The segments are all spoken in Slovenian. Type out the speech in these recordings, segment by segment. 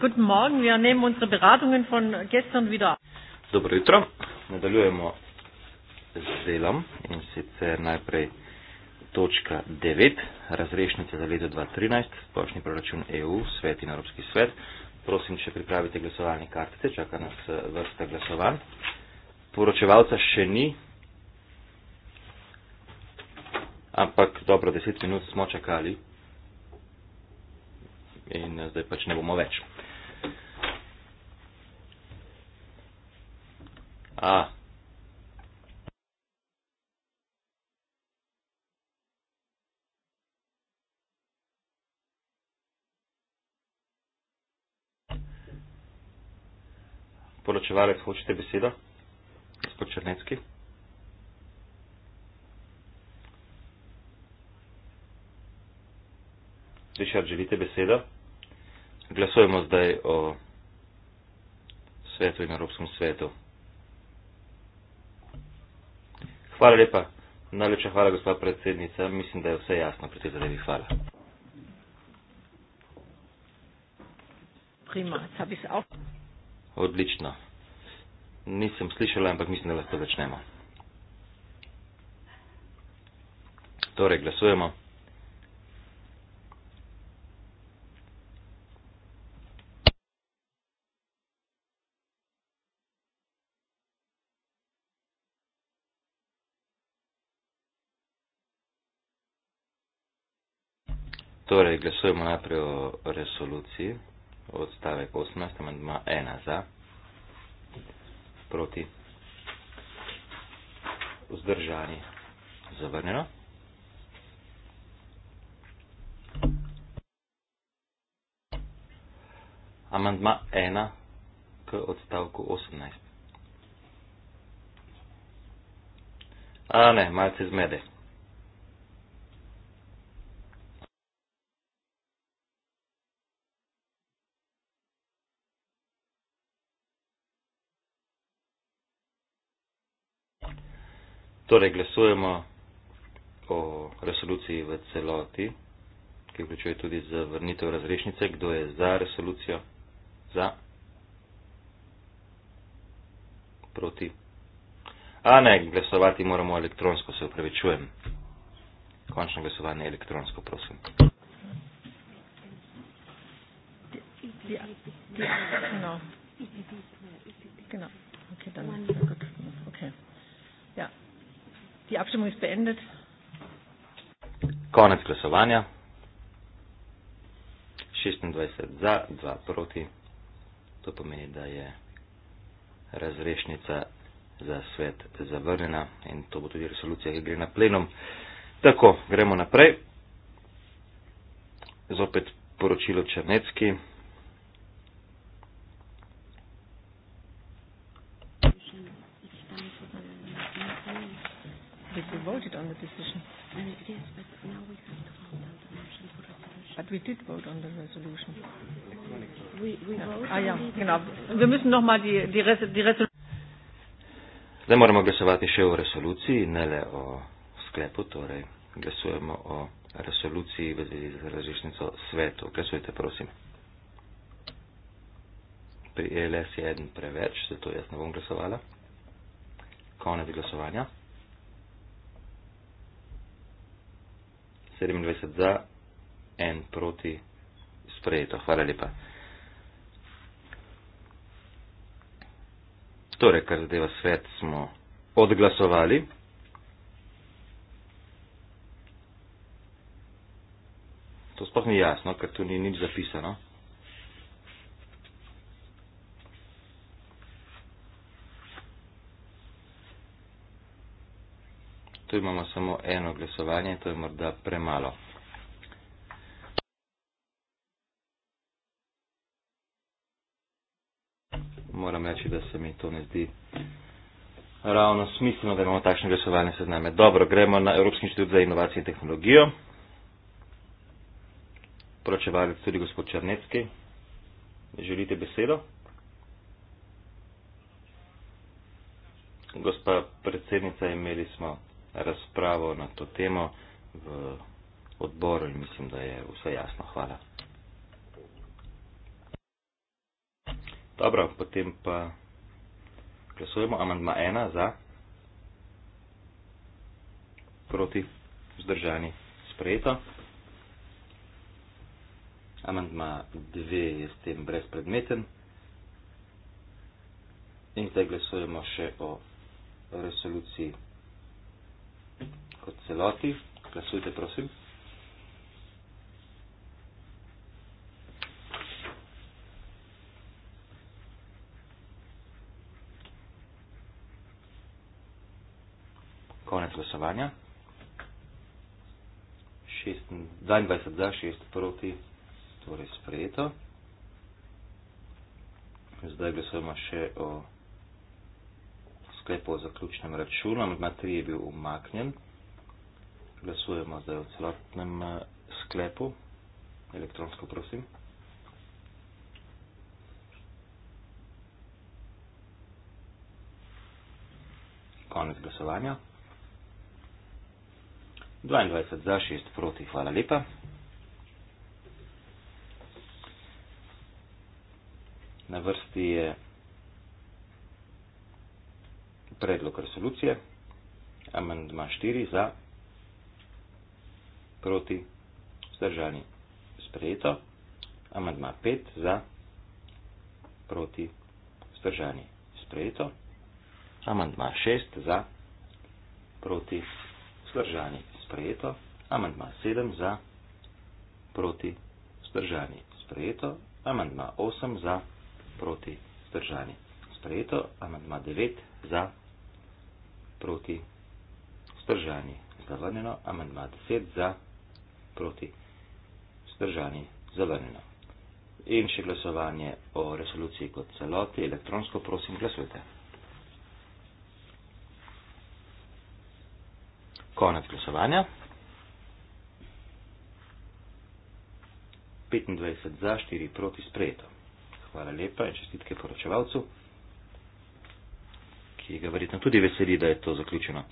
Guten Morgen, wir nehmen unsere Beratungen von gestern wieder. Dobro jutro, nadaljujemo z delom in sicer najprej točka 9, razrešnice za leto 2013, splošni proračun EU, svet in Evropski svet. Prosim, če pripravite glasovalne kartice, čaka nas eh, vrsta glasovanj. Poročevalca še ni, ampak dobro, 10 minut smo čakali, in eh, zdaj pač ne bomo več. A. Poročevalec, hočete besedo? Gospod Črnecki. Richard, želite besedo? Glasujemo zdaj o svetu in Evropskem svetu. Hvala lepa. Najlepša hvala, gospa predsednica. Mislim, da je vse jasno pri tej zadevi. Hvala. Odlično. Nisem slišala, ampak mislim, da lahko začnemo. Torej, glasujemo. Torej, glasujemo najprej o resoluciji, odstavek 18, amandma 1 za, proti, vzdržani, zavrnjeno. Amandma 1 k odstavku 18. A ne, malce zmede. Torej, glasujemo o resoluciji v celoti, ki vključuje tudi zavrnitev razrešnice. Kdo je za resolucijo? Za. Proti. A ne, glasovati moramo elektronsko, se upravičujem. Končno glasovanje elektronsko, prosim. Ja. No. No. Okay, Die Abstimmung ist beendet. Konec glasovanja. 26 za, 2 proti. To pomeni, da je razrešnica za svet zavrnjena in to bo tudi resolucija, ki gre na plenom. Tako, gremo naprej. Zopet poročilo Črnecki. voted on the decision. Uh, yes, but now we have to vote on the motion for resolution. But we did vote on the resolution. We, we yeah. voted ah, yeah. on genau. the Wir müssen nochmal die, die, Res die Resolution. Zdaj moramo glasovati še o resoluciji, ne le o sklepu, torej glasujemo o resoluciji v zvezi z različnico svetu. Glasujte, prosim. Pri e LS je eden preveč, zato jaz ne bom glasovala. Konec glasovanja. 27 za, 1 proti sprejeto. Hvala lepa. Torej, kar zadeva svet, smo odglasovali. To sploh ni jasno, ker tu ni nič zapisano. tu imamo samo eno glasovanje, to je morda premalo. Moram reči, da se mi to ne zdi ravno smiselno, da imamo takšne glasovanje sred nami. Dobro, gremo na Evropski inštitut za inovacije in tehnologijo. Poročevalec tudi gospod Črnecki. Želite besedo? Gospa predsednica, imeli smo razpravo na to temo v odboru in mislim, da je vse jasno. Hvala. Dobro, potem pa glasujemo. Amandma 1 za, proti, vzdržani, sprejeto. Amandma 2 je s tem brezpredmeten. In zdaj glasujemo še o resoluciji kot celoti. Glasujte, prosim. Konec glasovanja. 22 za, 6 proti, torej sprejeto. Zdaj glasujemo še o sklepu o zaključnem računu. Amandma 3 je bil umaknjen glasujemo zdaj o celotnem eh, sklepu. Elektronsko prosim. Konec glasovanja. 22 za, 6 proti, hvala lepa. Na vrsti je predlog resolucije, amendma 4 za, proti, vzdržani, sprejeto, amadma 5 za, proti, vzdržani, sprejeto, amadma 6 za, proti, vzdržani, sprejeto, amadma 7 za, proti, vzdržani, sprejeto, amadma 8 za, proti, vzdržani, sprejeto, amadma 9 za, proti, vzdržani, zavrnjeno, amadma 10 za, proti, proti zdržani zavrnjeno. In še glasovanje o resoluciji kot celoti, elektronsko prosim glasujte. Konec glasovanja. 25 za, 4 proti sprejeto. Hvala lepa in čestitke poročevalcu, ki ga verjetno tudi veseli, da je to zaključeno.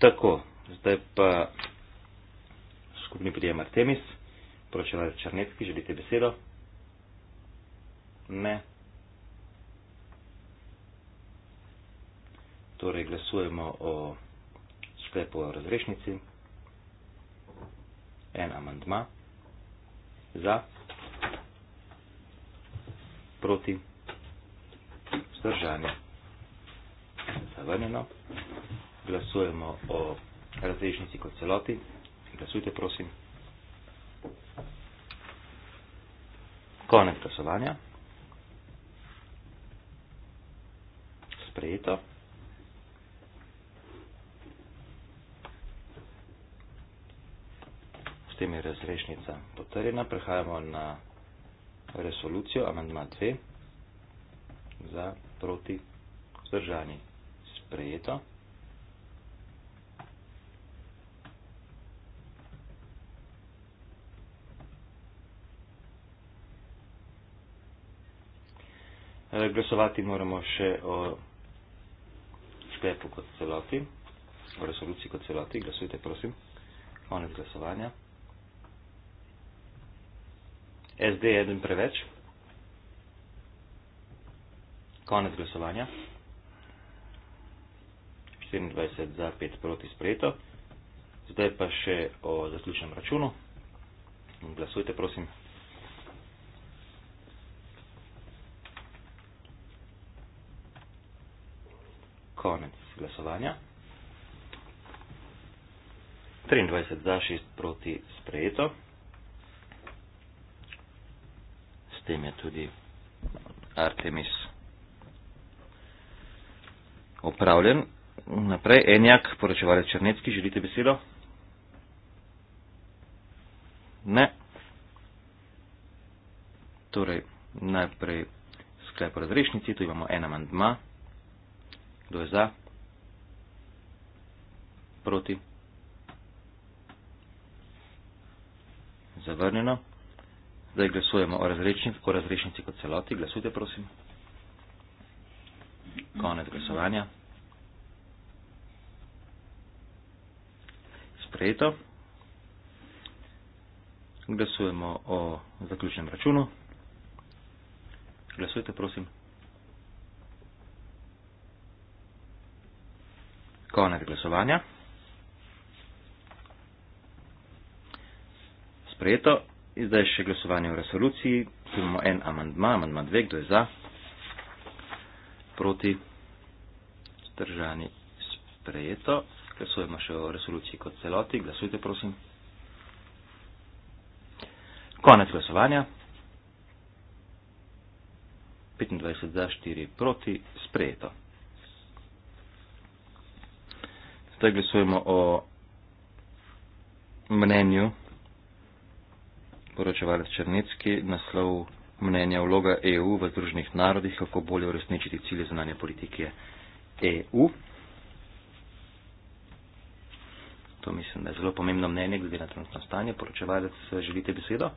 Tako, zdaj pa skupni prijem Artemis. Poročila je Črnecki, želite besedo? Ne. Torej, glasujemo o sklepu o razrešnici. En amandma. Za. Proti. Zdržanje. Zavrnjeno. Glasujemo o razrešnici kot celoti glasujte, prosim. Konec glasovanja. Sprejeto. S tem je razrešnica potrjena. Prehajamo na resolucijo, amandma 2. Za, proti, vzdržani. Sprejeto. Eh, glasovati moramo še o sklepu kot celoti, o resoluciji kot celoti. Glasujte, prosim. Konec glasovanja. SD je eden preveč. Konec glasovanja. 24 za 5 proti sprejeto. Zdaj pa še o zaključnem računu. Glasujte, prosim. konec glasovanja. 23 za 6 proti sprejeto. S tem je tudi Artemis opravljen. Naprej, Enjak, poročevalec Črnecki, želite besedo? Ne. Torej, najprej sklep o razrešnici, tu imamo en amandma. Kdo je za? Proti? Zavrnjeno. Zdaj glasujemo o razrešnici, o razrešnici kot celoti. Glasujte, prosim. Konec glasovanja. Sprejeto. Glasujemo o zaključnem računu. Glasujte, prosim. Konec glasovanja. Sprejeto. Zdaj še glasovanje v resoluciji. Tu imamo en amandma, amandma dve, kdo je za, proti, zdržani, sprejeto. Glasujemo še o resoluciji kot celoti. Glasujte, prosim. Konec glasovanja. 25 za 4 proti, sprejeto. da glasujemo o mnenju poročevalec Črnecki, naslov mnenja vloga EU v združnih narodih, kako bolje uresničiti cilje zunanje politike EU. To mislim, da je zelo pomembno mnenje glede na trenutno stanje. Poročevalec, želite besedo?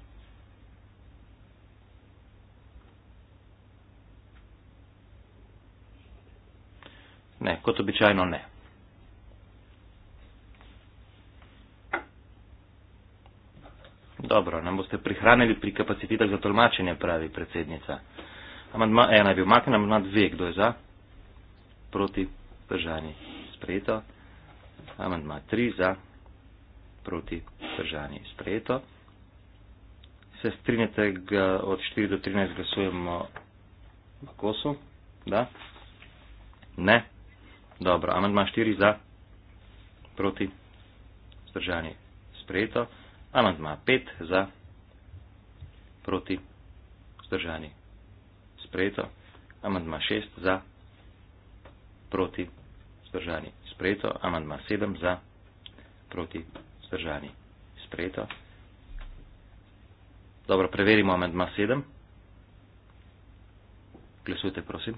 Ne, kot običajno ne. Dobro, nam boste prihranili pri kapacitetah za tolmačenje, pravi predsednica. Amandma ena je bil maknjen, amandma dve, kdo je za? Proti, držani, sprejeto. Amandma tri za, proti, držani, sprejeto. Se strinjate, ga od 4 do 13 glasujemo na kosu? Da? Ne? Dobro, amandma 4 za, proti, držani, sprejeto. Amandma 5 za, proti, vzdržani, sprejeto. Amandma 6 za, proti, vzdržani, sprejeto. Amandma 7 za, proti, vzdržani, sprejeto. Dobro, preverimo amandma 7. Glasujte, prosim.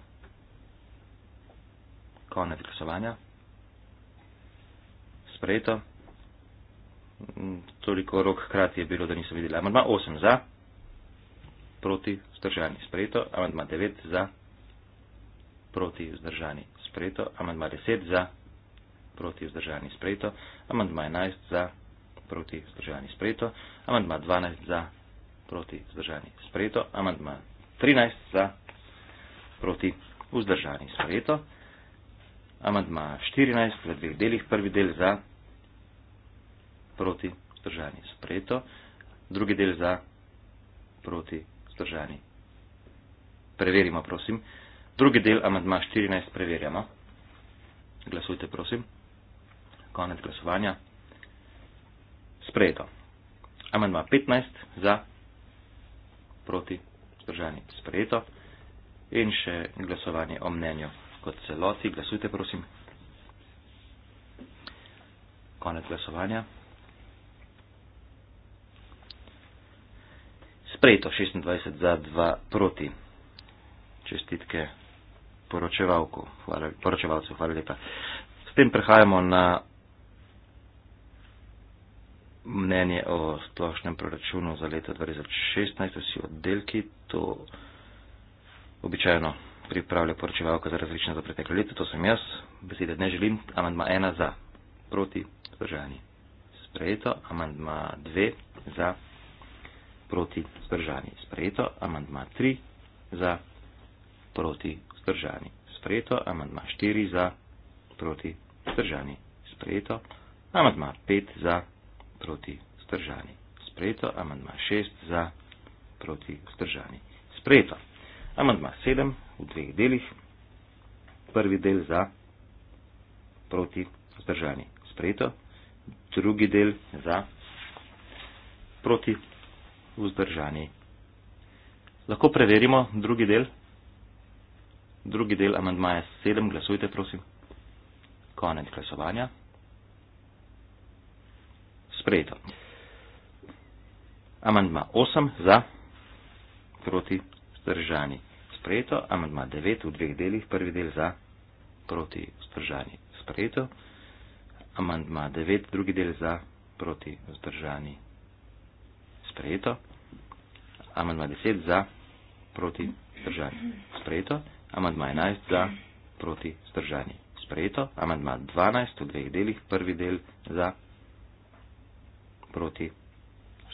Konec glasovanja. Sprejeto toliko rok hkrati je bilo, da niso videli. Amandma 8 za, proti vzdržani sprejeto, amandma 9 za, proti vzdržani sprejeto, amandma 10 za, proti vzdržani sprejeto, amandma 11 za, proti vzdržani sprejeto, amandma 12 za, proti vzdržani sprejeto, amandma 13 za, proti vzdržani sprejeto, amandma 14 v dveh delih, prvi del za, proti vzdržani sprejeto proti zdržani. Sprejeto. Drugi del za proti zdržani. Preverimo, prosim. Drugi del amadma 14 preverjamo. Glasujte, prosim. Konec glasovanja. Sprejeto. Amadma 15 za proti zdržani. Sprejeto. In še glasovanje o mnenju kot celoti. Glasujte, prosim. Konec glasovanja. sprejeto 26 za 2 proti. Čestitke hvala, poročevalcu, hvala lepa. S tem prehajamo na mnenje o splošnem proračunu za leto 2016, vsi oddelki to običajno pripravlja poročevalka za različne za preteklo leto, to sem jaz, besede ne želim, amandma 1 za, proti, zdržani, sprejeto, amandma 2 za, proti vzdržani sprejeto, amandma 3 za proti vzdržani sprejeto, amandma 4 za proti vzdržani sprejeto, amandma 5 za proti vzdržani sprejeto, amandma 6 za proti vzdržani sprejeto. Amandma 7 v dveh delih, prvi del za proti vzdržani sprejeto, drugi del za proti vzdržani. Lahko preverimo drugi del. Drugi del amandmaja 7, glasujte prosim. Konec glasovanja. Sprejeto. Amandma 8 za proti vzdržani. Sprejeto. Amandma 9 v dveh delih. Prvi del za proti vzdržani. Sprejeto. Amandma 9, drugi del za proti vzdržani sprejeto. Amandma 10 za proti zdržanje. Sprejeto. Amandma 11 za proti zdržanje. Sprejeto. Amandma 12 v dveh delih. Prvi del za proti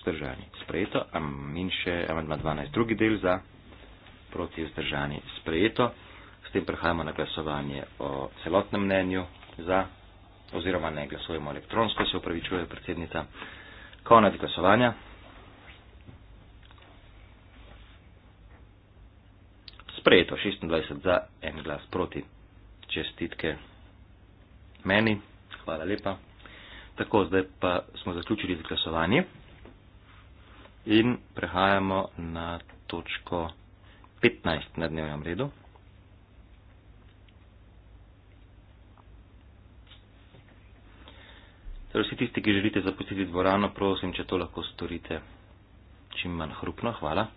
zdržanje. Sprejeto. In še amandma 12 drugi del za proti zdržanje. Sprejeto. S tem prehajamo na glasovanje o celotnem mnenju za oziroma ne glasujemo elektronsko, se upravičuje predsednica. Konec glasovanja. sprejeto 26 za en glas proti. Čestitke meni, hvala lepa. Tako, zdaj pa smo zaključili z glasovanjem in prehajamo na točko 15 na dnevnem redu. Torej vsi tisti, ki želite zapustiti dvorano, prosim, če to lahko storite čim manj hrupno. Hvala.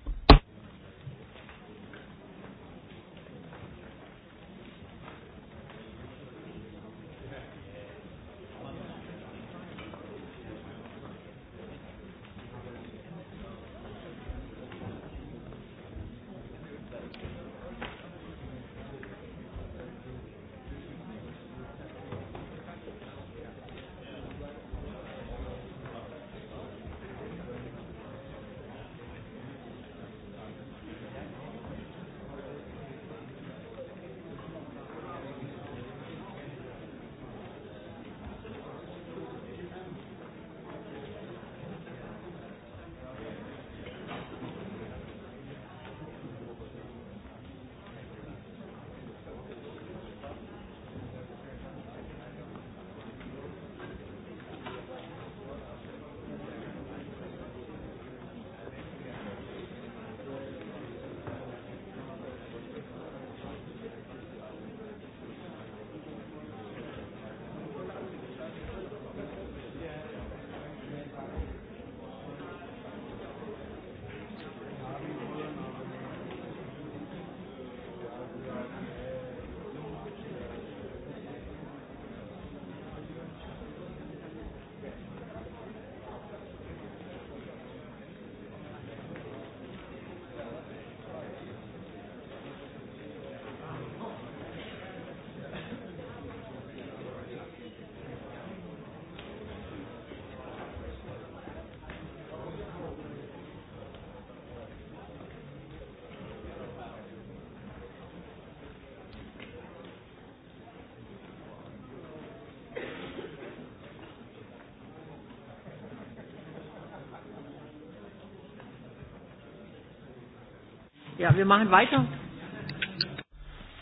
Ja, wir machen weiter.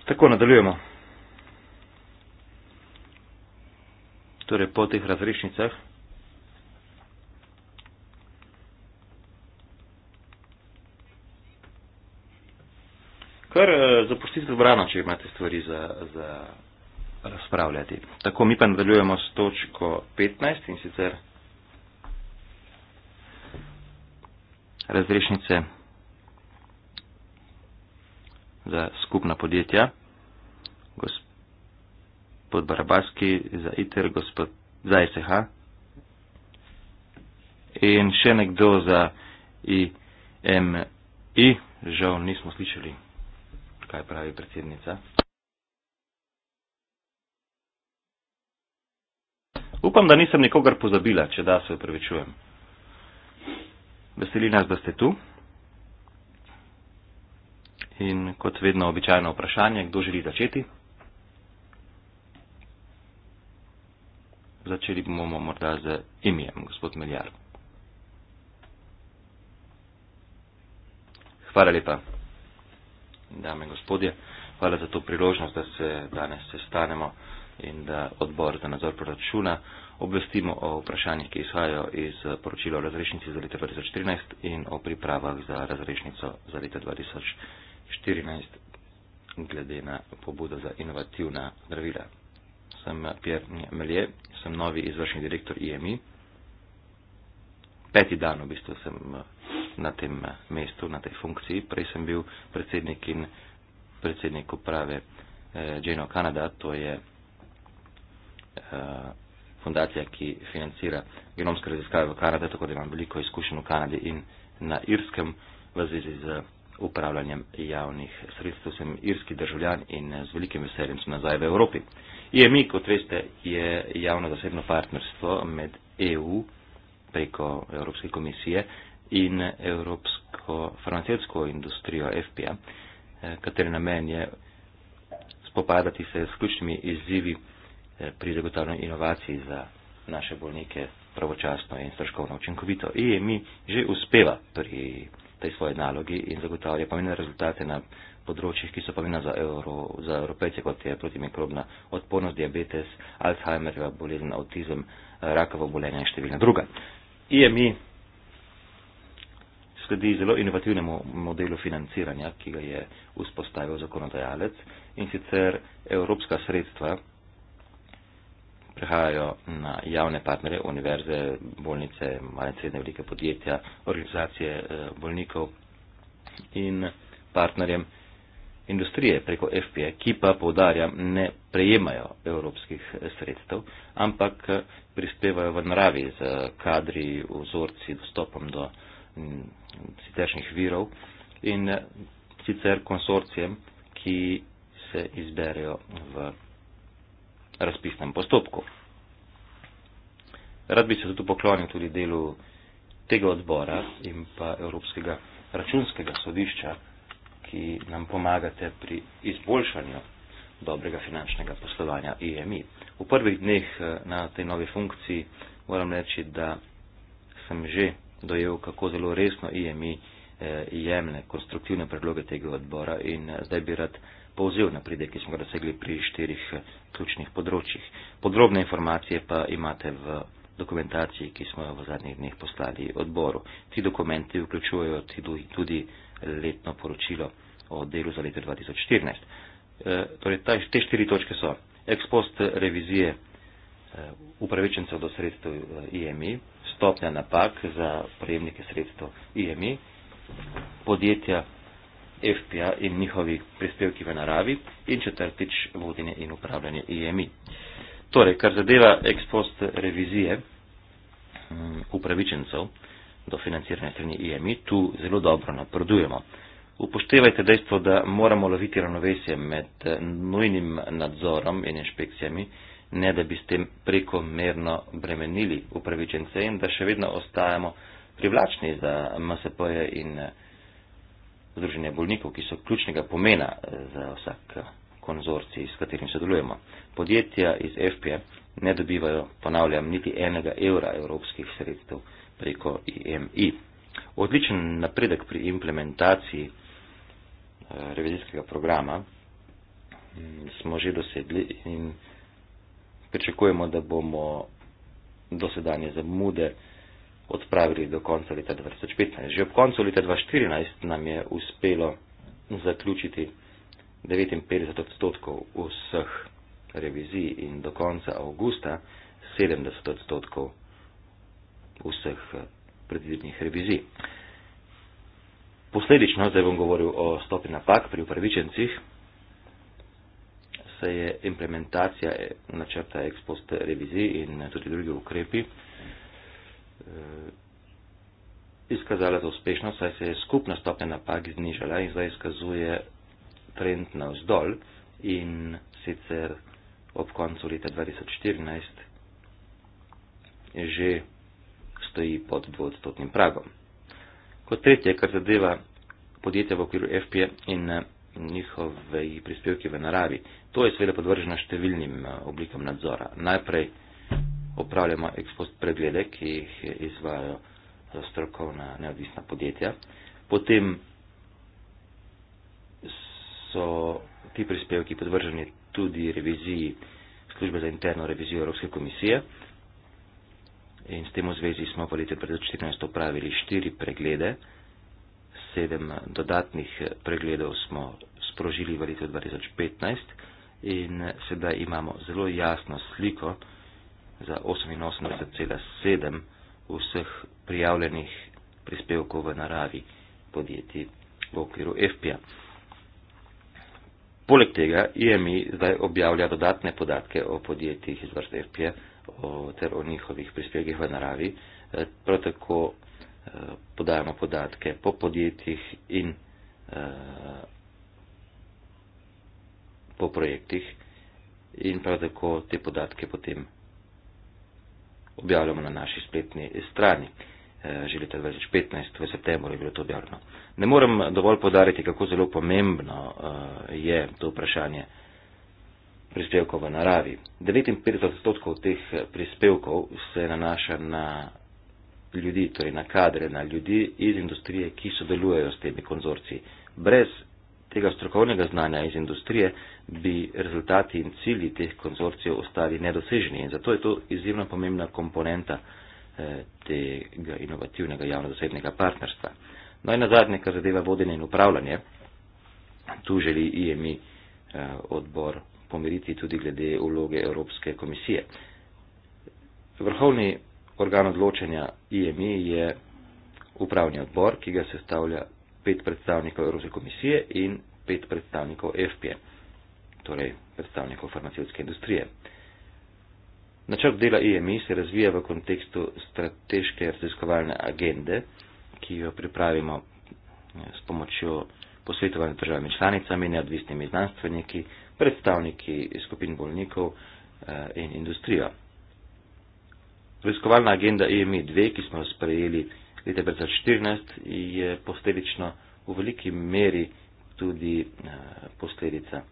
Tako nadaljujemo. Torej, po teh razrešnicah. Kar eh, zapustite brano, če imate stvari za, za razpravljati. Tako, mi pa nadaljujemo s točko 15 in sicer razrešnice podjetja, gospod Barabaski za ITER, gospod za SH in še nekdo za IMI. Žal nismo slišali, kaj pravi predsednica. Upam, da nisem nikogar pozabila, če da se upravičujem. Veseli nas, da ste tu. In kot vedno običajno vprašanje, kdo želi začeti? Začeli bomo morda z imijem, gospod Miljar. Hvala lepa, dame in gospodje. Hvala za to priložnost, da se danes sestanemo in da odbor za nadzor proračuna obvestimo o vprašanjih, ki izhajajo iz poročila o razrešnici za leto 2014 in o pripravah za razrešnico za leto 2014. 14 glede na pobudo za inovativna zdravila. Sem Pierre Melje, sem novi izvršni direktor IMI. Peti dan v bistvu sem na tem mestu, na tej funkciji. Prej sem bil predsednik in predsednik uprave Geno eh, Canada, to je eh, fundacija, ki financira genomske raziskave v Kanadi, tako da imam veliko izkušenj v Kanadi in na Irskem v zvezi z upravljanjem javnih sredstev. Sem irski državljan in z velikim veseljem sem nazaj v Evropi. IMI, kot veste, je javno zasebno partnerstvo med EU preko Evropske komisije in Evropsko farmacevtsko industrijo FPA, eh, katere namen je spopadati se s ključnimi izzivi eh, pri zagotavljanju inovacij za naše bolnike pravočasno in stroškovno učinkovito. IMI že uspeva pri tej svoji nalogi in zagotavlja pomembne rezultate na področjih, ki so pomembna za, Euro, za evropejce, kot je protimikrobna odpornost, diabetes, Alzheimerjeva bolezen, autizem, rakava obolenja in številna druga. IMI sledi zelo inovativnemu modelu financiranja, ki ga je vzpostavil zakonodajalec in sicer evropska sredstva prihajajo na javne partnere, univerze, bolnice, malce srednje velike podjetja, organizacije eh, bolnikov in partnerjem industrije preko FPE, ki pa povdarjam, ne prejemajo evropskih eh, sredstev, ampak eh, prispevajo v naravi z kadri, vzorci, dostopom do mm, siteršnjih virov in sicer konsorcijem, ki se izberejo v razpisnem postopku. Rad bi se zato poklonil tudi delu tega odbora in pa Evropskega računskega sodišča, ki nam pomagate pri izboljšanju dobrega finančnega poslovanja IMI. V prvih dneh eh, na tej novi funkciji moram reči, da sem že dojel, kako zelo resno IMI eh, jemne konstruktivne predloge tega odbora in eh, zdaj bi rad povzel napredek, ki smo ga dosegli pri štirih eh, ključnih področjih. Podrobne informacije pa imate v dokumentaciji, ki smo jo v zadnjih dneh poslali odboru. Ti dokumenti vključujejo tudi letno poročilo o delu za leto 2014. E, eh, torej, taj, te štiri točke so ekspost revizije e, upravičencev do sredstev IMI, stopnja napak za prejemnike sredstev IMI, podjetja FPA in njihovi prispevki v naravi in četrtič vodenje in upravljanje IMI. Torej, kar zadeva ex post revizije mm, upravičencev do financiranja strani IMI, tu zelo dobro napredujemo. Upoštevajte dejstvo, da moramo loviti ravnovesje med eh, nujnim nadzorom in inšpekcijami, ne da bi s tem prekomerno bremenili upravičence in da še vedno ostajamo privlačni za MSP-je in. -je. Eh, združenje bolnikov, ki so ključnega pomena eh, za vsak eh, konzorci, s katerim sodelujemo. Podjetja iz FPE ne dobivajo, ponavljam, niti enega evra evropskih sredstev preko IMI. Odličen napredek pri implementaciji eh, revizijskega programa mm, smo že dosedli in pričakujemo, da bomo dosedanje zamude odpravili do konca leta 2015. Že ob koncu leta 2014 nam je uspelo zaključiti 59 odstotkov vseh revizij in do konca avgusta 70 odstotkov vseh eh, predvidnih revizij. Posledično, zdaj bom govoril o stopi napak pri upravičencih, se je implementacija eh, načrta ekspost revizij in eh, tudi drugi ukrepi. Eh, izkazala za uspešno, saj se je skupna stopnja napak znižala in zdaj izkazuje trend na vzdolj in sicer ob koncu leta 2014 že stoji pod dvodstotnim pragom. Kot tretje, kar zadeva podjetja v okviru FP in eh, njihove prispevke v naravi, to je seveda podvrženo številnim eh, oblikam nadzora. Najprej opravljamo ekspost preglede, ki jih izvajo eh, strokovna neodvisna podjetja. Potem so ti prispevki podvrženi tudi reviziji službe za interno revizijo Evropske komisije. In s tem v zvezi smo v letu 2014 opravili štiri preglede, sedem dodatnih pregledov smo sprožili v letu 2015 in sedaj imamo zelo jasno sliko, za 88,7 vseh prijavljenih prispevkov v naravi podjetij v okviru FPA. Poleg tega IMI zdaj objavlja dodatne podatke o podjetjih iz vrst FPA ter o njihovih prispevkih v naravi. E, prav tako e, podajamo podatke po podjetjih in e, po projektih in prav tako te podatke potem objavljamo na naši spletni strani. Eh, že leta 2015 v septembru je bilo to objavljeno. Ne morem dovolj podariti, kako zelo pomembno eh, je to vprašanje prispevkov v naravi. 59 odstotkov teh prispevkov se nanaša na ljudi, torej na kadre, na ljudi iz industrije, ki sodelujejo s temi konzorci. Brez tega strokovnega znanja iz industrije, bi rezultati in cilji teh konzorcijev ostali nedoseženi. In zato je to izjemno pomembna komponenta eh, tega inovativnega javno-zasebnega partnerstva. No in na zadnje, kar zadeva vodenje in upravljanje, tu želi IEMI eh, odbor pomiriti tudi glede uloge Evropske komisije. Vrhovni organ odločanja IEMI je upravni odbor, ki ga sestavlja pet predstavnikov Evropske komisije in pet predstavnikov FP, e, torej predstavnikov farmacevtske industrije. Načrt dela IMI e se razvija v kontekstu strateške raziskovalne agende, ki jo pripravimo eh, s pomočjo posvetovanja državami članicami, neodvisnimi znanstveniki, predstavniki skupin bolnikov eh, in industrija. Raziskovalna agenda IMI e 2, ki smo jo sprejeli leta 2014 je posledično v veliki meri tudi eh, posledica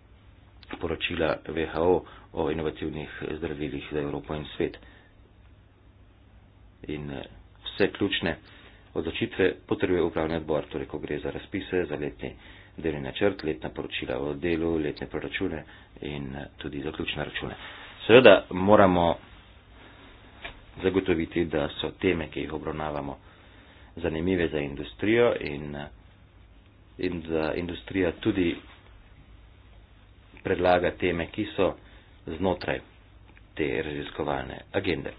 poročila WHO o inovativnih zdravilih za Evropo in svet. In eh, vse ključne odločitve potrebuje upravni odbor, torej ko gre za razpise, za letni delni načrt, letna poročila o delu, letne proračune in eh, tudi zaključne račune. Seveda moramo zagotoviti, da so teme, ki jih obravnavamo, zanimive za industrijo in, in za industrija tudi predlaga teme, ki so znotraj te raziskovalne agende.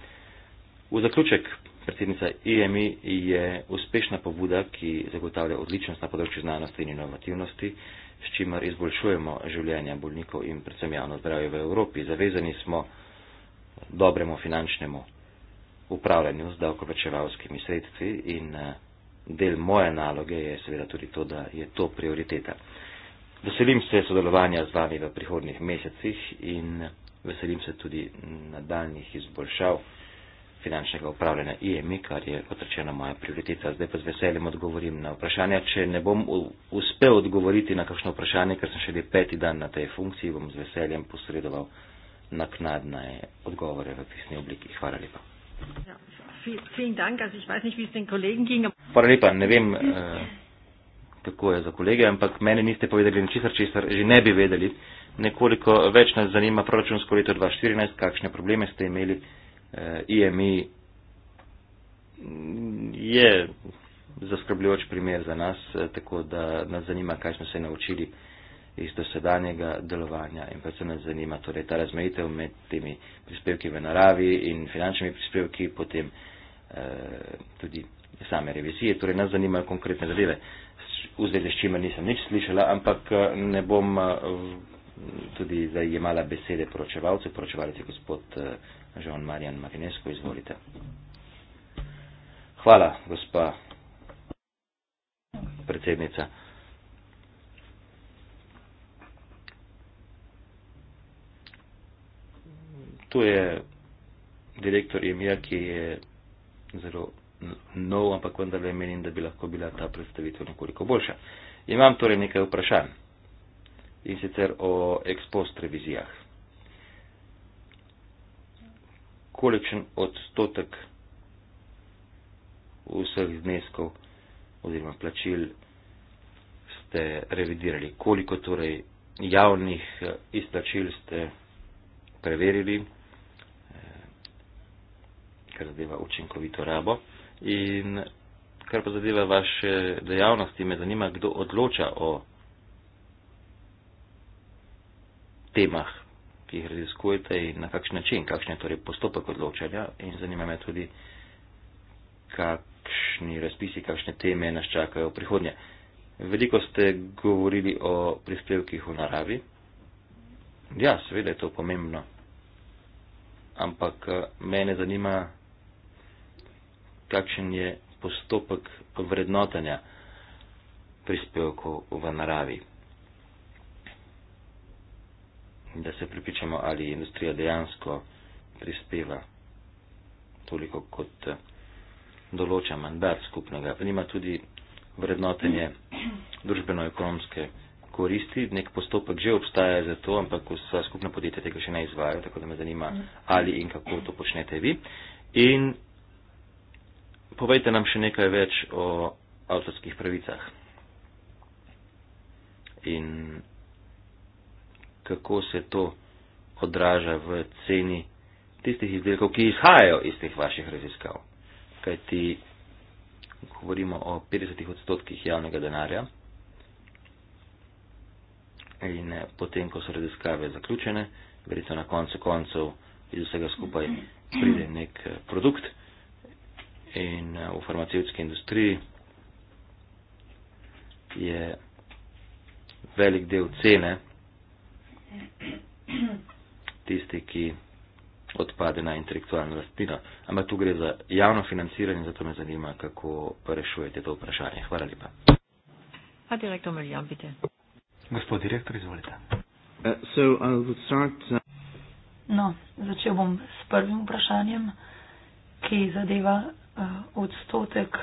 V zaključek predsednica IMI je uspešna pobuda, ki zagotavlja odličnost na področju znanosti in inovativnosti, s čimer izboljšujemo življenja bolnikov in predvsem javno zdravje v Evropi. Zavezani smo dobremu finančnemu upravljanju z davkoplačevalskimi sredstvi in eh, del moje naloge je seveda tudi to, da je to prioriteta. Veselim se sodelovanja z vami v prihodnih mesecih in eh, veselim se tudi nadaljnih izboljšav finančnega upravljanja IEMI, kar je kot rečeno moja prioriteta. Zdaj pa z veseljem odgovorim na vprašanja. Če ne bom uspel odgovoriti na kakšno vprašanje, ker sem še le peti dan na tej funkciji, bom z veseljem posredoval naknadne odgovore v pisni obliki. Hvala lepa. Ja, Hvala lepa. Ne vem, eh, kako je za kolege, ampak meni niste povedali ničesar, česar že ne bi vedeli. Nekoliko več nas zanima proračunsko leto 2014, kakšne probleme ste imeli. IMI eh, je zaskrbljujoč primer za nas, eh, tako da nas zanima, kaj smo se naučili iz dosedanjega delovanja in predvsem nas zanima torej ta razmejitev med temi prispevki v naravi in finančnimi prispevki, potem eh, tudi same revizije, torej nas zanimajo konkretne zadeve. V zvezi s čimer nisem nič slišala, ampak eh, ne bom eh, tudi zajemala besede poročevalcev, poročevalec je gospod Žon eh, Marjan Marinesko, izvolite. Hvala, gospa predsednica. to je direktor Emija, ki je zelo nov, ampak vendar le menim, da bi lahko bila ta predstavitev nekoliko boljša. Imam torej nekaj vprašanj in sicer o ekspost revizijah. Kolikšen odstotek vseh zneskov oziroma plačil ste revidirali, koliko torej javnih eh, izplačil ste preverili, kar zadeva učinkovito rabo. In kar pa zadeva vaše dejavnosti, me zanima, kdo odloča o temah, ki jih raziskujete in na kakšen način, kakšen je torej postopek odločanja. In zanima me tudi, kakšni razpisi, kakšne teme nas čakajo v prihodnje. Veliko ste govorili o prispevkih v naravi. Ja, seveda je to pomembno. Ampak eh, mene zanima, kakšen je postopek vrednotanja prispevkov v naravi. Da se pripričamo, ali industrija dejansko prispeva toliko kot eh, določa mandat skupnega. Nima tudi vrednotenje družbeno-ekonomske koristi. Nek postopek že obstaja za to, ampak vsa skupna podjetja tega še ne izvajo, tako da me zanima, mhm. ali in kako to počnete vi. In povejte nam še nekaj več o avtorskih pravicah in kako se to odraža v ceni tistih izdelkov, ki izhajajo iz teh vaših raziskav. Kaj ti govorimo o 50 odstotkih javnega denarja in potem, ko so raziskave zaključene, verjetno na koncu koncev iz vsega skupaj pride nek eh, produkt in eh, v farmacevtski industriji je velik del cene tisti, ki odpade na intelektualno lastnino. Ampak tu gre za javno financiranje, zato me zanima, kako rešujete to vprašanje. Hvala lepa. Pa direktor Miljan, bite. Gospod direktor, izvolite. Uh, uh, no, začel bom s prvim vprašanjem, ki zadeva Eh, odstotek,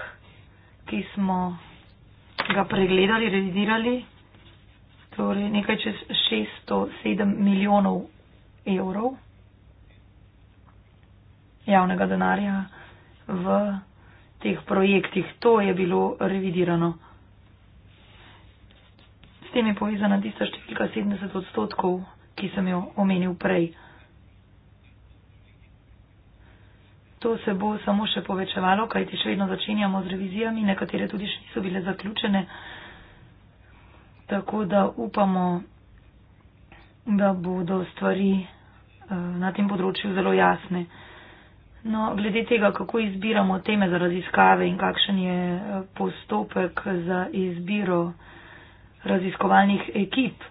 ki smo ga pregledali, revidirali, torej nekaj čez 607 milijonov evrov javnega denarja v teh projektih. To je bilo revidirano. S tem je povezana tista številka 70 odstotkov, ki sem jo omenil prej. To se bo samo še povečevalo, kajti še vedno začenjamo z revizijami, nekatere tudi še niso bile zaključene. Tako da upamo, da bodo stvari eh, na tem področju zelo jasne. No, glede tega, kako izbiramo teme za raziskave in kakšen je eh, postopek za izbiro raziskovalnih ekip.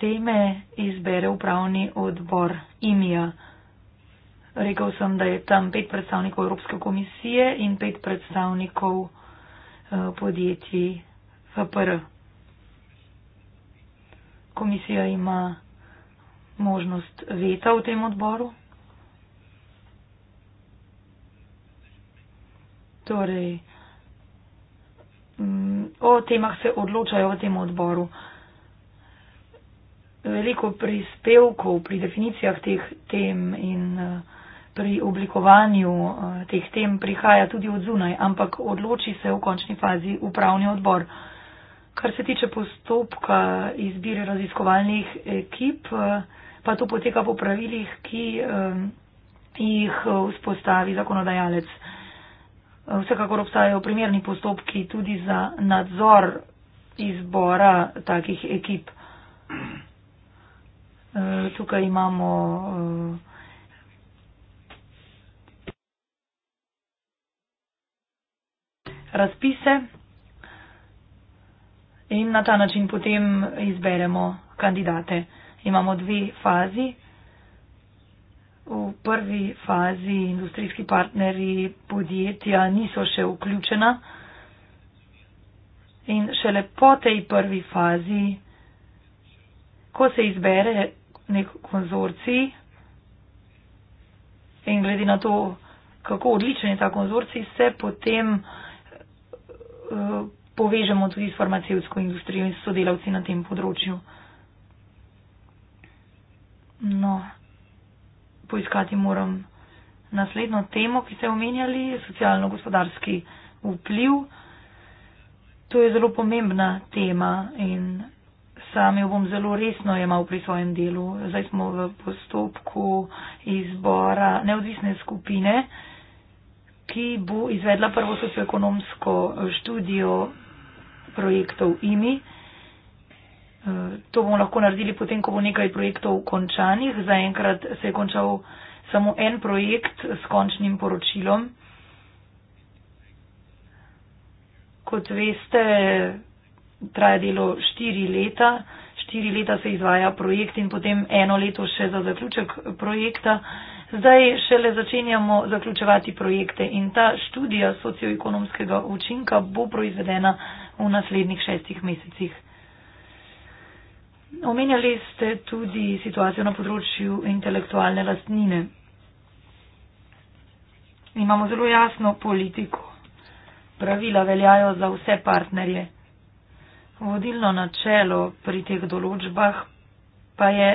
teme izbere upravni odbor IMIA. Rekel sem, da je tam pet predstavnikov Evropske komisije in pet predstavnikov eh, podjetij VPR. Komisija ima možnost veta v tem odboru. Torej, mm, o temah se odločajo v tem odboru veliko prispevkov pri definicijah teh tem in eh, pri oblikovanju eh, teh tem prihaja tudi od zunaj, ampak odloči se v končni fazi upravni odbor. Kar se tiče postopka izbire raziskovalnih ekip, eh, pa to poteka po pravilih, ki jih vzpostavi zakonodajalec. Vsekakor obstajajo primerni postopki tudi za nadzor izbora takih ekip. Eh, tukaj imamo eh, razpise in na ta način potem izberemo kandidate. Imamo dve fazi. V prvi fazi industrijski partnerji podjetja niso še vključena in šele po tej prvi fazi, ko se izbere nek konzorcij in glede na to, kako odličen je ta konzorcij, se potem uh, povežemo tudi s farmacevsko industrijo in sodelavci na tem področju. No, poiskati moram naslednjo temo, ki ste omenjali, socialno-gospodarski vpliv. To je zelo pomembna tema in sam jo bom zelo resno imel pri svojem delu. Zdaj smo v postopku izbora neodvisne skupine, ki bo izvedla prvo socioekonomsko študijo projektov IMI. E, to bomo lahko naredili potem, ko bo nekaj projektov končanih. Zaenkrat se je končal samo en projekt s končnim poročilom. Kot veste, traja delo štiri leta. Štiri leta se izvaja projekt in potem eno leto še za zaključek projekta. Zdaj šele začenjamo zaključevati projekte in ta študija socioekonomskega učinka bo proizvedena v naslednjih šestih mesecih. Omenjali ste tudi situacijo na področju intelektualne lastnine. Imamo zelo jasno politiko. Pravila veljajo za vse partnerje. Vodilno načelo pri teh določbah pa je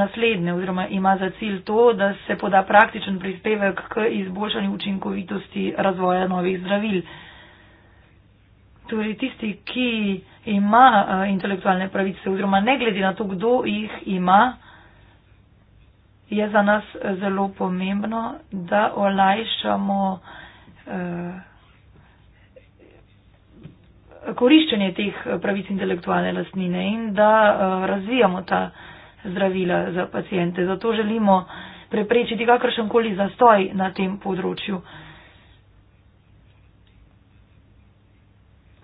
naslednje oziroma ima za cilj to, da se poda praktičen prispevek k izboljšanju učinkovitosti razvoja novih zdravil. Torej tisti, ki ima intelektualne pravice oziroma ne glede na to, kdo jih ima, je za nas zelo pomembno, da olajšamo eh, koriščenje teh eh, pravic intelektualne lastnine in da eh, razvijamo ta zdravila za pacijente. Zato želimo preprečiti kakršen koli zastoj na tem področju.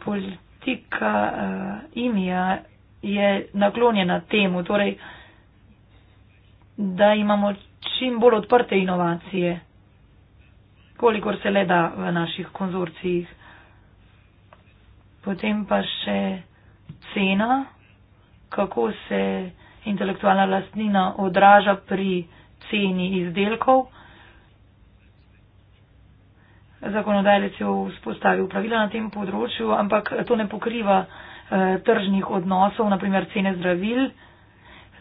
Politika uh, imija je naklonjena temu, torej, da imamo čim bolj odprte inovacije, kolikor se le da v naših konzorcijih. Potem pa še cena, kako se intelektualna lastnina odraža pri ceni izdelkov. Zakonodajalec je vzpostavil pravila na tem področju, ampak to ne pokriva eh, tržnih odnosov, naprimer cene zdravil.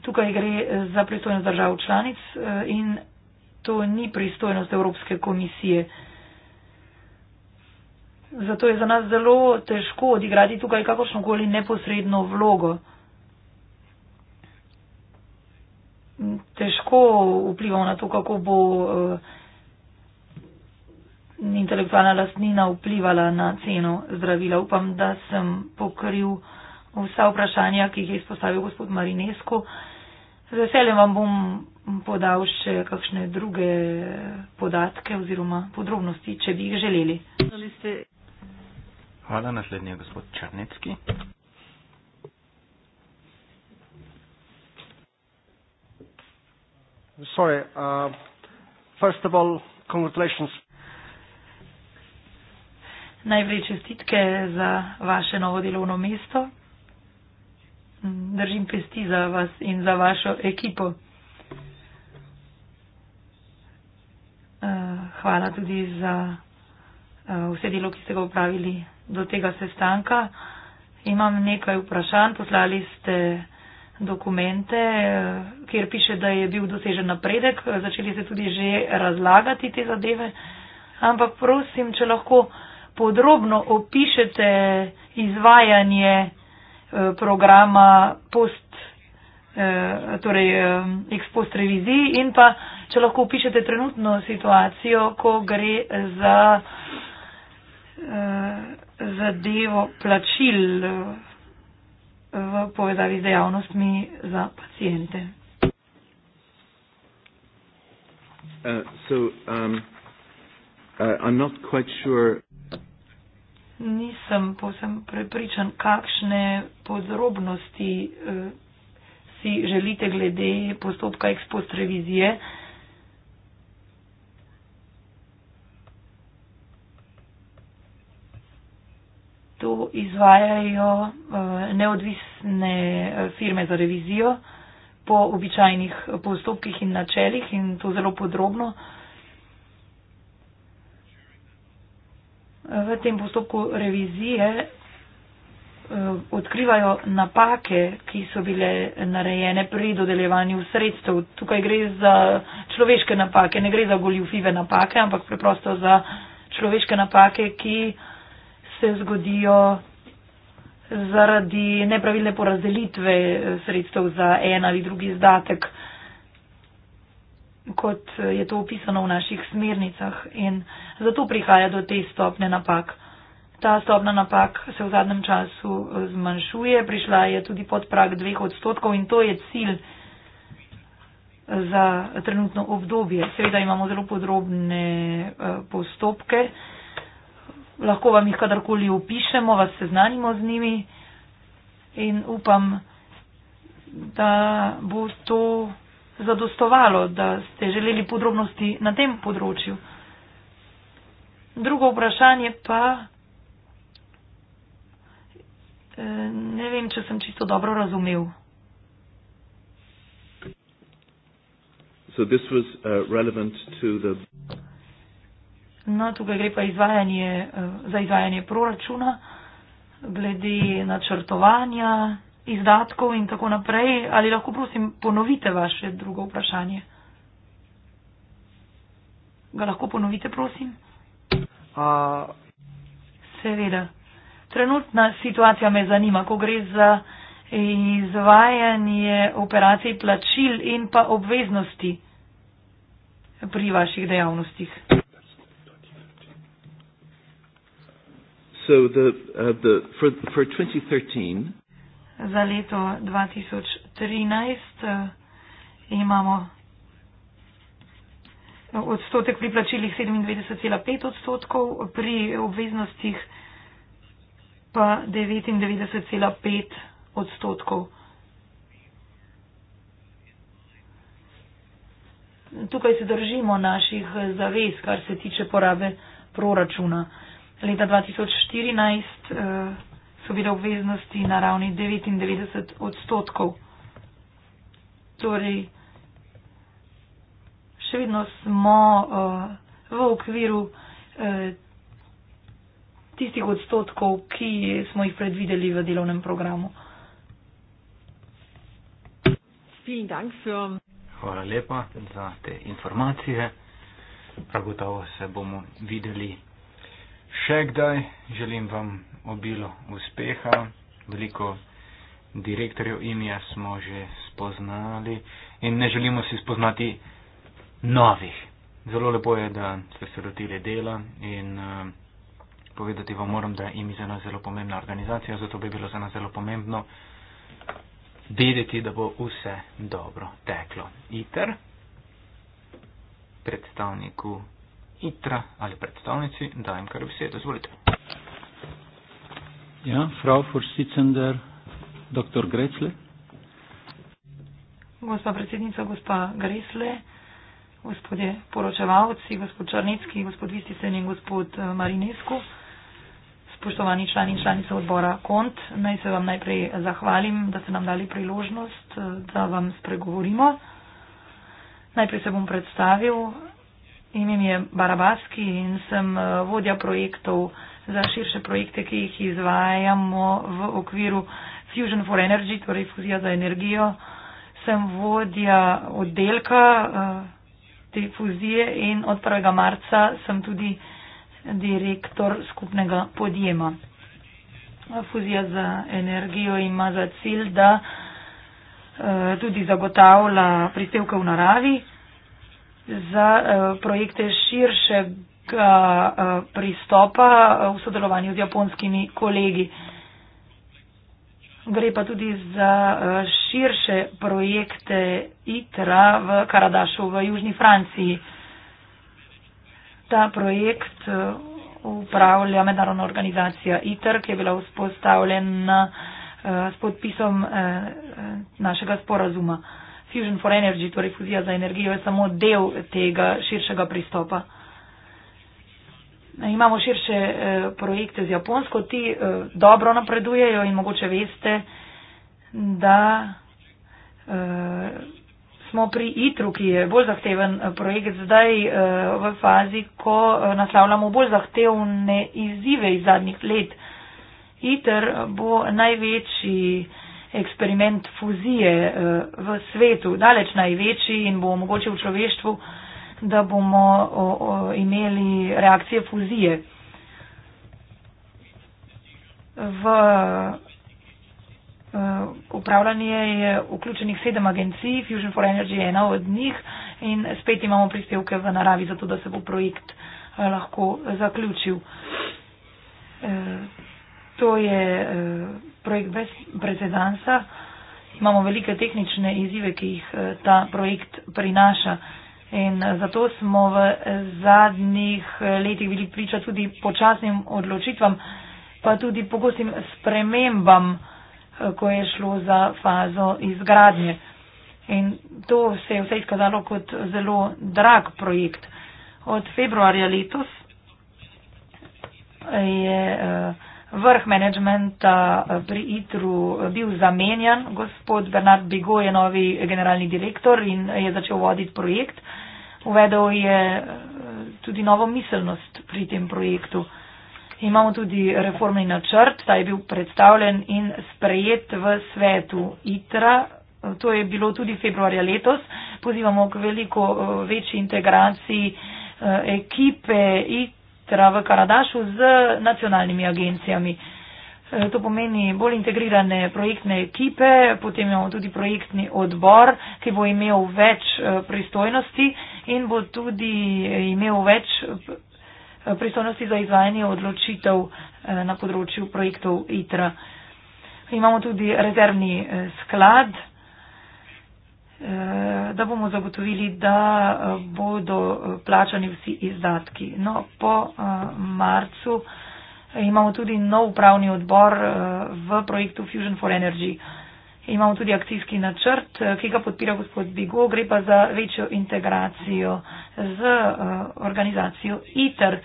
Tukaj gre eh, za pristojnost držav članic eh, in to ni pristojnost Evropske komisije. Eh, Zato je za nas zelo težko odigrati tukaj kakršno koli neposredno vlogo. Težko vplivamo na to, kako bo uh, intelektualna lastnina vplivala na ceno zdravila. Upam, da sem pokril vsa vprašanja, ki jih je izpostavil gospod Marinesko. Z veseljem vam bom podal še kakšne druge podatke oziroma podrobnosti, če bi jih želeli. Hvala. Naslednji je gospod Črnecki. Sorry, uh, first of all, congratulations. Najprej čestitke za vaše novo delovno mesto. Držim pesti za vas in za vašo ekipo. Uh, hvala tudi za uh, vse delo, ki ste ga upravili do tega sestanka. Imam nekaj vprašanj. Poslali ste dokumente, kjer piše, da je bil dosežen napredek. Začeli ste tudi že razlagati te zadeve. Ampak prosim, če lahko podrobno opišete izvajanje eh, programa post, eh, torej ekspost eh, revizij in pa če lahko opišete trenutno situacijo, ko gre za Eh, zadevo plačil eh, v povezavi z dejavnostmi za pacijente. Uh, so, um, uh, I'm not quite sure. Nisem povsem prepričan, kakšne podrobnosti uh, si želite glede postopka ekspost revizije. Uh, to izvajajo eh, neodvisne eh, firme za revizijo po običajnih postopkih in načelih in to zelo podrobno. V tem postopku revizije eh, odkrivajo napake, ki so bile narejene pri dodeljevanju sredstev. Tukaj gre za človeške napake, ne gre za goljufive napake, ampak preprosto za človeške napake, ki se zgodijo zaradi nepravilne porazdelitve sredstev za en ali drugi izdatek, kot je to opisano v naših smernicah. In zato prihaja do te stopne napak. Ta stopna napak se v zadnjem času eh, zmanjšuje, prišla je tudi pod prag dveh odstotkov in to je cilj eh, za trenutno obdobje. Seveda imamo zelo podrobne eh, postopke lahko vam jih kadarkoli upišemo, vas seznanimo z njimi in upam, da bo to zadostovalo, da ste želeli podrobnosti na tem področju. Drugo vprašanje pa, eh, ne vem, če sem čisto dobro razumel. So this was uh, relevant to the. No, tukaj gre pa izvajanje, eh, za izvajanje proračuna, glede načrtovanja izdatkov in tako naprej. Ali lahko, prosim, ponovite vaše drugo vprašanje? Ga lahko ponovite, prosim? Uh. Seveda. Trenutna situacija me zanima, ko gre za izvajanje operacij plačil in pa obveznosti pri vaših dejavnostih. So the, uh, the, for, for 2013, za leto 2013 uh, eh, imamo eh, odstotek pri plačilih 97,5 odstotkov, pri obveznostih pa 99,5 odstotkov. Tukaj se držimo naših zavez, kar se tiče porabe proračuna. Uh, leta 2014 uh, eh, so bile obveznosti na ravni 99 odstotkov. Torej, še vedno smo uh, v okviru uh, tistih odstotkov, ki smo jih predvideli v delovnem programu. Hvala lepa za te informacije. Prav gotovo se bomo videli še kdaj. Želim vam obilo uspeha. Veliko direktorjev imija smo že spoznali in ne želimo si spoznati novih. Zelo lepo je, da ste se lotili dela in uh, povedati vam moram, da je imi za nas zelo pomembna organizacija, zato bi bilo za nas zelo pomembno vedeti, da bo vse dobro teklo. ITER, predstavniku ITRA ali predstavnici dajem kar besedo. Izvolite. Ja, Frau Vorsitzender, dr. Grecle. Gospa predsednica, gospa Grecle, gospodje poročevalci, gospod Črnecki, gospod Visticen in gospod eh, Marinesku, spoštovani člani in članice odbora KONT, naj se vam najprej zahvalim, da ste nam dali priložnost, eh, da vam spregovorimo. Najprej se bom predstavil. Imen je Barabaski in sem eh, vodja projektov za širše projekte, ki jih izvajamo v okviru Fusion for Energy, torej fuzija za energijo. Sem vodja oddelka eh, te fuzije in od 1. marca sem tudi direktor skupnega podjema. Fuzija za energijo ima za cilj, da eh, tudi zagotavlja prispevke v naravi za eh, projekte širšega eh, pristopa eh, v sodelovanju z japonskimi kolegi. Gre pa tudi za širše projekte ITRA v Karadašu v Južni Franciji. Ta projekt upravlja mednarodna organizacija ITER, ki je bila vzpostavljena s podpisom našega sporazuma. Fusion for Energy, torej fuzija za energijo, je samo del tega širšega pristopa. Imamo širše eh, projekte z Japonsko, ti eh, dobro napredujejo in mogoče veste, da eh, smo pri ITRU, ki je bolj zahteven projekt, zdaj v fazi, ko naslavljamo bolj zahtevne izzive iz zadnjih let. ITR bo največji eksperiment fuzije eh, v svetu, daleč največji in bo omogočil človeštvu, da bomo imeli reakcije fuzije. V eh, upravljanje je vključenih sedem agencij, Fusion for Energy je ena od njih in spet imamo prispevke v naravi, zato da se bo projekt eh, lahko zaključil. To je projekt brez precedansa. Imamo velike tehnične izzive, ki jih eh, ta projekt prinaša. In eh, zato smo v eh, zadnjih letih bili priča tudi počasnim odločitvam, pa tudi pogostim spremembam, ko je šlo za fazo izgradnje. In to se je vse izkazalo kot zelo drag projekt. Od februarja letos je. Uh, vrh menedžmenta eh, pri ITRU eh, bil zamenjan. Gospod Bernard Bigo je novi generalni direktor in je začel voditi projekt. Uvedel je eh, tudi novo miselnost pri tem projektu. Imamo tudi reformni načrt, ta je bil predstavljen in sprejet v svetu ITRA. To je bilo tudi februarja letos. Pozivamo k veliko večji integraciji ekipe ITRA teda v Karadašu, z nacionalnimi agencijami. E, to pomeni bolj integrirane projektne ekipe, potem imamo tudi projektni odbor, ki bo imel več e, pristojnosti in bo tudi imel več e, pristojnosti za izvajanje odločitev na področju projektov ITRA. Imamo tudi rezervni sklad. Eh, da bomo zagotovili, da eh, bodo eh, plačani vsi izdatki. No, po marcu imamo tudi nov upravni odbor v projektu Fusion for Energy. Imamo tudi akcijski načrt, ki ga podpira gospod Bigo, gre pa za večjo integracijo z organizacijo ITER,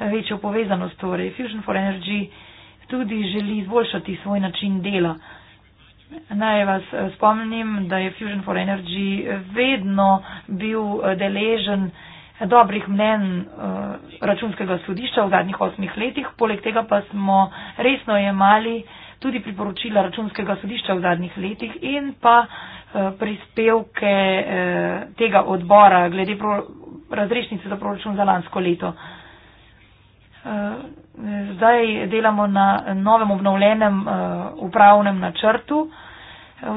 večjo povezanost torej. Fusion for Energy tudi želi izboljšati svoj način dela. Naj vas eh, spomnim, da je Fusion for Energy eh, vedno bil eh, deležen dobrih mnen računskega sodišča v zadnjih osmih letih, poleg tega pa smo resno jemali tudi priporočila računskega sodišča v zadnjih letih in pa prispevke tega odbora glede razrešnice za proračun za lansko leto. Zdaj delamo na novem obnovljenem eh, upravnem načrtu.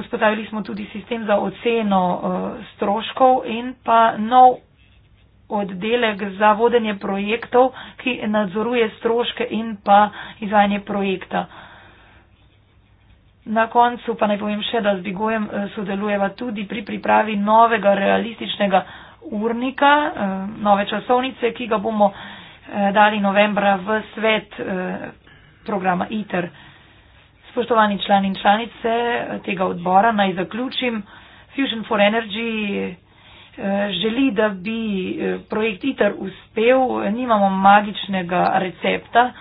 Vzpostavili smo tudi sistem za oceno eh, stroškov in pa nov oddelek za vodenje projektov, ki nadzoruje stroške in pa izvajanje projekta. Na koncu pa naj povem še, da z Bigojem eh, sodelujeva tudi pri pripravi novega realističnega urnika, nove časovnice, ki ga bomo Eh, dali novembra v svet eh, programa ITER. Spoštovani člani in članice eh, tega odbora, naj zaključim. Fusion for Energy želi, da bi projekt ITER uspel. Nimamo magičnega recepta,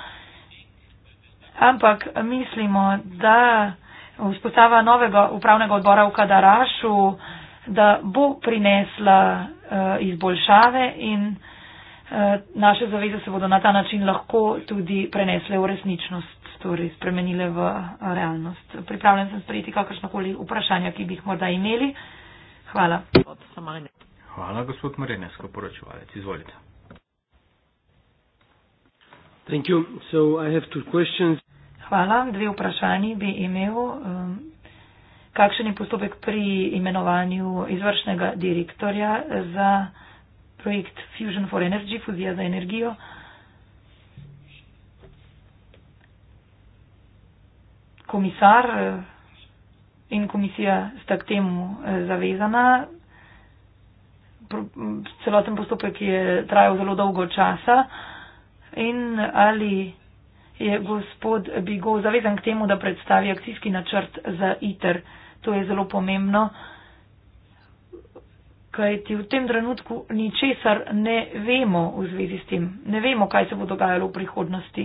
ampak mislimo, da vzpostava novega upravnega odbora v Kadarašu, da bo prinesla izboljšave in Eh, naše zaveze se bodo na ta način lahko tudi prenesle v resničnost, torej spremenile v eh, realnost. Pripravljen sem sprejeti kakršnakoli vprašanja, ki bi jih morda imeli. Hvala. Hvala, gospod Marinec, poročevalec. Izvolite. So Hvala. Dve vprašanji bi imel. Ehm, kakšen je postopek pri imenovanju izvršnega direktorja za project Fusion for Energy, Fuzja za energijo. Komisar eh, in komisija sta k temu eh, zavezana. Celoten postopek je trajal zelo dolgo časa in ali je gospod Bigo zavezan k temu, da predstavi akcijski načrt za ITER. To je zelo pomembno kajti v tem trenutku ničesar ne vemo v zvezi s tem. Ne vemo, kaj se bo dogajalo v prihodnosti.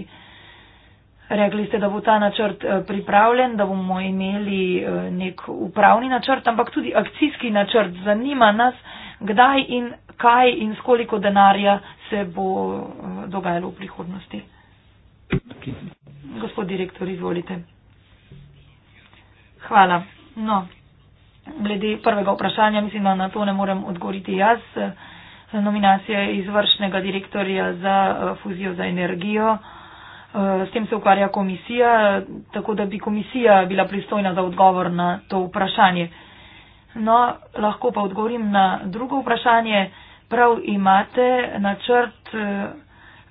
Rekli ste, da bo ta načrt eh, pripravljen, da bomo imeli eh, nek upravni načrt, ampak tudi akcijski načrt. Zanima nas, kdaj in kaj in s koliko denarja se bo eh, dogajalo v prihodnosti. Gospod direktor, izvolite. Hvala. No, glede prvega vprašanja, mislim, da na to ne morem odgovoriti jaz. Nominacija izvršnega direktorja za eh, fuzijo za energijo. Eh, s tem se ukvarja komisija, tako da bi komisija bila pristojna za odgovor na to vprašanje. No, lahko pa odgovorim na drugo vprašanje. Prav imate načrt. Eh,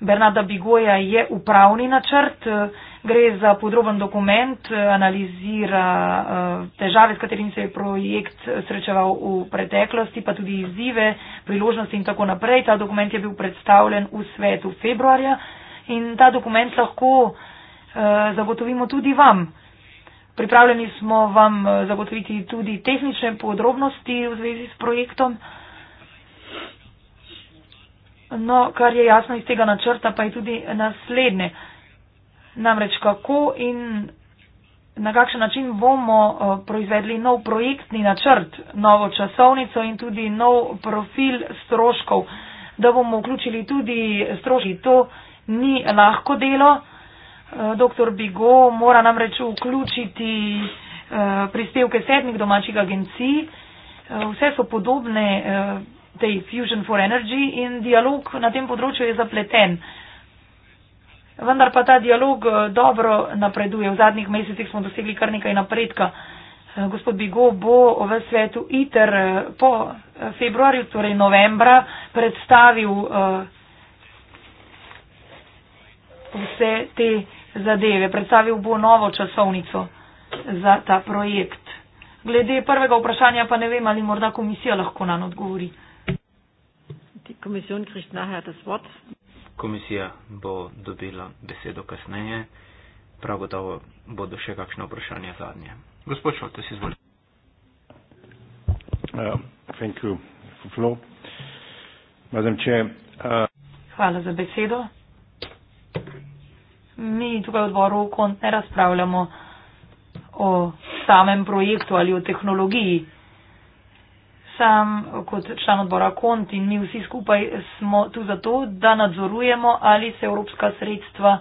Bernarda Bigoja je upravni načrt, eh, gre za podroben dokument, eh, analizira eh, težave, s katerimi se je projekt srečeval v preteklosti, pa tudi izzive, priložnosti in tako naprej. Ta dokument je bil predstavljen v svetu februarja in ta dokument lahko zagotovimo tudi vam. Pripravljeni smo vam zagotoviti tudi tehnične podrobnosti v zvezi s projektom. No, kar je jasno iz tega načrta, pa je tudi naslednje. Namreč kako in na kakšen način bomo eh, proizvedli nov projektni načrt, novo časovnico in tudi nov profil stroškov, da bomo vključili tudi stroški. To ni lahko delo. Eh, doktor Bigo mora namreč vključiti eh, prispevke sedmih domačih agencij. Vse so podobne tej Fusion for Energy in dialog na tem področju je zapleten. Vendar pa ta dialog eh, dobro napreduje. V zadnjih mesecih smo dosegli kar nekaj napredka. Eh, gospod Bigo bo v svetu ITER eh, po februarju, torej novembra, predstavil vse te zadeve. Predstavil bo novo časovnico za ta projekt. Glede prvega vprašanja pa ne vem, ali morda komisija lahko nam odgovori. Komisijon kriegt nachher das Wort. Komisija bo dobila besedo kasneje. Prav gotovo bodo še kakšno vprašanje zadnje. Gospod Šoltes, izvolite. Uh, thank you, Flo. Madam Če. Uh... Hvala za besedo. Mi tukaj v odboru kont ne razpravljamo o samem projektu ali o tehnologiji sam kot član odbora Kont in mi vsi skupaj smo tu zato, da nadzorujemo, ali se evropska sredstva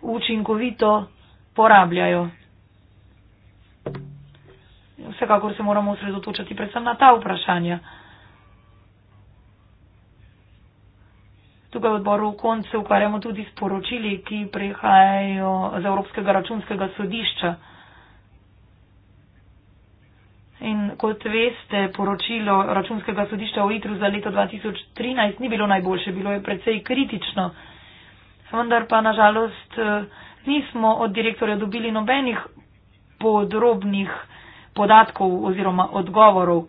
učinkovito porabljajo. Vsekakor se moramo osredotočati predvsem na ta vprašanja. Tukaj v odboru Kont se ukvarjamo tudi s poročili, ki prihajajo z Evropskega računskega sodišča. In kot veste, poročilo računskega sodišča v Litru za leto 2013 ni bilo najboljše, bilo je precej kritično. Vendar pa nažalost eh, nismo od direktorja dobili nobenih podrobnih podatkov oziroma odgovorov.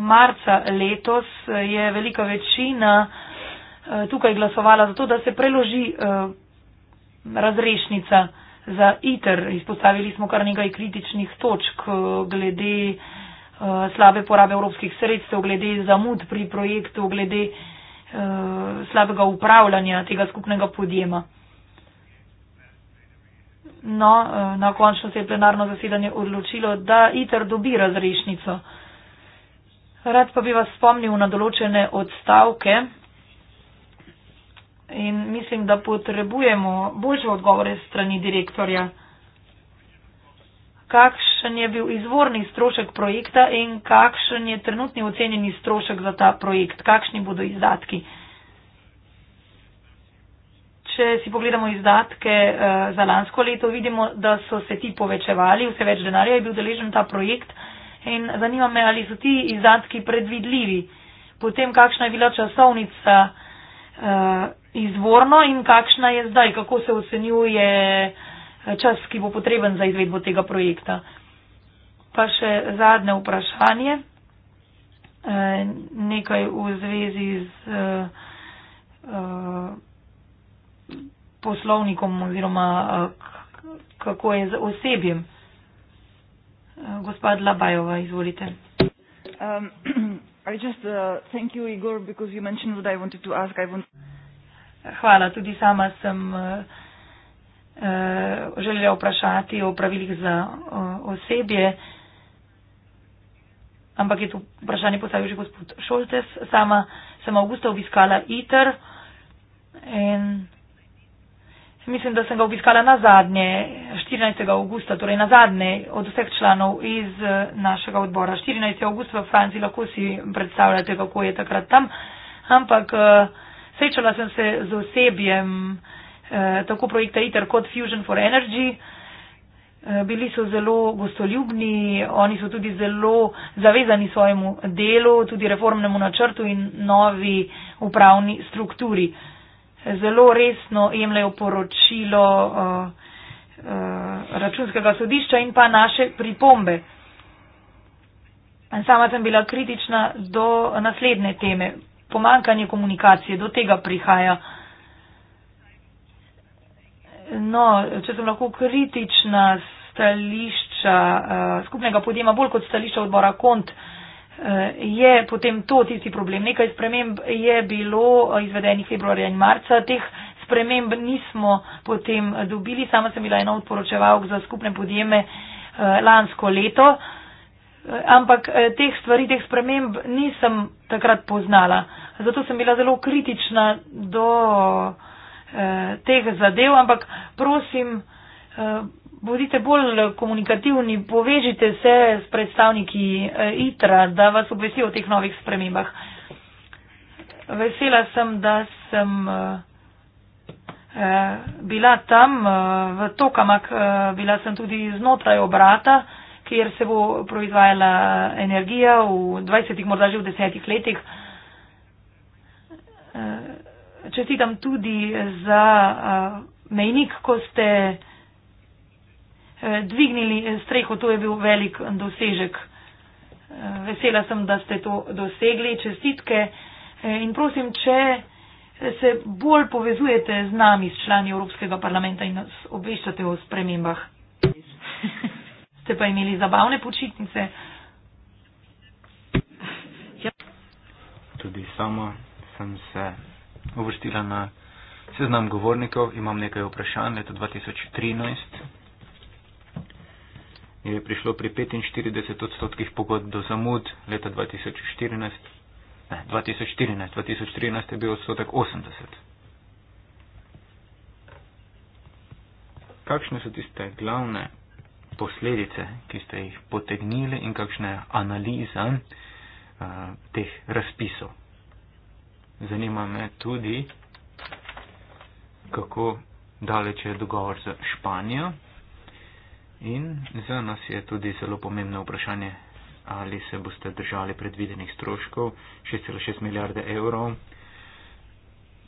Marca letos je velika večina eh, tukaj glasovala za to, da se preloži eh, razrešnica za ITER. Izpostavili smo kar nekaj kritičnih točk eh, glede eh, slabe porabe evropskih sredstev, glede zamud pri projektu, glede eh, slabega upravljanja tega skupnega podjema. No, na koncu se je plenarno zasedanje odločilo, da ITER dobi razrešnico. Rad pa bi vas spomnil na določene odstavke in mislim, da potrebujemo boljše odgovore strani direktorja. Kakšen je bil izvorni strošek projekta in kakšen je trenutni ocenjeni strošek za ta projekt? Kakšni bodo izdatki? Če si pogledamo izdatke eh, za lansko leto, vidimo, da so se ti povečevali, vse več denarja je bil deležen ta projekt in zanima me, ali so ti izdatki predvidljivi. Potem, kakšna je bila časovnica? uh, izvorno in kakšna je zdaj, kako se ocenjuje čas, ki bo potreben za izvedbo tega projekta. Pa še zadnje vprašanje, uh, nekaj v zvezi z. Uh, uh, poslovnikom oziroma kako je z osebjem. Gospod Labajova, izvolite. Um, I just uh, thank you, Igor, because you mentioned what I wanted to ask. I want. Hvala, tudi sama sem uh, uh, želela vprašati o pravilih za uh, osebje, ampak je to vprašanje postavil že gospod Šoltes. Sama sem avgusta obiskala ITER in Mislim, da sem ga obiskala na zadnje, 14. augusta, torej na zadnje od vseh članov iz eh, našega odbora. 14. august v Franciji, lahko si predstavljate, kako je takrat tam, ampak uh, srečala sem se z osebjem uh, tako projekta ITER kot Fusion for Energy. Bili so zelo gostoljubni, oni so tudi zelo zavezani svojemu delu, tudi reformnemu načrtu in novi upravni strukturi. Uh, zelo resno jemljajo poročilo uh, uh, računskega sodišča in pa naše pripombe. Sama sem bila kritična do naslednje teme. Pomankanje komunikacije, do tega prihaja. No, če sem lahko kritična stališča uh, skupnega podjema, bolj kot stališča odbora KONT, uh, je potem to tisti problem. Nekaj sprememb je bilo izvedenih februarja in marca. Teh sprememb nismo potem dobili. Sama sem bila ena od poročevalk za skupne podjeme eh, lansko leto. Eh, ampak eh, teh stvari, teh sprememb nisem takrat poznala. Zato sem bila zelo kritična do eh, teh zadev, ampak prosim, eh, bodite bolj komunikativni, povežite se s predstavniki eh, ITRA, da vas obvesijo o teh novih spremembah. Vesela sem, da sem eh, eh, bila tam v Tokamak, bila sem tudi znotraj obrata, kjer se bo proizvajala energija v 20, morda že v 10 letih. Čestitam tudi za mejnik, ko ste. Eh, dvignili streho, to je bil velik dosežek. Eh, vesela sem, da ste to dosegli. Čestitke eh, in prosim, če se bolj povezujete z nami, s člani Evropskega parlamenta in nas obveščate o spremembah. Ste pa imeli zabavne počitnice. Ja. Tudi sama sem se uvrstila na seznam govornikov, imam nekaj vprašanj leta 2013 je prišlo pri 45 odstotkih pogodb do zamud leta 2014. Ne, 2014, 2013 je bil odstotek 80. Kakšne so tiste glavne posledice, ki ste jih potegnili in kakšna je analiza uh, teh razpisov? Zanima me tudi, kako daleč je dogovor z Španijo, In za nas je tudi zelo pomembno vprašanje, ali se boste držali predvidenih stroškov. 6,6 milijarde evrov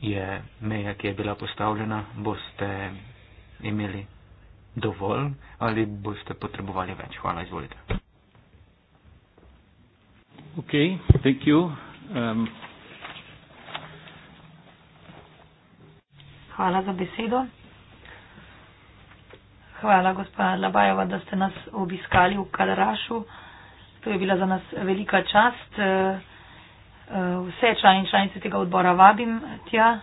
je meja, ki je bila postavljena. Boste imeli dovolj ali boste potrebovali več? Hvala, izvolite. Ok, thank you. Um. Hvala za besedo. Hvala, gospa Labajeva, da ste nas obiskali v Kalarašu. To je bila za nas velika čast. Eh, eh, vse člani in članice tega odbora vabim tja.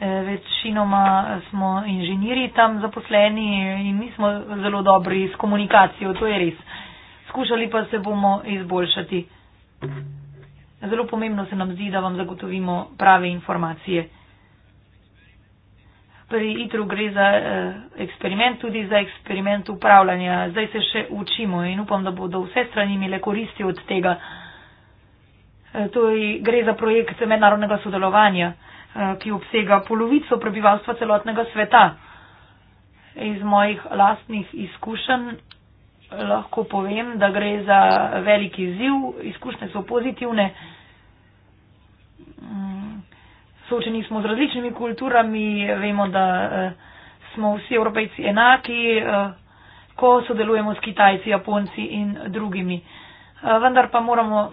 Eh, večinoma smo inženiri tam zaposleni in nismo zelo dobri s komunikacijo, to je res. Skušali pa se bomo izboljšati. Zelo pomembno se nam zdi, da vam zagotovimo prave informacije pri ITRU gre za eh, eksperiment, tudi za eksperiment upravljanja. Zdaj se še učimo in upam, da bodo vse strani imele koristi od tega. Eh, to je, gre za projekt mednarodnega sodelovanja, eh, ki obsega polovico prebivalstva celotnega sveta. Iz mojih lastnih izkušenj lahko povem, da gre za veliki ziv, izkušnje so pozitivne. Mm, soočeni smo z različnimi kulturami, vemo, da eh, smo vsi evropejci enaki, eh, ko sodelujemo s Kitajci, Japonci in drugimi. Eh, vendar pa moramo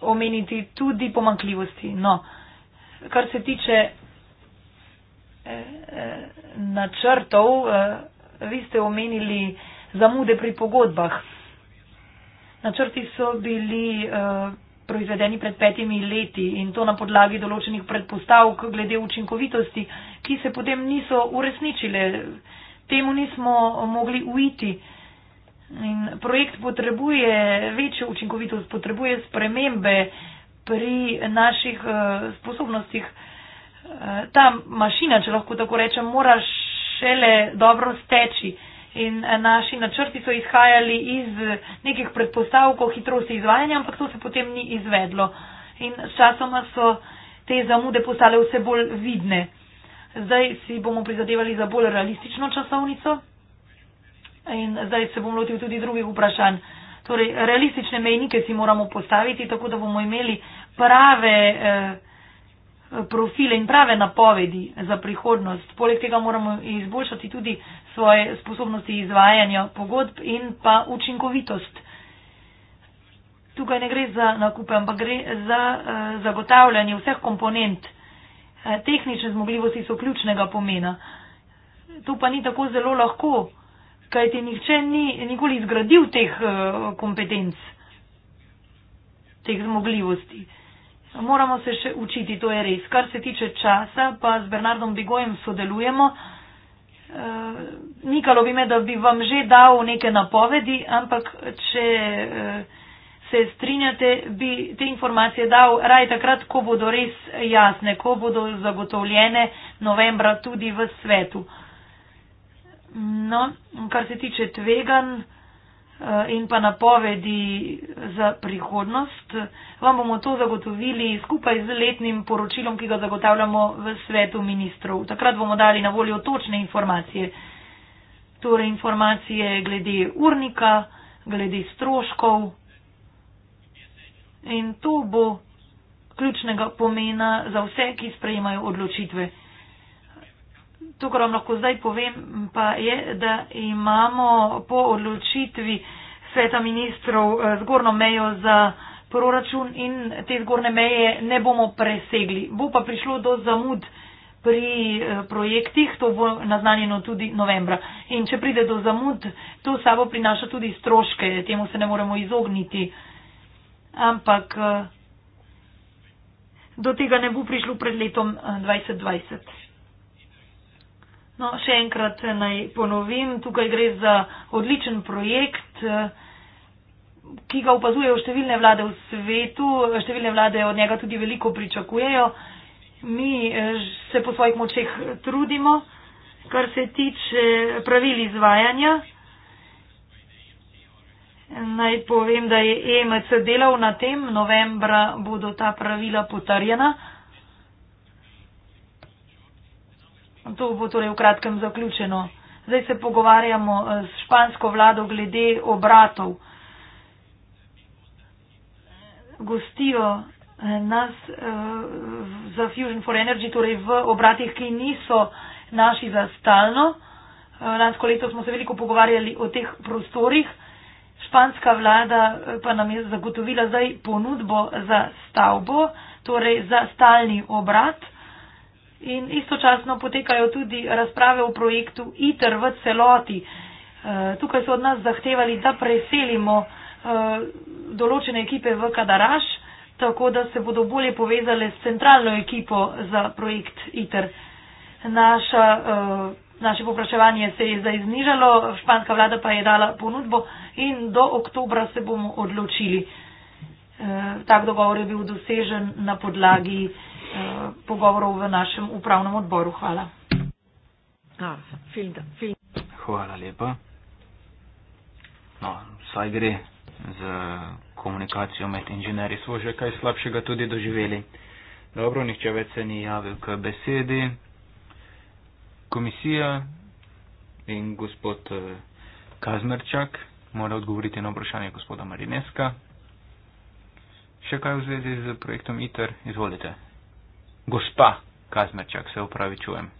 omeniti tudi pomankljivosti. No, kar se tiče načrtov, vi ste omenili zamude pri pogodbah. Načrti so bili proizvedeni pred petimi leti in to na podlagi določenih predpostavk glede učinkovitosti, ki se potem niso uresničile. Temu nismo mogli uiti. In projekt potrebuje večjo učinkovitost, potrebuje spremembe pri naših eh, sposobnostih. Eh, ta mašina, če lahko tako rečem, mora šele dobro steči in eh, naši načrti so izhajali iz nekih predpostavk o hitrosti izvajanja, ampak to se potem ni izvedlo. In s časoma so te zamude postale vse bolj vidne. Zdaj si bomo prizadevali za bolj realistično časovnico in zdaj se bom lotil tudi drugih vprašanj. Torej, realistične mejnike si moramo postaviti, tako da bomo imeli prave. Eh, profile in prave napovedi za prihodnost. Poleg tega moramo izboljšati tudi svoje sposobnosti izvajanja pogodb in pa učinkovitost. Tukaj ne gre za nakupe, ampak gre za uh, zagotavljanje vseh komponent. Uh, tehnične zmogljivosti so ključnega pomena. To pa ni tako zelo lahko, kajti nihče ni nikoli zgradil teh uh, kompetenc, teh zmogljivosti. Uh, Moramo se še učiti, to je res. Kar se tiče časa, pa z Bernardom Bigojem sodelujemo. E, nikalo bi me, da bi vam že dal neke napovedi, ampak če e, se strinjate, bi te informacije dal raj takrat, ko bodo res jasne, ko bodo zagotovljene novembra tudi v svetu. No, kar se tiče tveganj. Eh, in pa napovedi za prihodnost. Vam bomo to zagotovili skupaj z letnim poročilom, ki ga zagotavljamo v svetu ministrov. Takrat bomo dali na voljo točne informacije. Torej informacije glede urnika, glede stroškov. In to bo ključnega pomena za vse, ki sprejemajo odločitve to, kar vam lahko zdaj povem, pa je, da imamo po odločitvi sveta ministrov eh, zgornjo mejo za proračun in te zgornje meje ne bomo presegli. Bo pa prišlo do zamud pri eh, projektih, to bo naznanjeno tudi novembra. In če pride do zamud, to sabo prinaša tudi stroške, temu se ne moremo izogniti. Ampak eh, do tega ne bo prišlo pred letom 2020. No, še enkrat naj ponovim, tukaj gre za odličen projekt, ki ga opazujejo številne vlade v svetu, številne vlade od njega tudi veliko pričakujejo. Mi eh, se po svojih močeh trudimo, kar se tiče pravil izvajanja. Naj povem, da je EMC delal na tem, novembra bodo ta pravila potrjena. To bo torej v kratkem zaključeno. Zdaj se pogovarjamo eh, s špansko vlado glede obratov. Gostijo eh, nas uh, za Fusion for Energy, torej v obratih, ki niso naši za stalno. Uh, lansko leto smo se veliko pogovarjali o teh prostorih. Španska vlada pa nam je zagotovila zdaj ponudbo za stavbo, torej za stalni obrat in istočasno potekajo tudi razprave o projektu ITER v celoti. Eh, tukaj so od nas zahtevali, da preselimo eh, določene ekipe v Kadaraš, tako da se bodo bolje povezale s centralno ekipo za projekt ITER. Naša, eh, naše popraševanje se je zdaj znižalo, španska vlada pa je dala ponudbo in do oktobra se bomo odločili. Eh, tak dogovor je bil dosežen na podlagi eh, pogovorov v našem upravnem odboru. Hvala. Ah, Hvala lepa. No, saj gre z komunikacijo med inženirji, smo že kaj slabšega tudi doživeli. Dobro, nihče več se ni javil k besedi. Komisija in gospod eh, Kazmerčak mora odgovoriti na vprašanje gospoda Marineska še kaj v zvezi z projektom ITER? Izvolite. Gospa Kazmerčak, se upravičujem.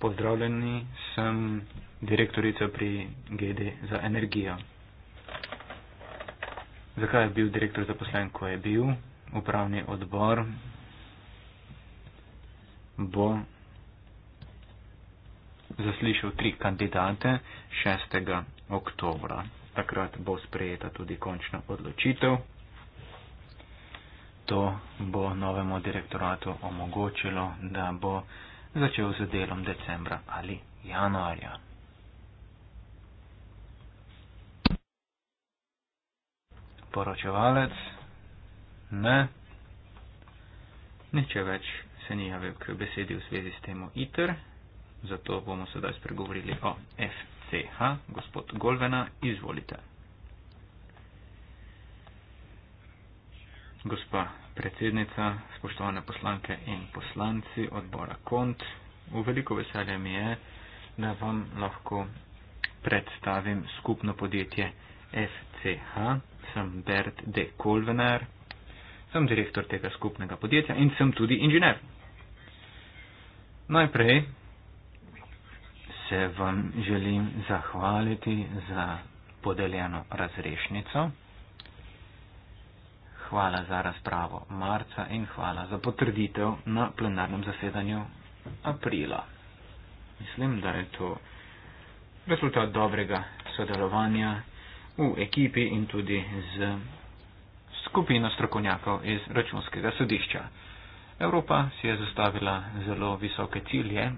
Pozdravljeni, sem direktorica pri GD za energijo. Zakaj je bil direktor zaposlen, ko je bil? Upravni odbor bo zaslišal tri kandidate 6. oktobra. Takrat bo sprejeta tudi končna odločitev to bo novemu direktoratu omogočilo, da bo začel z delom decembra ali januarja. Poročevalec? Ne. Niče več se ni javil k besedi v zvezi s temo ITER, zato bomo sedaj spregovorili o FCH. Gospod Golvena, izvolite. Gospa predsednica, spoštovane poslanke in poslanci odbora KONT. V veliko veselje mi je, da vam lahko predstavim skupno podjetje FCH. Sem Bert de Kolvener, sem direktor tega skupnega podjetja in sem tudi inženir. Najprej se vam želim zahvaliti za podeljeno razrešnico hvala za razpravo marca in hvala za potrditev na plenarnem zasedanju aprila. Mislim, da je to rezultat dobrega sodelovanja v ekipi in tudi z skupino strokovnjakov iz računskega sodišča. Evropa si je zastavila zelo visoke cilje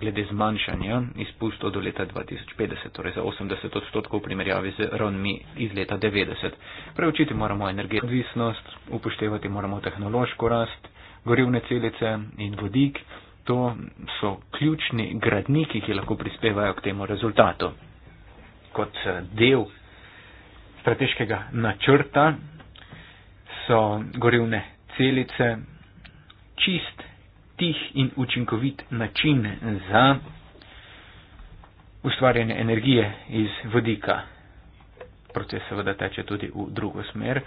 glede zmanjšanja izpustov do leta 2050, torej za 80 odstotkov v primerjavi z ravnmi iz leta 90. Preučiti moramo energetsko odvisnost, upoštevati moramo tehnološko rast, gorivne celice in vodik. To so ključni gradniki, ki lahko prispevajo k temu rezultatu. Kot eh, del strateškega načrta so gorivne celice čist tih in učinkovit način za ustvarjanje energije iz vodika. Proces seveda teče tudi v drugo smer. Eh,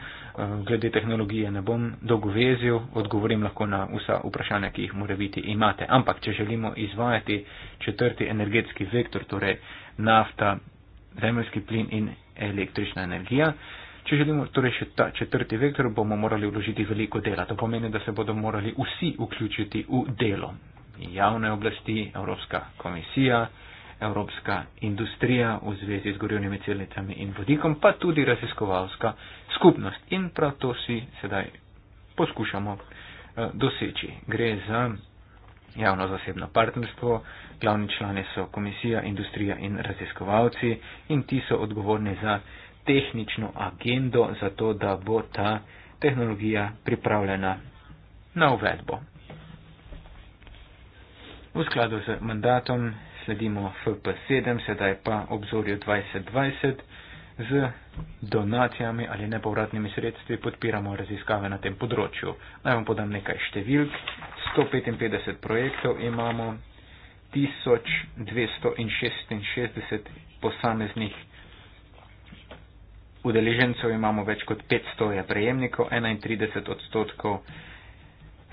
glede tehnologije ne bom dolgovezil, odgovorim lahko na vsa vprašanja, ki jih mora biti imate. Ampak, če želimo izvajati četrti energetski vektor, torej nafta, zemljski plin in električna energija, Če želimo torej še ta četrti vektor, bomo morali vložiti veliko dela. To pomeni, da se bodo morali vsi vključiti v delo. Javne oblasti, Evropska komisija, Evropska industrija v zvezi z gorivnimi celicami in vodikom, pa tudi raziskovalska skupnost. In prav to si sedaj poskušamo eh, doseči. Gre za javno-zasebno partnerstvo, glavni člani so komisija, industrija in raziskovalci in ti so odgovorni za tehnično agendo za to, da bo ta tehnologija pripravljena na uvedbo. V skladu z mandatom sledimo FP7, sedaj pa obzorju 2020. Z donacijami ali nepovratnimi sredstvi podpiramo raziskave na tem področju. Naj vam podam nekaj številk. 155 projektov imamo, 1266 posameznih projektov udeležencev imamo več kot 500 je prejemnikov, 31 odstotkov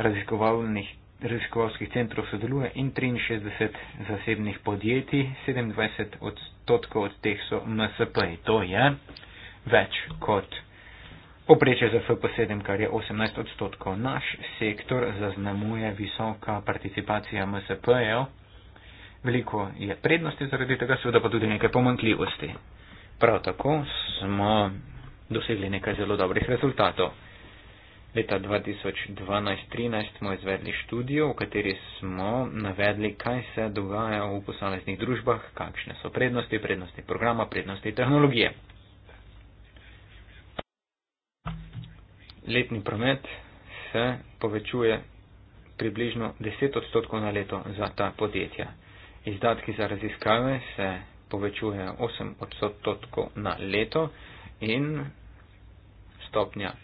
raziskovalskih centrov sodeluje in 63 zasebnih podjetij, 27 odstotkov od teh so MSP. To je več kot opreče za FP7, kar je 18 odstotkov. Naš sektor zaznamuje visoka participacija MSP-jev. Veliko je prednosti zaradi tega, seveda pa tudi nekaj pomankljivosti. Prav tako smo dosegli nekaj zelo dobrih rezultatov. Leta 2012-2013 smo izvedli študijo, v kateri smo navedli, kaj se dogaja v posameznih družbah, kakšne so prednosti, prednosti programa, prednosti tehnologije. Letni promet se povečuje približno 10 odstotkov na leto za ta podjetja. Izdatki za raziskave se povečuje 8 odstotkov na leto in stopnja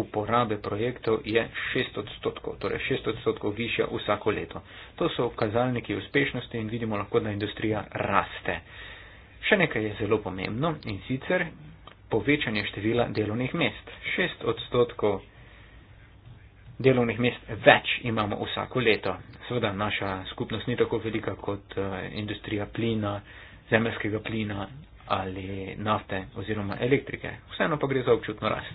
uporabe projektov je 6 odstotkov, torej 6 odstotkov višja vsako leto. To so kazalniki uspešnosti in vidimo lahko, da industrija raste. Še nekaj je zelo pomembno in sicer povečanje števila delovnih mest. 6 odstotkov delovnih mest več imamo vsako leto. Seveda naša skupnost ni tako velika kot eh, industrija plina, zemeljskega plina ali nafte oziroma elektrike. Vseeno pa gre za občutno rast.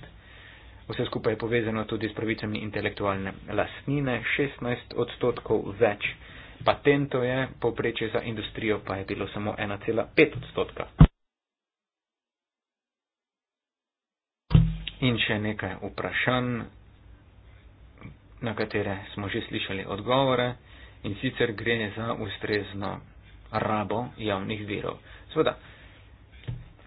Vse skupaj je povezano tudi s pravicami intelektualne lastnine. 16 odstotkov več patentov je, povprečje za industrijo pa je bilo samo 1,5 odstotka. In še nekaj vprašanj, na katere smo že slišali odgovore. In sicer gre za ustrezno rabo javnih virov. Sveda,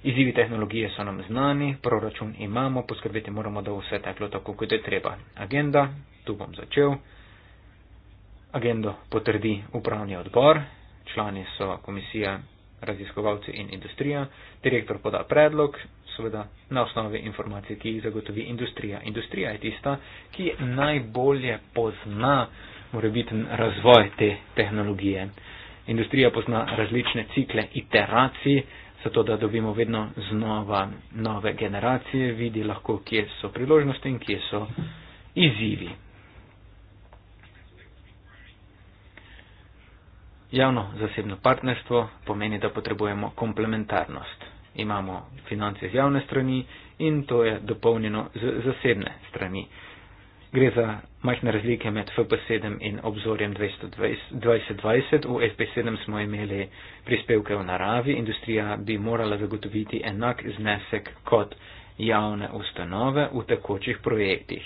izzivi tehnologije so nam znani, proračun imamo, poskrbeti moramo, da vse teklo tako, kot je treba. Agenda, tu bom začel. Agendo potrdi upravni odbor, člani so komisija, raziskovalci in industrija, direktor poda predlog, seveda na osnovi informacij, ki jih zagotovi industrija. Industrija je tista, ki najbolje pozna morebiten razvoj te tehnologije. Uh, industrija pozna različne cikle iteracij, zato da dobimo vedno znova nove generacije, vidi lahko, kje so priložnosti in kje so izzivi. Javno zasebno partnerstvo pomeni, da potrebujemo komplementarnost. Imamo finance z javne strani in to je dopolnjeno z zasebne strani. Gre za majhne razlike med FP7 in obzorjem 2020. V FP7 smo imeli prispevke v naravi. Industrija bi morala zagotoviti enak znesek kot javne ustanove v tekočih projektih.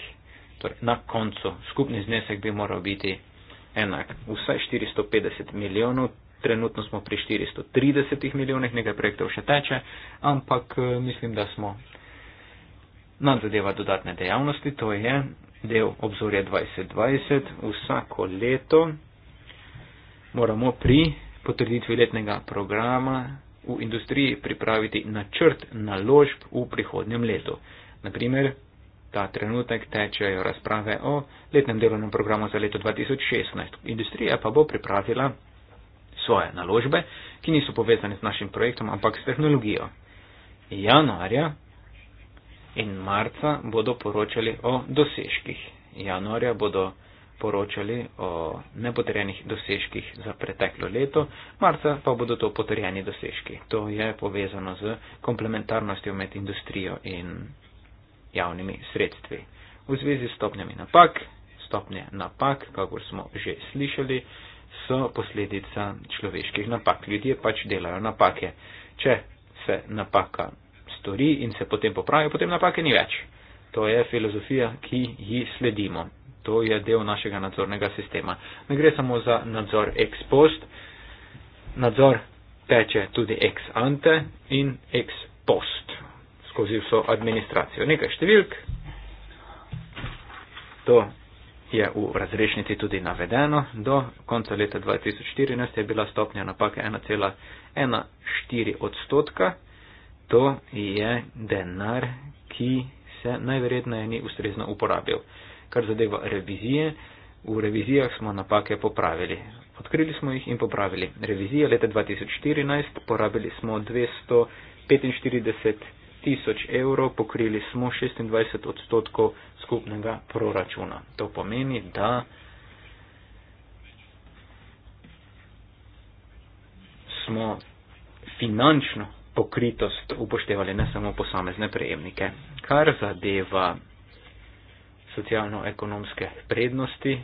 Torej, na koncu skupni znesek bi moral biti enak. Vsaj 450 milijonov, trenutno smo pri 430 milijonih, nekaj projektov še teče, ampak eh, mislim, da smo. Nadzadeva dodatne dejavnosti, to je del obzorja 2020, vsako leto moramo pri potrditvi letnega programa v industriji pripraviti načrt naložb v prihodnjem letu. Naprimer, ta trenutek tečejo razprave o letnem delovnem programu za leto 2016. Industrija pa bo pripravila svoje naložbe, ki niso povezane z našim projektom, ampak s tehnologijo. Januarja in marca bodo poročali o dosežkih. Januarja bodo poročali o nepotrjenih dosežkih za preteklo leto, marca pa bodo to potrjeni dosežki. To je povezano z komplementarnostjo med industrijo in javnimi sredstvi. V zvezi s stopnjami napak, stopnje napak, kakor smo že slišali, so posledica človeških napak. Ljudje pač delajo napake. Če se napaka stori in se potem popravi, potem napake ni več. To je filozofija, ki ji sledimo. To je del našega nadzornega sistema. Ne gre samo za nadzor ex post, nadzor teče tudi ex ante in ex post skozi vso administracijo. Nekaj številk, to je v razrešnici tudi navedeno, do konca leta 2014 je bila stopnja napake 1,14 odstotka to je denar, ki se najverjetneje ni ustrezno uporabil. Kar zadeva revizije, v revizijah smo napake popravili. Odkrili smo jih in popravili. Revizija leta 2014, porabili smo 245 tisoč evrov, pokrili smo 26 odstotkov skupnega proračuna. To pomeni, da smo finančno pokritost upoštevali ne samo posamezne prejemnike. Kar zadeva socialno-ekonomske prednosti,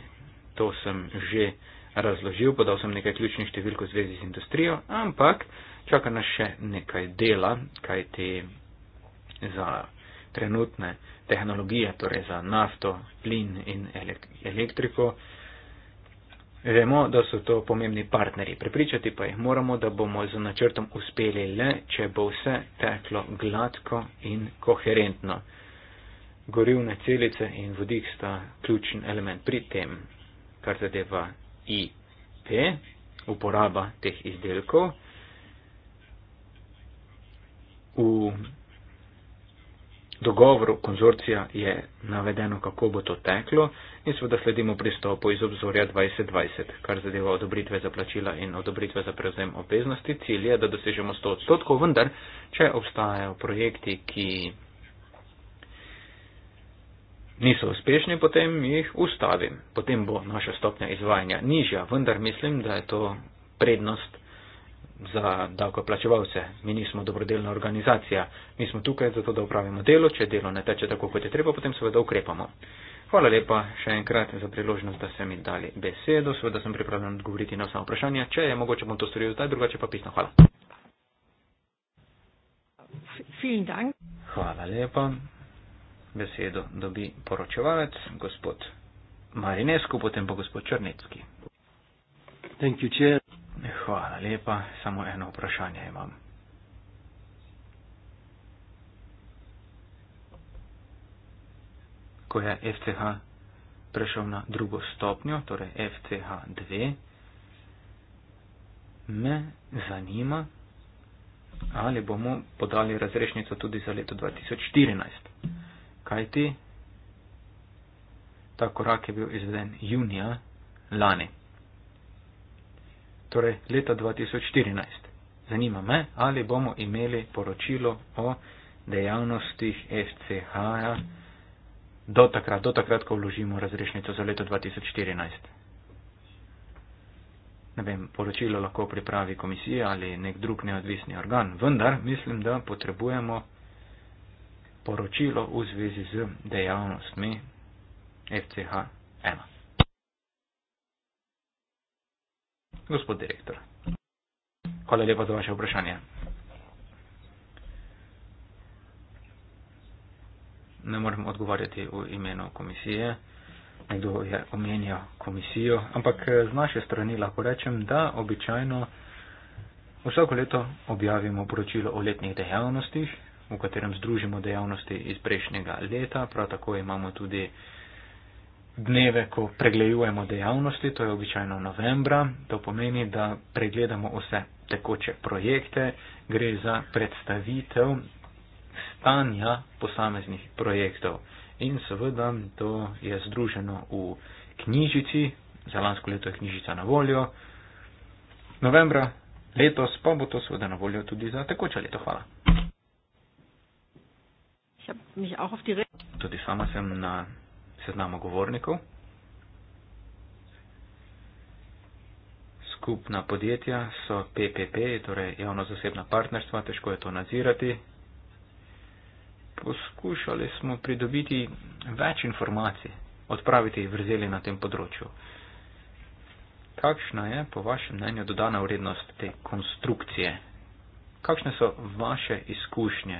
to sem že razložil, podal sem nekaj ključnih številk v zvezi z industrijo, ampak čaka nas še nekaj dela, kaj ti za trenutne tehnologije, torej za nafto, plin in elektriko, Vemo, da so to pomembni partnerji, prepričati pa jih moramo, da bomo z načrtom uspeli le, če bo vse teklo gladko in koherentno. Gorivne celice in vodik sta ključen element pri tem, kar zadeva IP, uporaba teh izdelkov. V dogovoru konzorcija je navedeno, kako bo to teklo in seveda sledimo pristopu iz obzorja 2020, kar zadeva odobritve za plačila in odobritve za prevzem obveznosti. Cilj je, da dosežemo 100 odstotkov, vendar, če obstajajo projekti, ki niso uspešni, potem jih ustavim. Potem bo naša stopnja izvajanja nižja, vendar mislim, da je to prednost za davkoplačevalce. Mi nismo dobrodelna organizacija. Mi smo tukaj zato, da upravimo delo. Če delo ne teče tako, kot je treba, potem seveda ukrepamo. Hvala lepa še enkrat za priložnost, da ste mi dali besedo. Seveda sem pripravljen odgovoriti na vsa vprašanja. Če je mogoče, bom to storil zdaj, drugače pa pisno. Hvala. Hvala lepa. Besedo dobi poročevalec, gospod Marinesko, potem pa gospod Črnecki. Thank you, chair. Hvala lepa. Samo eno vprašanje imam. Ko je FCH prešel na drugo stopnjo, torej FCH 2, me zanima, ali bomo podali razrešnico tudi za leto 2014. Kajti, ta korak je bil izveden junija lani torej leta 2014. Zanima me, ali bomo imeli poročilo o dejavnostih SCH -ja do takrat, do takrat, ko vložimo razrešnico za leto 2014. Ne vem, poročilo lahko pripravi komisija ali nek drug neodvisni organ, vendar mislim, da potrebujemo poročilo v zvezi z dejavnostmi FCH 1. Gospod direktor. Hvala lepa za vaše vprašanje. Ne morem odgovarjati v imenu komisije. Nekdo je omenjal komisijo, ampak eh, z naše strani lahko rečem, da običajno vsako leto objavimo poročilo o letnih dejavnostih, v katerem združimo dejavnosti iz prejšnjega leta. Prav tako imamo tudi dneve, ko pregledujemo dejavnosti, to je običajno novembra, to pomeni, da pregledamo vse tekoče projekte, gre za predstavitev stanja posameznih projektov. In seveda to je združeno v knjižici, za lansko leto je knjižica na voljo. Novembra letos pa bo to seveda na voljo tudi za tekoče leto. Hvala. Tudi sama sem na seznamu govornikov. Skupna podjetja so PPP, torej javno-zasebna partnerstva, težko je to nadzirati. Poskušali smo pridobiti več informacij, odpraviti vrzeli na tem področju. Kakšna je, po vašem mnenju, dodana vrednost te konstrukcije? Kakšne so vaše izkušnje?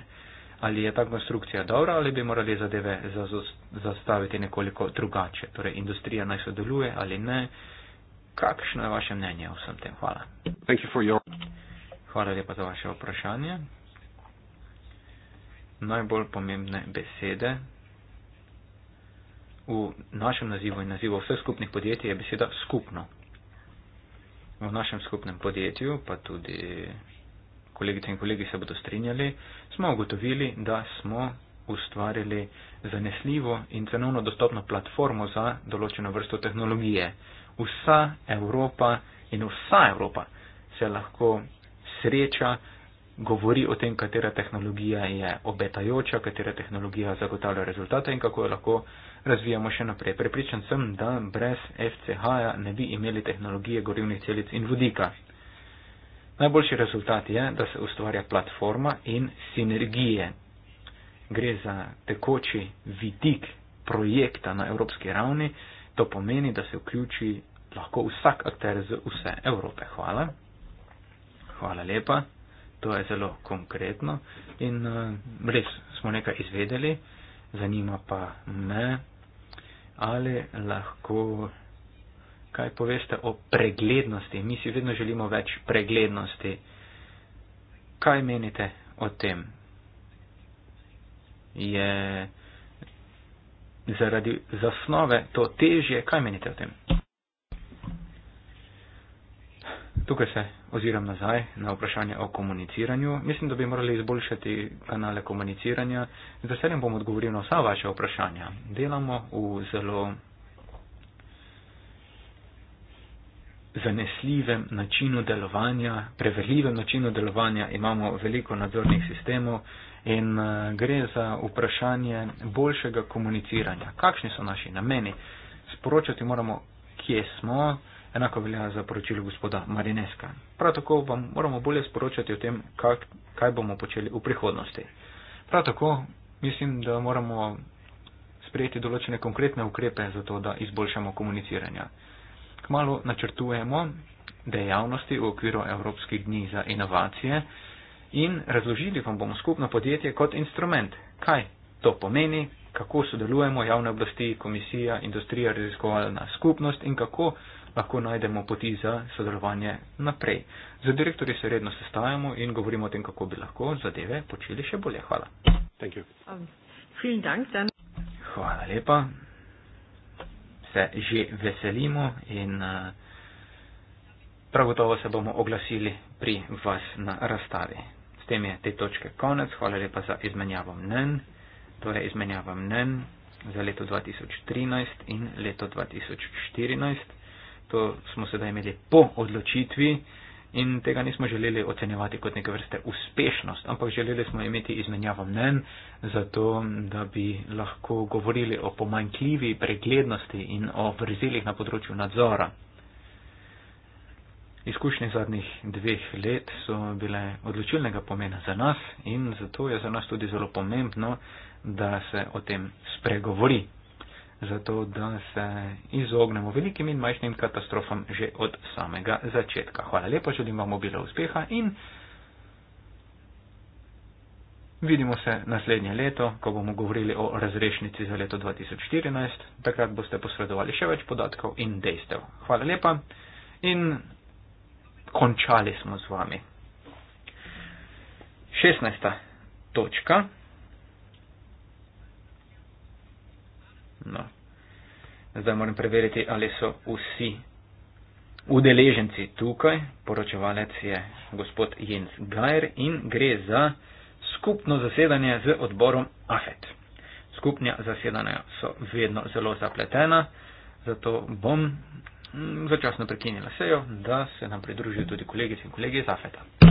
ali je ta konstrukcija dobra ali bi morali zadeve zastaviti nekoliko drugače. Torej, industrija naj sodeluje ali ne. Kakšno je vaše mnenje o vsem tem? Hvala. Hvala lepa za vaše vprašanje. Najbolj pomembne besede v našem nazivu in nazivu vseh skupnih podjetij je beseda skupno. V našem skupnem podjetju pa tudi kolegice in kolegi se bodo strinjali, smo ugotovili, da smo ustvarili zanesljivo in cenovno dostopno platformo za določeno vrsto tehnologije. Vsa Evropa in vsa Evropa se lahko sreča, govori o tem, katera tehnologija je obetajoča, katera tehnologija zagotavlja rezultate in kako jo lahko razvijamo še naprej. Prepričan sem, da brez FCH-ja ne bi imeli tehnologije gorivnih celic in vodika. Najboljši rezultat je, da se ustvarja platforma in sinergije. Gre za tekoči vidik projekta na evropski ravni. To pomeni, da se vključi lahko vsak akter z vse Evrope. Hvala. Hvala lepa. To je zelo konkretno in uh, res smo nekaj izvedeli. Zanima pa me, ali lahko kaj poveste o preglednosti? Mi si vedno želimo več preglednosti. Kaj menite o tem? Je zaradi zasnove to težje? Kaj menite o tem? Tukaj se oziram nazaj na vprašanje o komuniciranju. Mislim, da bi morali izboljšati kanale komuniciranja. Z veseljem bom odgovoril na vsa vaše vprašanja. Delamo v zelo zanesljivem načinu delovanja, preverljivem načinu delovanja imamo veliko nadzornih sistemov in eh, gre za vprašanje boljšega komuniciranja. Kakšni so naši nameni? Sporočati moramo, kje smo, enako velja za poročilo gospoda Marineska. Prav tako vam moramo bolje sporočati o tem, kak, kaj bomo počeli v prihodnosti. Prav tako mislim, da moramo sprejeti določene konkretne ukrepe za to, da izboljšamo komuniciranja. Kmalo načrtujemo dejavnosti v okviru Evropskih dni za inovacije in razložili vam bomo skupno podjetje kot instrument. Kaj to pomeni, kako sodelujemo javne oblasti, komisija, industrija, raziskovalna skupnost in kako lahko najdemo poti za sodelovanje naprej. Z direktorji se redno sestajamo in govorimo o tem, kako bi lahko zadeve počeli še bolje. Hvala. Um, Hvala lepa se že veselimo in eh, prav gotovo se bomo oglasili pri vas na razstavi. S tem je te točke konec. Hvala lepa za izmenjavo mnen. Torej izmenjava mnen za leto 2013 in leto 2014. To smo sedaj imeli po odločitvi in tega nismo želeli ocenjevati kot neke vrste uspešnost, ampak želeli smo imeti izmenjavo mnen, zato da bi lahko govorili o pomankljivi preglednosti in o vrzelih na področju nadzora. Izkušnje zadnjih dveh let so bile odločilnega pomena za nas in zato je za nas tudi zelo pomembno, da se o tem spregovori zato da se izognemo velikim in majhnim katastrofam že od samega začetka. Hvala lepa, želim vam obilo uspeha in vidimo se naslednje leto, ko bomo govorili o razrešnici za leto 2014. Takrat boste posredovali še več podatkov in dejstev. Hvala lepa in končali smo z vami. 16. точка. No. Zdaj moram preveriti, ali so vsi udeleženci tukaj. Poročevalec je gospod Jens Gajer in gre za skupno zasedanje z odborom AFET. Skupnja zasedanja so vedno zelo zapletena, zato bom mm, začasno prekinila sejo, da se nam pridružijo tudi kolegice in kolegi iz AFET-a.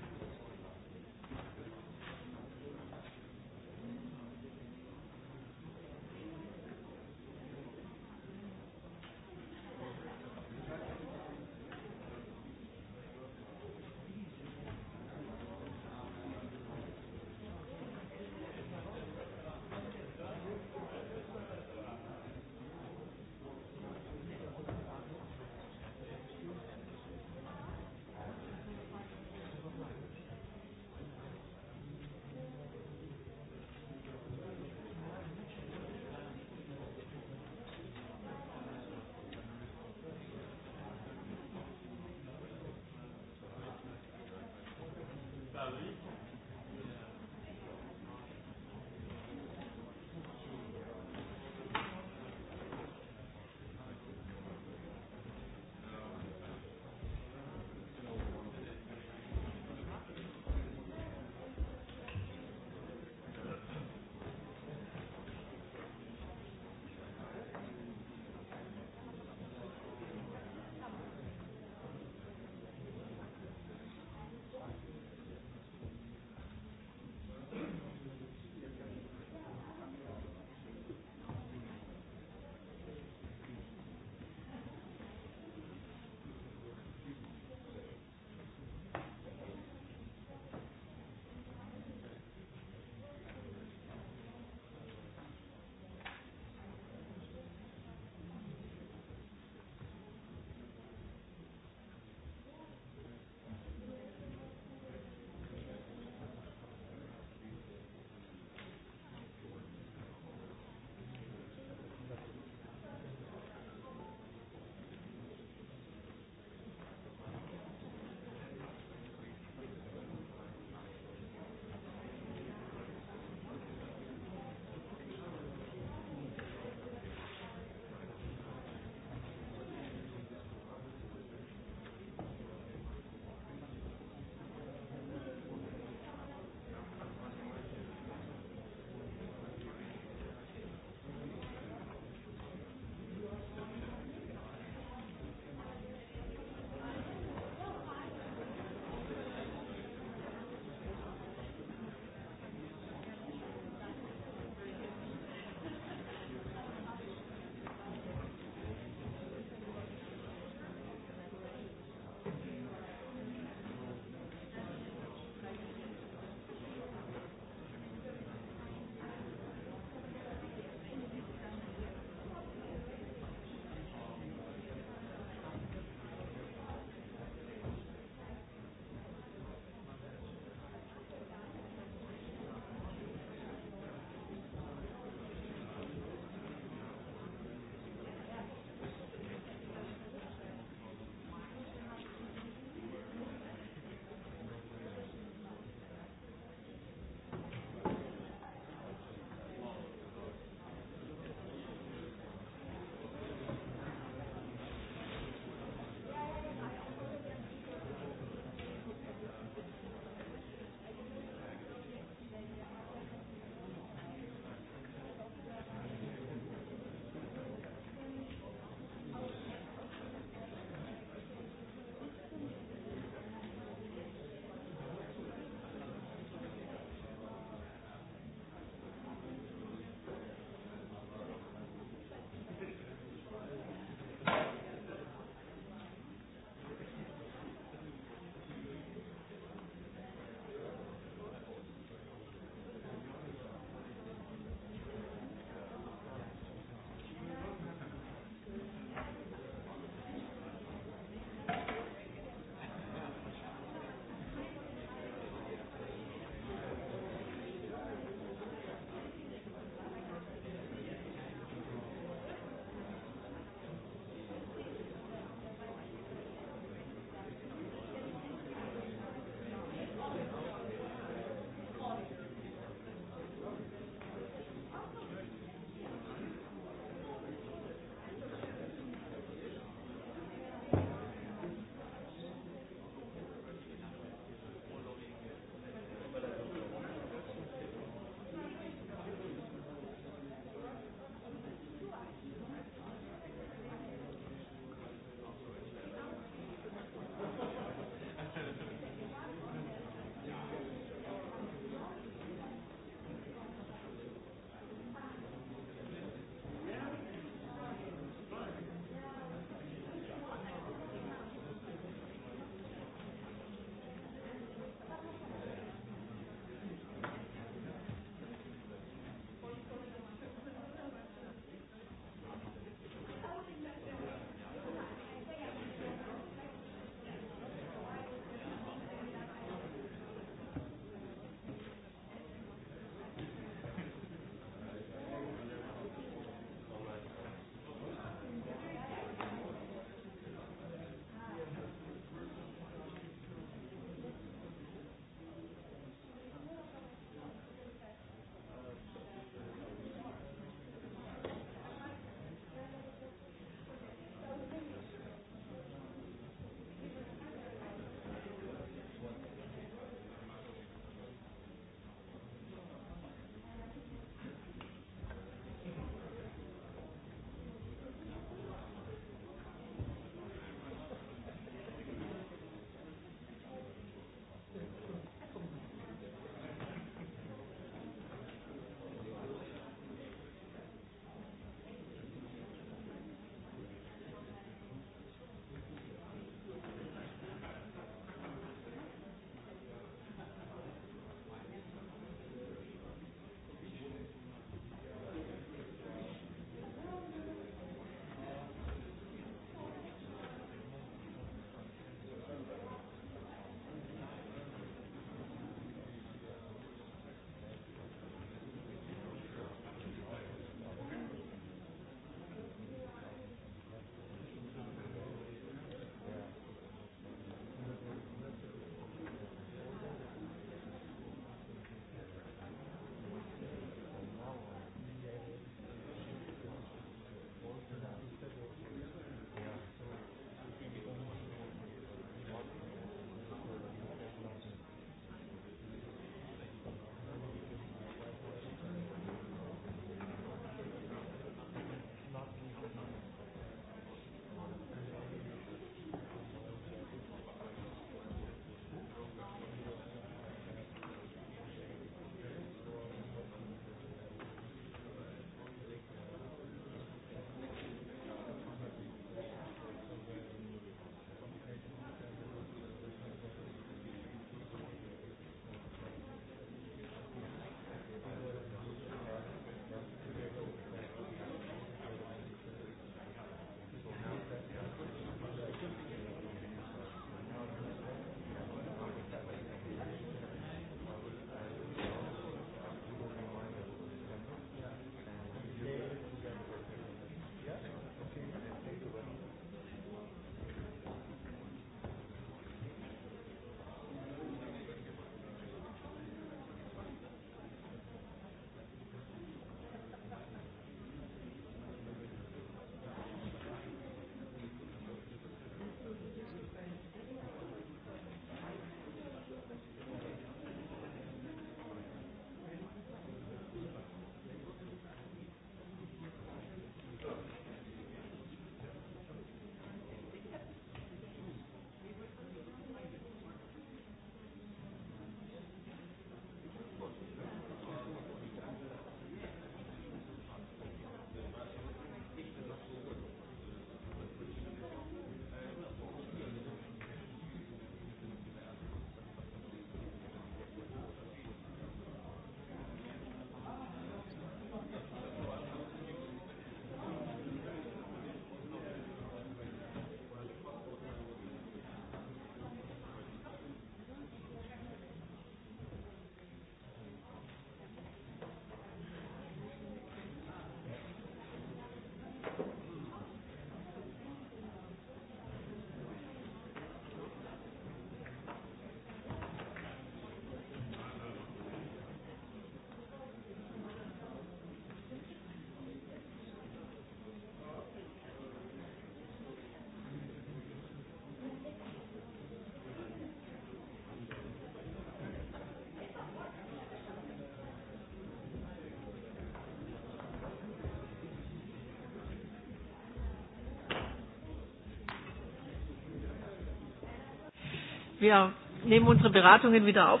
wir nehmen unsere Beratungen wieder auf.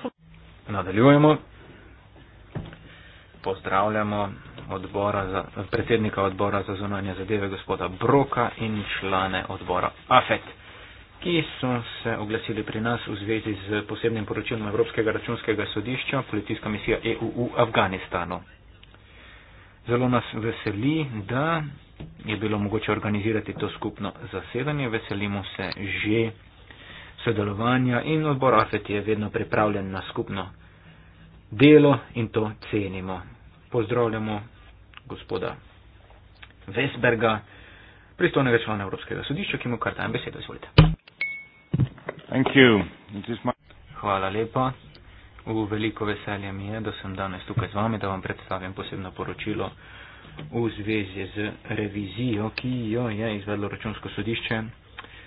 Nadaljujemo. Pozdravljamo odbora za, predsednika odbora za zunanje zadeve gospoda Broka in člane odbora AFET, ki so se oglasili pri nas v zvezi z posebnim poročilom Evropskega računskega sodišča, policijska misija EU v Afganistanu. Zelo nas veseli, da je bilo mogoče organizirati to skupno zasedanje. Veselimo se že sodelovanja in odbor AFET je vedno pripravljen na skupno delo in to cenimo. Pozdravljamo gospoda Vesberga, pristojnega člana Evropskega sodišča, ki mu kar dajem besedo. Izvolite. Hvala lepa. V veliko veselje mi je, da sem danes tukaj z vami, da vam predstavim posebno poročilo v zvezi z revizijo, ki jo je izvedlo računsko sodišče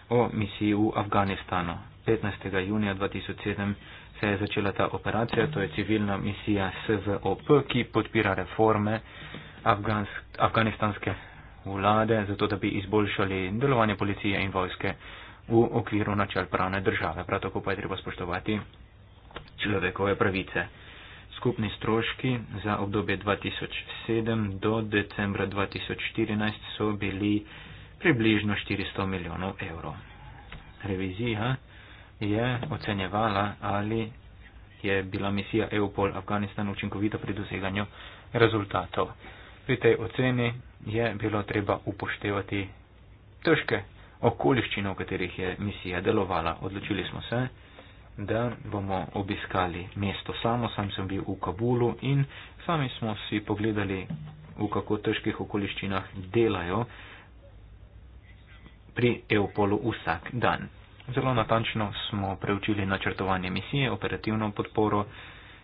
o misiji v Afganistanu. 15. junija 2007 se je začela ta operacija, to je civilna misija SVOP, ki podpira reforme afganistanske vlade, zato da bi izboljšali delovanje policije in vojske v okviru načel pravne države. Prav tako pa je treba spoštovati človekove pravice. Skupni stroški za obdobje 2007 do decembra 2014 so bili približno 400 milijonov evrov. Revizija je ocenjevala, ali je bila misija EUPOL Afganistan učinkovita pri doseganju rezultatov. Pri tej oceni je bilo treba upoštevati težke okoliščine, v katerih je misija delovala. Odločili smo se, da bomo obiskali mesto samo, sam sem bil v Kabulu in sami smo si pogledali, v kako težkih okoliščinah delajo pri Eupolu vsak dan. Zelo natančno smo preučili načrtovanje misije, operativno podporo,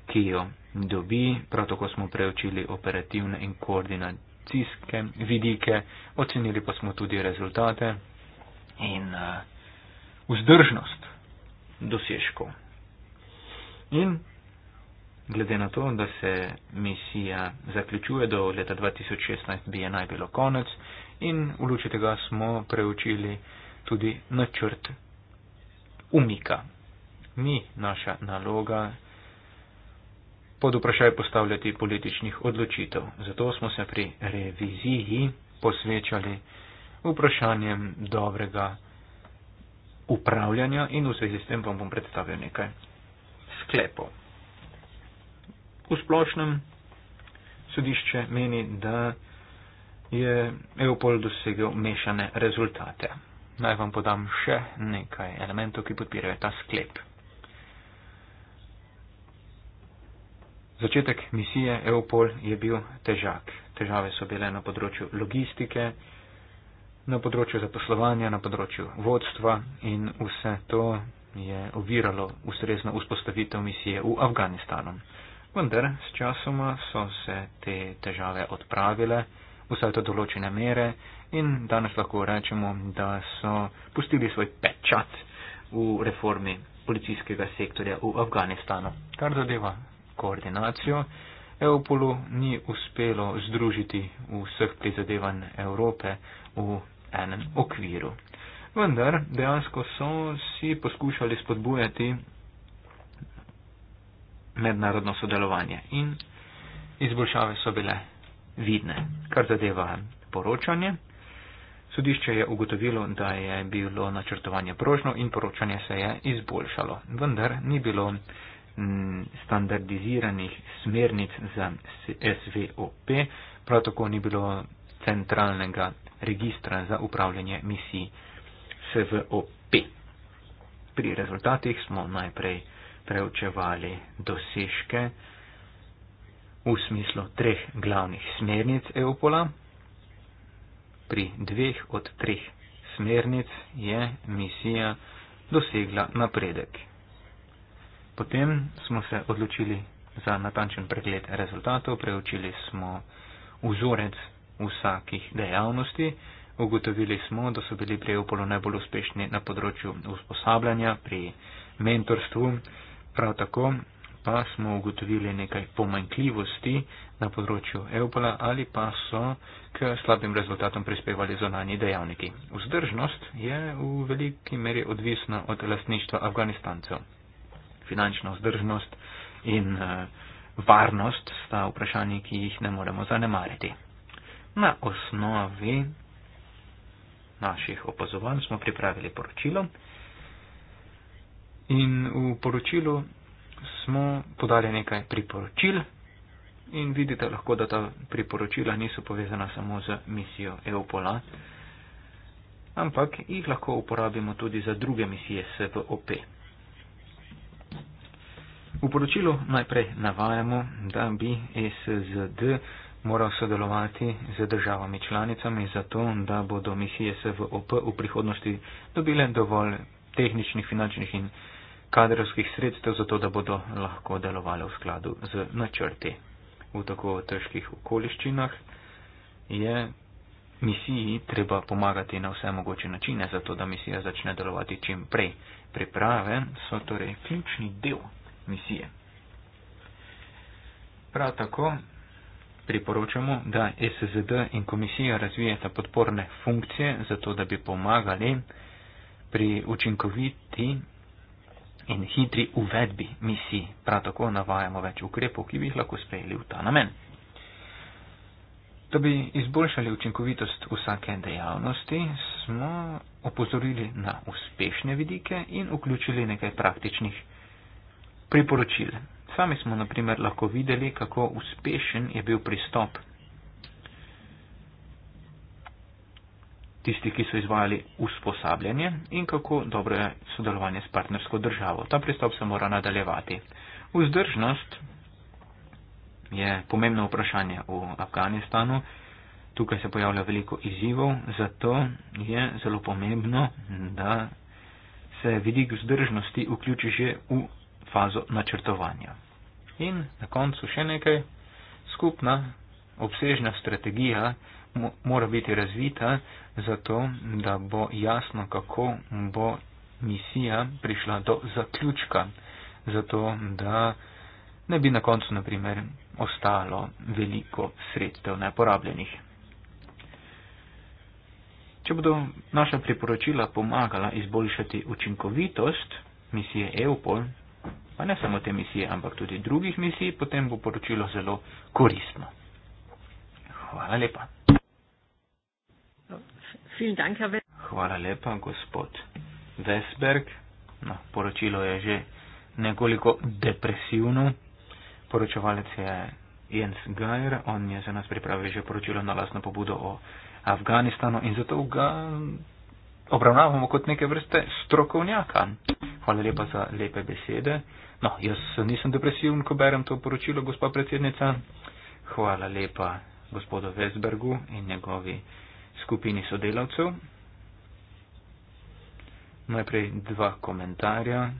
ki jo dobi, prav tako smo preučili operativne in koordinacijske vidike, ocenili pa smo tudi rezultate in uh, vzdržnost dosežkov. In glede na to, da se misija zaključuje do leta 2016, bi je naj bilo konec, in v luči tega smo preučili tudi načrt umika. Ni naša naloga pod vprašaj postavljati političnih odločitev. Zato smo se pri reviziji posvečali vprašanjem dobrega upravljanja in v zvezi s tem vam bom predstavil nekaj sklepov. V splošnem sodišče meni, da je Leopold dosegel mešane rezultate. Naj vam podam še nekaj elementov, ki podpirajo ta sklep. Začetek misije Leopold je bil težak. Težave so bile na področju logistike, na področju zaposlovanja, na področju vodstva in vse to je oviralo ustrezno vzpostavitev misije v Afganistanu. Vendar s časoma so se te težave odpravile vse to določene mere in danes lahko rečemo, da so pustili svoj pečat v reformi policijskega sektorja v Afganistanu. Kar zadeva koordinacijo, Eupolu ni uspelo združiti vseh prizadevanj Evrope v enem okviru. Vendar dejansko so si poskušali spodbujati mednarodno sodelovanje in izboljšave so bile vidne. Kar zadeva poročanje, sodišče je ugotovilo, da je bilo načrtovanje prožno in poročanje se je izboljšalo, vendar ni bilo standardiziranih smernic za SVOP, prav tako ni bilo centralnega registra za upravljanje misij SVOP. Pri rezultatih smo najprej preučevali dosežke, v smislu treh glavnih smernic Eupola. Pri dveh od treh smernic je misija dosegla napredek. Potem smo se odločili za natančen pregled rezultatov, preučili smo vzorec vsakih dejavnosti, ugotovili smo, da so bili pri Eupolu najbolj uspešni na področju usposabljanja, pri mentorstvu, prav tako pa smo ugotovili nekaj pomankljivosti na področju Eupola ali pa so k slabim rezultatom prispevali zonani dejavniki. Vzdržnost je v veliki meri odvisna od lastništva Afganistancev. Finančna vzdržnost in eh, varnost sta vprašanji, ki jih ne moremo zanemariti. Na osnovi naših opazovanj smo pripravili poročilo. In v poročilu smo podali nekaj priporočil in vidite lahko, da ta priporočila niso povezana samo z misijo EUPOLA, ampak jih lahko uporabimo tudi za druge misije SVOP. V poročilu najprej navajamo, da bi SZD moral sodelovati z državami članicami zato, da bodo misije SVOP v prihodnosti dobile dovolj tehničnih, finančnih in kadrovskih sredstev, zato da bodo lahko delovali v skladu z načrti. V tako težkih okoliščinah je misiji treba pomagati na vse mogoče načine, zato da misija začne delovati čim prej. Priprave so torej ključni del misije. Prav tako priporočamo, da SZD in komisija razvijeta podporne funkcije, zato da bi pomagali pri učinkoviti in hitri uvedbi misij. Prav tako navajamo več ukrepov, ki bi jih lahko sprejeli v ta namen. Da bi izboljšali učinkovitost vsake dejavnosti, smo opozorili na uspešne vidike in vključili nekaj praktičnih priporočil. Sami smo naprimer lahko videli, kako uspešen je bil pristop tisti, ki so izvajali usposabljanje in kako dobro je sodelovanje s partnersko državo. Ta pristop se mora nadaljevati. Vzdržnost je pomembno vprašanje v Afganistanu. Tukaj se pojavlja veliko izzivov, zato je zelo pomembno, da se vidik vzdržnosti vključi že v fazo načrtovanja. In na koncu še nekaj. Skupna obsežna strategija mora biti razvita zato da bo jasno, kako bo misija prišla do zaključka, zato da ne bi na koncu, na primer, ostalo veliko sredstev neporabljenih. Če bodo naša priporočila pomagala izboljšati učinkovitost misije EUPOL, pa ne samo te misije, ampak tudi drugih misij, potem bo poročilo zelo koristno. Hvala lepa. Vielen Dank, Herr Hvala lepa, gospod Vesberg. No, poročilo je že nekoliko depresivno. Poročevalec je Jens Geier, on je za nas pripravil že poročilo na lasno pobudo o Afganistanu in zato ga obravnavamo kot neke vrste strokovnjaka. Hvala lepa za lepe besede. No, jaz nisem depresiven, ko berem to poročilo, gospa predsednica. Hvala lepa gospodu Vesbergu in njegovi skupini sodelavcev. Najprej dva komentarja.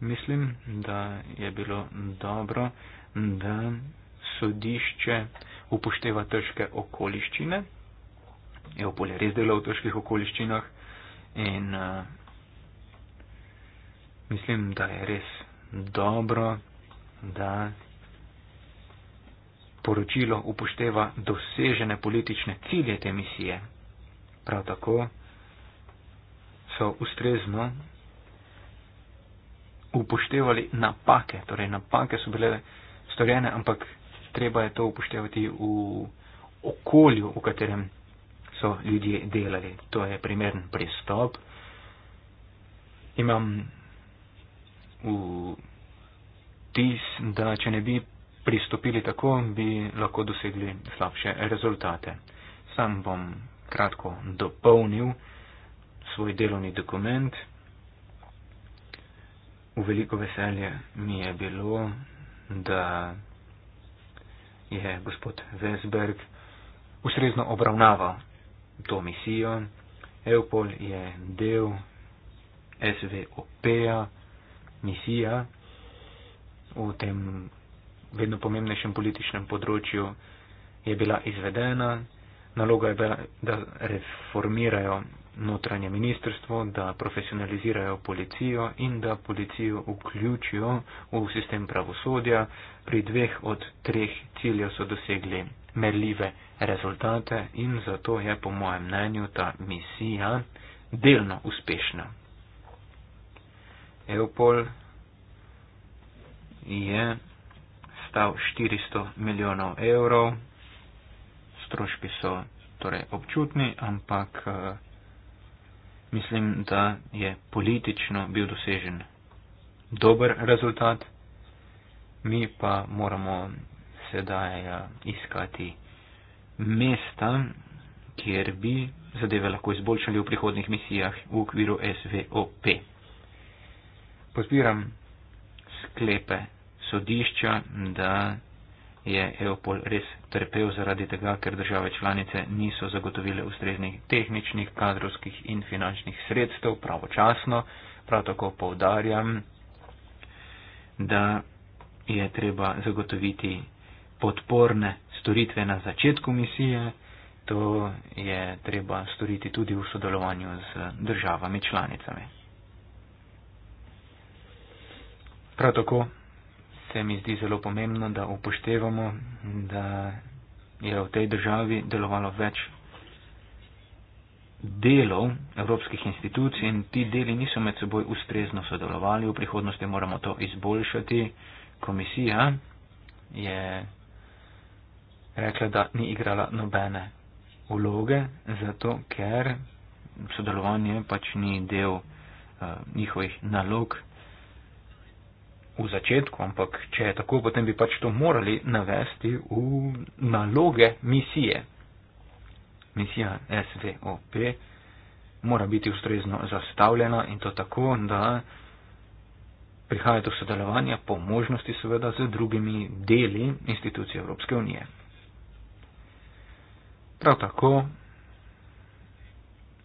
Mislim, da je bilo dobro, da sodišče upošteva težke okoliščine. Je opolje res delo v težkih okoliščinah in uh, mislim, da je res dobro, da poročilo upošteva dosežene politične cilje te misije. Prav tako so ustrezno upoštevali napake, torej napake so bile storjene, ampak treba je to upoštevati v okolju, v katerem so ljudje delali. To je primern pristop. Imam vtis, da če ne bi pristopili tako, bi lahko dosegli slabše rezultate. Sam bom kratko dopolnil svoj delovni dokument. V veliko veselje mi je bilo, da je gospod Vesberg ustrezno obravnaval to misijo. Eupol je del SVOP-a, misija. V tem vedno pomembnejšem političnem področju, je bila izvedena. Naloga je bila, da reformirajo notranje ministrstvo, da profesionalizirajo policijo in da policijo vključijo v sistem pravosodja. Pri dveh od treh ciljev so dosegli merljive rezultate in zato je po mojem mnenju ta misija delno uspešna. Eupol je stal 400 milijonov evrov. Stroški so torej občutni, ampak eh, mislim, da je politično bil dosežen dober rezultat. Mi pa moramo sedaj eh, iskati mesta, kjer bi zadeve lahko izboljšali v prihodnih misijah v okviru SVOP. Pozbiram sklepe sodišča, da je Eopol res trpel zaradi tega, ker države članice niso zagotovile ustreznih tehničnih, kadrovskih in finančnih sredstev pravočasno. Prav tako povdarjam, da je treba zagotoviti podporne storitve na začetku misije. To je treba storiti tudi v sodelovanju z državami članicami. Prav tako se mi zdi zelo pomembno, da upoštevamo, da je v tej državi delovalo več delov evropskih institucij in ti deli niso med seboj ustrezno sodelovali. V prihodnosti moramo to izboljšati. Komisija je rekla, da ni igrala nobene vloge, zato ker sodelovanje pač ni del uh, njihovih nalog v začetku, ampak če je tako, potem bi pač to morali navesti v naloge misije. Misija SVOP mora biti ustrezno zastavljena in to tako, da prihaja do sodelovanja po možnosti seveda z drugimi deli institucij Evropske unije. Prav tako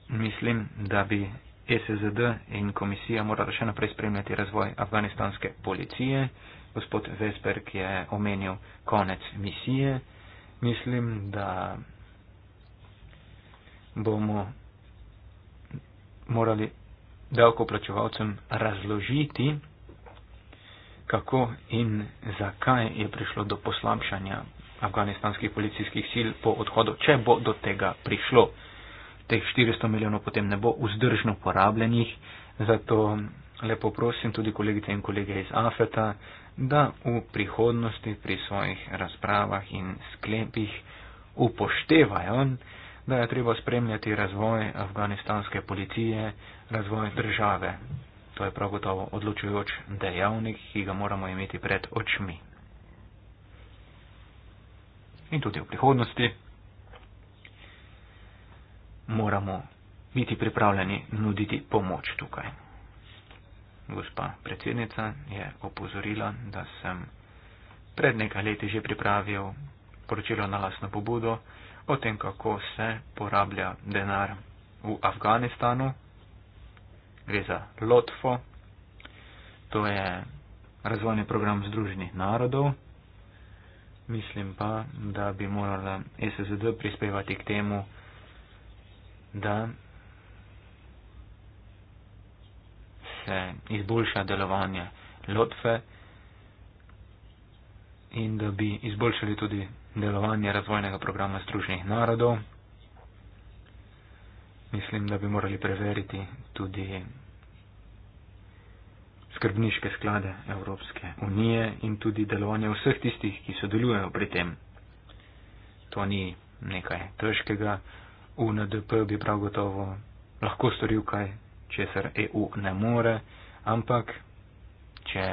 mislim, da bi E SZD in komisija morala še naprej spremljati razvoj afganistanske policije. Gospod Vesberg je omenil konec misije. Mislim, da bomo morali davkoplačevalcem razložiti, kako in zakaj je prišlo do poslabšanja afganistanskih policijskih sil po odhodu, če bo do tega prišlo teh 400 milijonov potem ne bo vzdržno porabljenih. Zato lepo prosim tudi kolegice in kolege iz AFETA, da v prihodnosti pri svojih razpravah in sklepih upoštevajo, da je treba spremljati razvoj afganistanske policije, razvoj države. To je prav gotovo odločujoč dejavnik, ki ga moramo imeti pred očmi. In tudi v prihodnosti moramo biti pripravljeni nuditi pomoč tukaj. Gospa predsednica je opozorila, da sem pred nekaj leti že pripravil poročilo na lasno pobudo o tem, kako se porablja denar v Afganistanu. Gre za LOTFO, to je razvojni program Združenih narodov. Mislim pa, da bi morala SSD prispevati k temu, da se izboljša delovanje lotve in da bi izboljšali tudi delovanje razvojnega programa Združenih narodov. Mislim, da bi morali preveriti tudi skrbniške sklade Evropske unije in tudi delovanje vseh tistih, ki sodelujejo pri tem. To ni nekaj težkega, UNDP bi prav gotovo lahko storil kaj, česar EU ne more, ampak če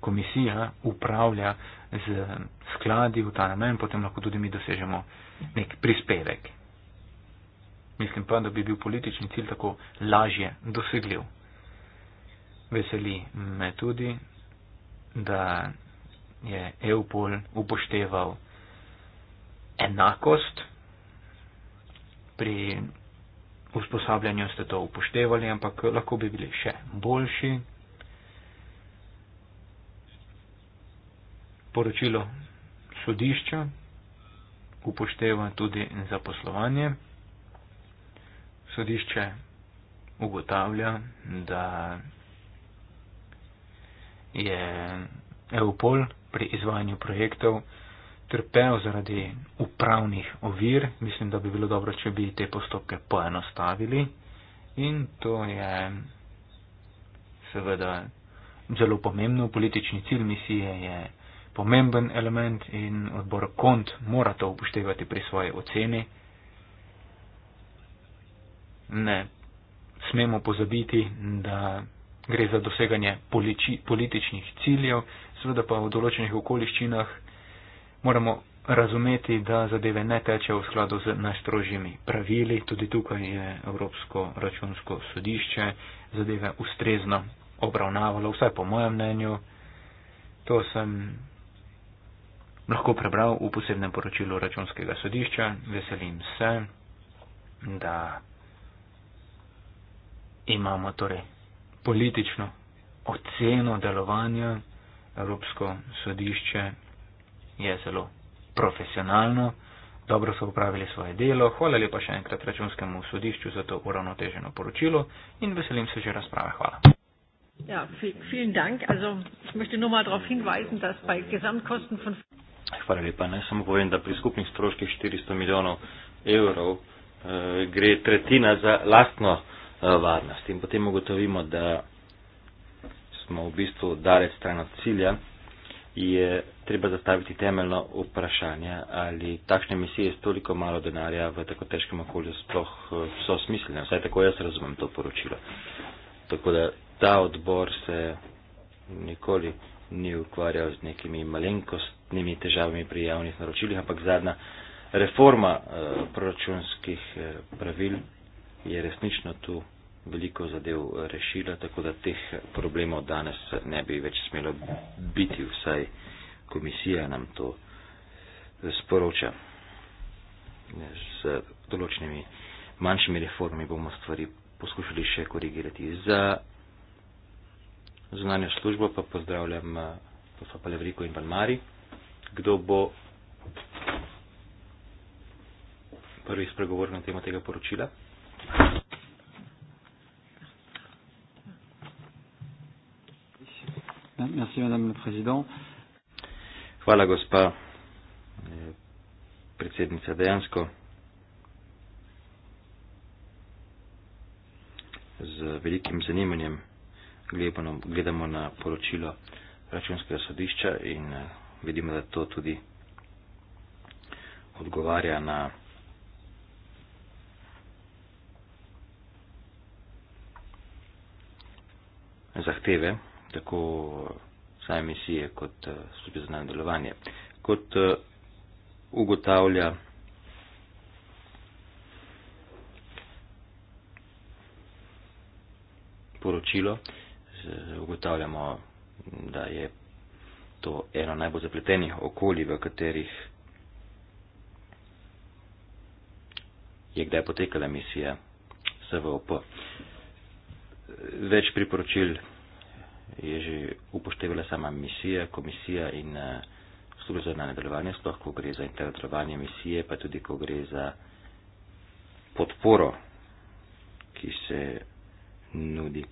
komisija upravlja z skladi v ta namen, potem lahko tudi mi dosežemo nek prispevek. Mislim pa, da bi bil politični cilj tako lažje dosegljiv. Veseli me tudi, da je EUPOL upošteval enakost pri usposabljanju ste to upoštevali, ampak lahko bi bili še boljši. Poročilo sodišča upošteva tudi zaposlovanje. Sodišče ugotavlja, da je Eupol pri izvajanju projektov trpel zaradi upravnih ovir, mislim, da bi bilo dobro, če bi te postopke poenostavili. In to je seveda zelo pomembno. Politični cilj misije je pomemben element in odbor kont mora to upoštevati pri svoji oceni. Ne smemo pozabiti, da gre za doseganje politi političnih ciljev, seveda pa v določenih okoliščinah moramo razumeti, da zadeve ne tečejo v skladu z najstrožjimi pravili. Tudi tukaj je Evropsko računsko sodišče zadeve ustrezno obravnavalo, vsaj po mojem mnenju. To sem lahko prebral v posebnem poročilu računskega sodišča. Veselim se, da imamo torej politično oceno delovanja. Evropsko sodišče je zelo profesionalno, dobro so upravili svoje delo. Hvala lepa še enkrat računskemu sodišču za to uravnoteženo poročilo in veselim se že razprave. Hvala. Ja, vielen Dank. Also, ich möchte nur mal darauf hinweisen, dass bei Gesamtkosten von. Hvala lepa. Ne, samo povem, da pri skupnih stroških 400 milijonov evrov eh, gre tretjina za lastno eh, varnost. In potem ugotovimo, da smo v bistvu daleč stran od cilja. Je treba zastaviti temeljno vprašanje, ali takšne misije s toliko malo denarja v tako težkem okolju sploh eh, so smiselne. Vsaj tako jaz razumem to poročilo. Tako da ta odbor se nikoli ni ukvarjal z nekimi malenkostnimi težavami pri javnih naročilih, ampak zadnja reforma eh, proračunskih eh, pravil je resnično tu veliko zadev rešila, tako da teh problemov danes ne bi več smelo biti vsaj komisija nam to eh, sporoča. Z določenimi manjšimi reformami bomo stvari poskušali še korigirati. Za zunanjo službo pa pozdravljam posla eh, Palevriko in Palmari. Kdo bo prvi spregovoril na temo tega poročila? Merci Madame la Présidente. Hvala, gospa predsednica, dejansko z velikim zanimanjem gledamo na poročilo računskega sodišča in eh, vidimo, da to tudi odgovarja na zahteve, tako obstaja misije kot eh, službe za znanje delovanje. Kot eh, ugotavlja poročilo, ugotavljamo, da je to eno najbolj zapletenih okolij, v katerih je kdaj potekala misija SVOP. Več priporočil je že upoštevala sama misija, komisija in uh, služba za nadaljevanje, sploh ko gre za integrovanje misije, pa tudi ko gre za podporo, ki se nudi.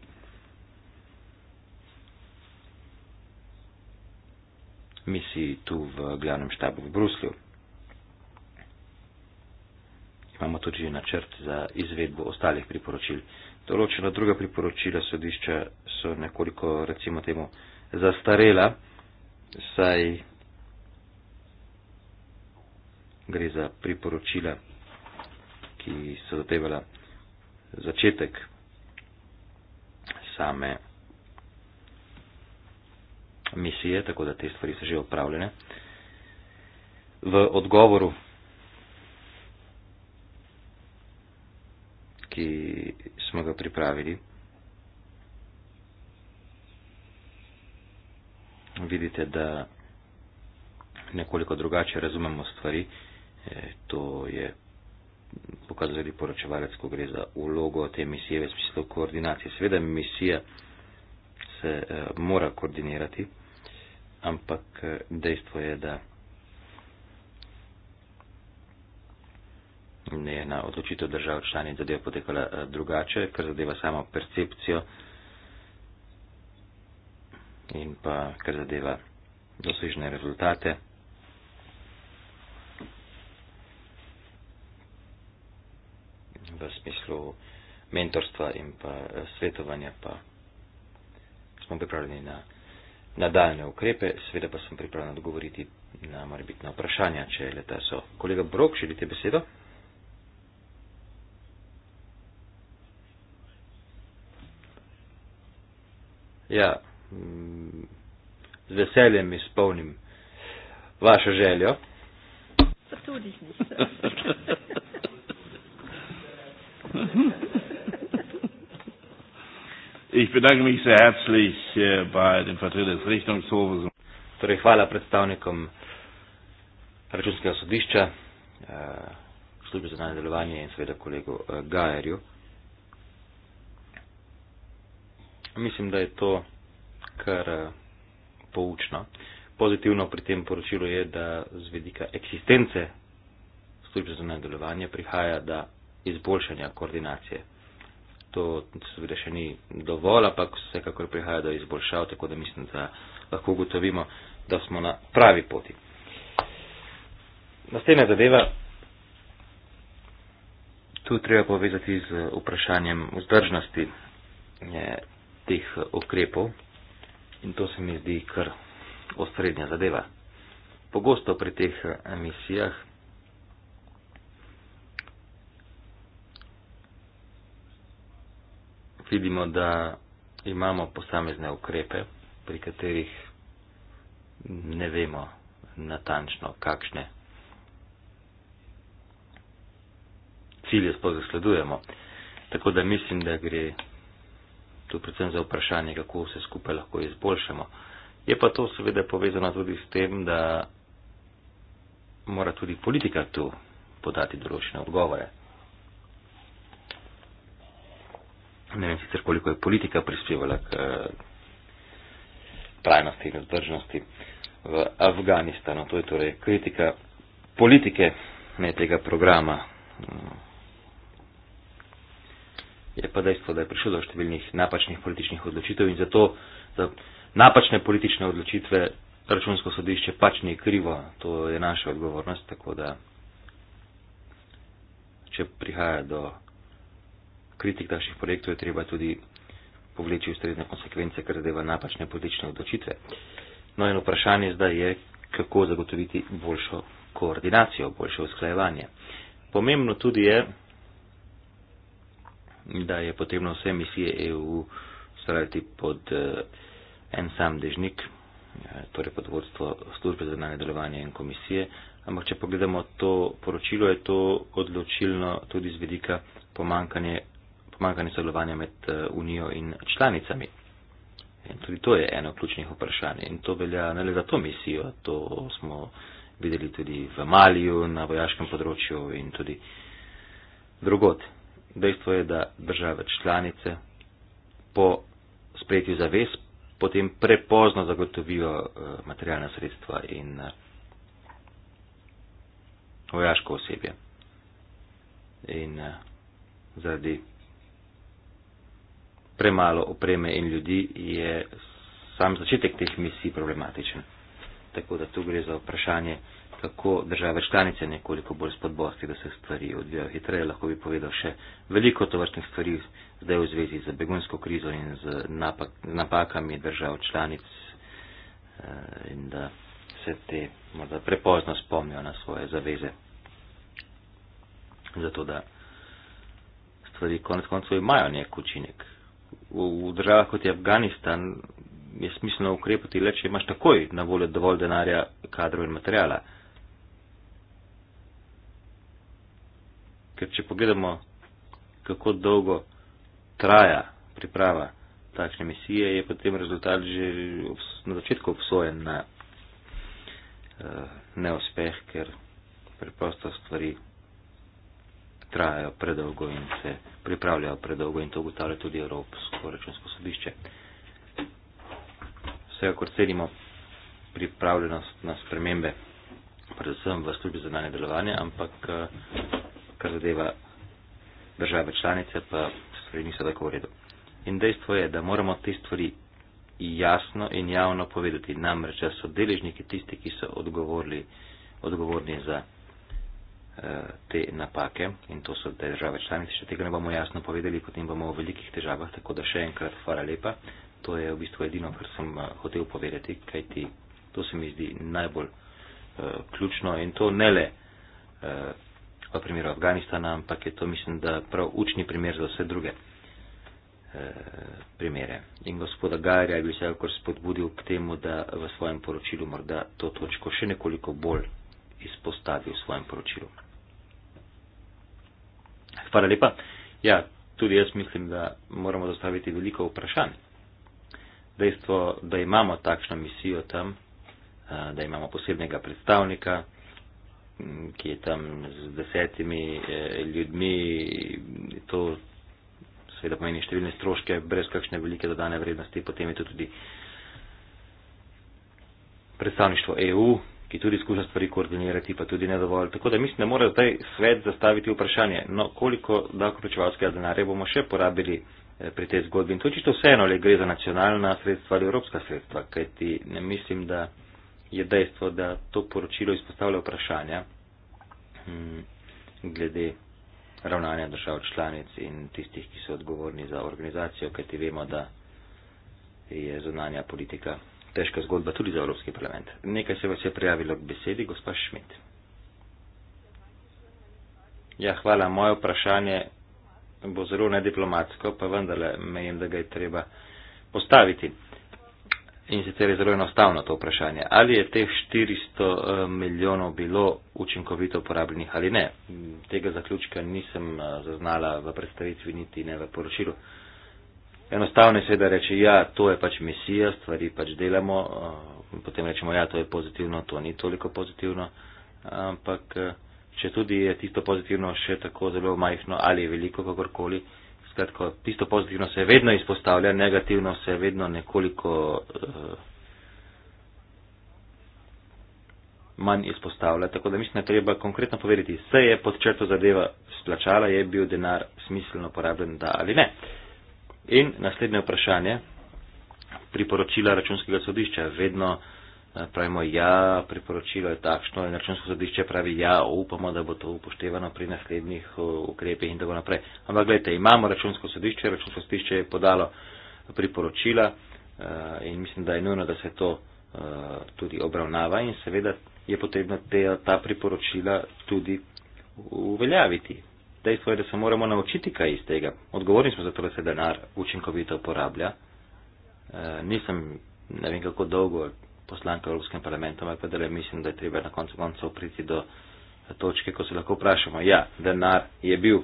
Misiji tu v glavnem štabu v Bruslju. Imamo tudi že načrt za izvedbo ostalih priporočil določena druga priporočila sodišča so nekoliko, recimo temu, zastarela, saj gre za priporočila, ki so zatevala začetek same misije, tako da te stvari so že opravljene. V odgovoru, ki smo ga pripravili. Vidite, da nekoliko drugače razumemo stvari. E, to je pokazal tudi poročevalec, ko gre za ulogo te misije v smislu koordinacije. Seveda, misija se e, mora koordinirati, ampak e, dejstvo je, da. in je na odločitev držav članic zadeva potekala eh, drugače, kar zadeva samo percepcijo in pa kar zadeva dosežne rezultate. V smislu mentorstva in pa eh, svetovanja pa smo pripravljeni na nadaljne ukrepe, seveda pa sem pripravljen odgovoriti na morebitna vprašanja, če leta so. Kolega Brok, želite besedo? Ja, z veseljem izpolnim vašo željo. Pa tudi nisem. Ich bedanke mich sehr herzlich äh, bei den Vertretern des Richtungshofes. Torej, hvala predstavnikom računskega sodišča, äh, službe za nadaljevanje in seveda kolegu äh, Gajerju. Mislim, da je to kar eh, poučno. Pozitivno pri tem poročilu je, da z vedika eksistence službe za nadaljevanje prihaja do izboljšanja koordinacije. To seveda še ni dovolj, ampak vsekakor prihaja do izboljšav, tako da mislim, da lahko ugotovimo, da smo na pravi poti. Naslednja zadeva, tu treba povezati z vprašanjem vzdržnosti teh okrepov in to se mi zdi kar osrednja zadeva. Pogosto pri teh emisijah vidimo, da imamo posamezne ukrepe, pri katerih ne vemo natančno, kakšne cilje sploh zasledujemo. Tako da mislim, da gre tu predvsem za vprašanje, kako vse skupaj lahko izboljšamo. Je pa to seveda povezano tudi s tem, da mora tudi politika tu podati določene odgovore. Ne vem sicer, koliko je politika prispevala k eh, trajnosti in vzdržnosti v Afganistanu. To je torej kritika politike, ne tega programa je pa dejstvo, da je prišlo do številnih napačnih političnih odločitev in zato za napačne politične odločitve računsko sodišče pač ni krivo, to je naša odgovornost, tako da če prihaja do kritik naših projektov, je treba tudi povleči ustrezne konsekvence, ker zadeva napačne politične odločitve. No in vprašanje zdaj je, kako zagotoviti boljšo koordinacijo, boljše usklajevanje. Pomembno tudi je, da je potrebno vse misije EU spraviti pod eh, en sam dežnik, eh, torej pod vodstvo službe za nadaljevanje in komisije. Ampak, če pogledamo to poročilo, je to odločilno tudi z vidika pomankanje, pomankanje sodelovanja med eh, Unijo in članicami. In tudi to je eno ključnih vprašanj in to velja ne le za to misijo, to smo videli tudi v Maliju, na vojaškem področju in tudi drugot dejstvo je, da države članice po sprejetju zavez potem prepozno zagotovijo eh, materialna sredstva in eh, vojaško osebje. In eh, zaradi premalo opreme in ljudi je sam začetek teh misij problematičen. Tako da tu gre za vprašanje kako države članice nekoliko bolj spodbosti, da se stvari odvijajo hitreje. Lahko bi povedal še veliko tovrstnih stvari zdaj v zvezi z begunsko krizo in z napak, napakami držav članic eh, in da se te morda prepozno spomnijo na svoje zaveze. Zato, da stvari konec koncev imajo nek učinek. V, v državah kot je Afganistan je smiselno ukrepati le, če imaš takoj na voljo dovolj denarja, kadrov in materijala. ker če pogledamo, kako dolgo traja priprava takšne misije, je potem rezultat že na začetku obsojen na eh, neuspeh, ker preprosto stvari trajajo predolgo in se pripravljajo predolgo in to ugotavlja tudi Evropsko računsko sodišče. Vsekakor cenimo pripravljenost na spremembe, predvsem v službi za nane delovanje, ampak eh, kar zadeva države članice, pa stvari niso tako v redu. In dejstvo je, da moramo te stvari jasno in javno povedati. Namreč so deležniki tisti, ki so odgovorni, odgovorni za eh, te napake in to so države članice. Če tega ne bomo jasno povedali, potem bomo v velikih težavah. Tako da še enkrat hvala lepa. To je v bistvu edino, kar sem eh, hotel povedati, kajti to se mi zdi najbolj uh, ključno in to ne le uh, v primeru Afganistana, ampak je to, mislim, da prav učni primer za vse druge e, primere. In gospoda Gajerja je bil vsekakor spodbudil k temu, da v svojem poročilu morda to točko še nekoliko bolj izpostavi v svojem poročilu. Hvala lepa. Ja, tudi jaz mislim, da moramo zastaviti veliko vprašanj. Dejstvo, da imamo takšno misijo tam, eh, da imamo posebnega predstavnika, ki je tam z desetimi eh, ljudmi, to seveda pomeni številne stroške, brez kakšne velike dodane vrednosti, potem je to tudi predstavništvo EU, ki tudi skuša stvari koordinirati, pa tudi ne dovolj. Tako da mislim, da mora zdaj svet zastaviti vprašanje, no koliko davkoplačevalskega denarja bomo še porabili eh, pri tej zgodbi. In to je čisto vseeno, ali gre za nacionalna sredstva ali evropska sredstva, kajti ne mislim, da je dejstvo, da to poročilo izpostavlja vprašanja mm, glede ravnanja držav članic in tistih, ki so odgovorni za organizacijo, kajti vemo, da je zunanja politika težka zgodba tudi za Evropski parlament. Nekaj se vas je prijavilo k besedi, gospa Šmit. Ja, hvala. Moje vprašanje bo zelo nediplomatsko, pa vendarle menim, da ga je treba postaviti. In sicer je zelo enostavno to vprašanje, ali je teh 400 eh, milijonov bilo učinkovito porabljenih ali ne. Mm, tega zaključka nisem eh, zaznala v predstavitvi niti ne v poročilu. Enostavno je seveda reči, ja, to je pač misija, stvari pač delamo, eh, potem rečemo, ja, to je pozitivno, to ni toliko pozitivno, ampak če tudi je tisto pozitivno še tako zelo majhno ali veliko, kakorkoli, skratko, tisto pozitivno se vedno izpostavlja, negativno se vedno nekoliko uh, manj izpostavlja. Tako da mislim, da treba konkretno povedati, se je pod črto zadeva splačala, je bil denar smiselno porabljen, da ali ne. In naslednje vprašanje, priporočila računskega sodišča, vedno uh, Eh, pravimo ja, priporočilo je takšno in računsko sodišče pravi ja, upamo, da bo to upoštevano pri naslednjih eh, ukrepih in tako naprej. Ampak gledajte, imamo računsko sodišče, računsko sodišče je podalo eh, priporočila in mislim, da je nujno, da se to tudi obravnava in seveda je potrebno te, ta priporočila tudi uveljaviti. Dejstvo je, da se moramo naučiti kaj iz tega. Odgovorni smo za to, da se denar učinkovito uporablja. Nisem ne vem kako dolgo poslanka v Evropskem parlamentu, ampak da le mislim, da je treba na koncu koncev priti do točke, ko se lahko vprašamo. Ja, denar je bil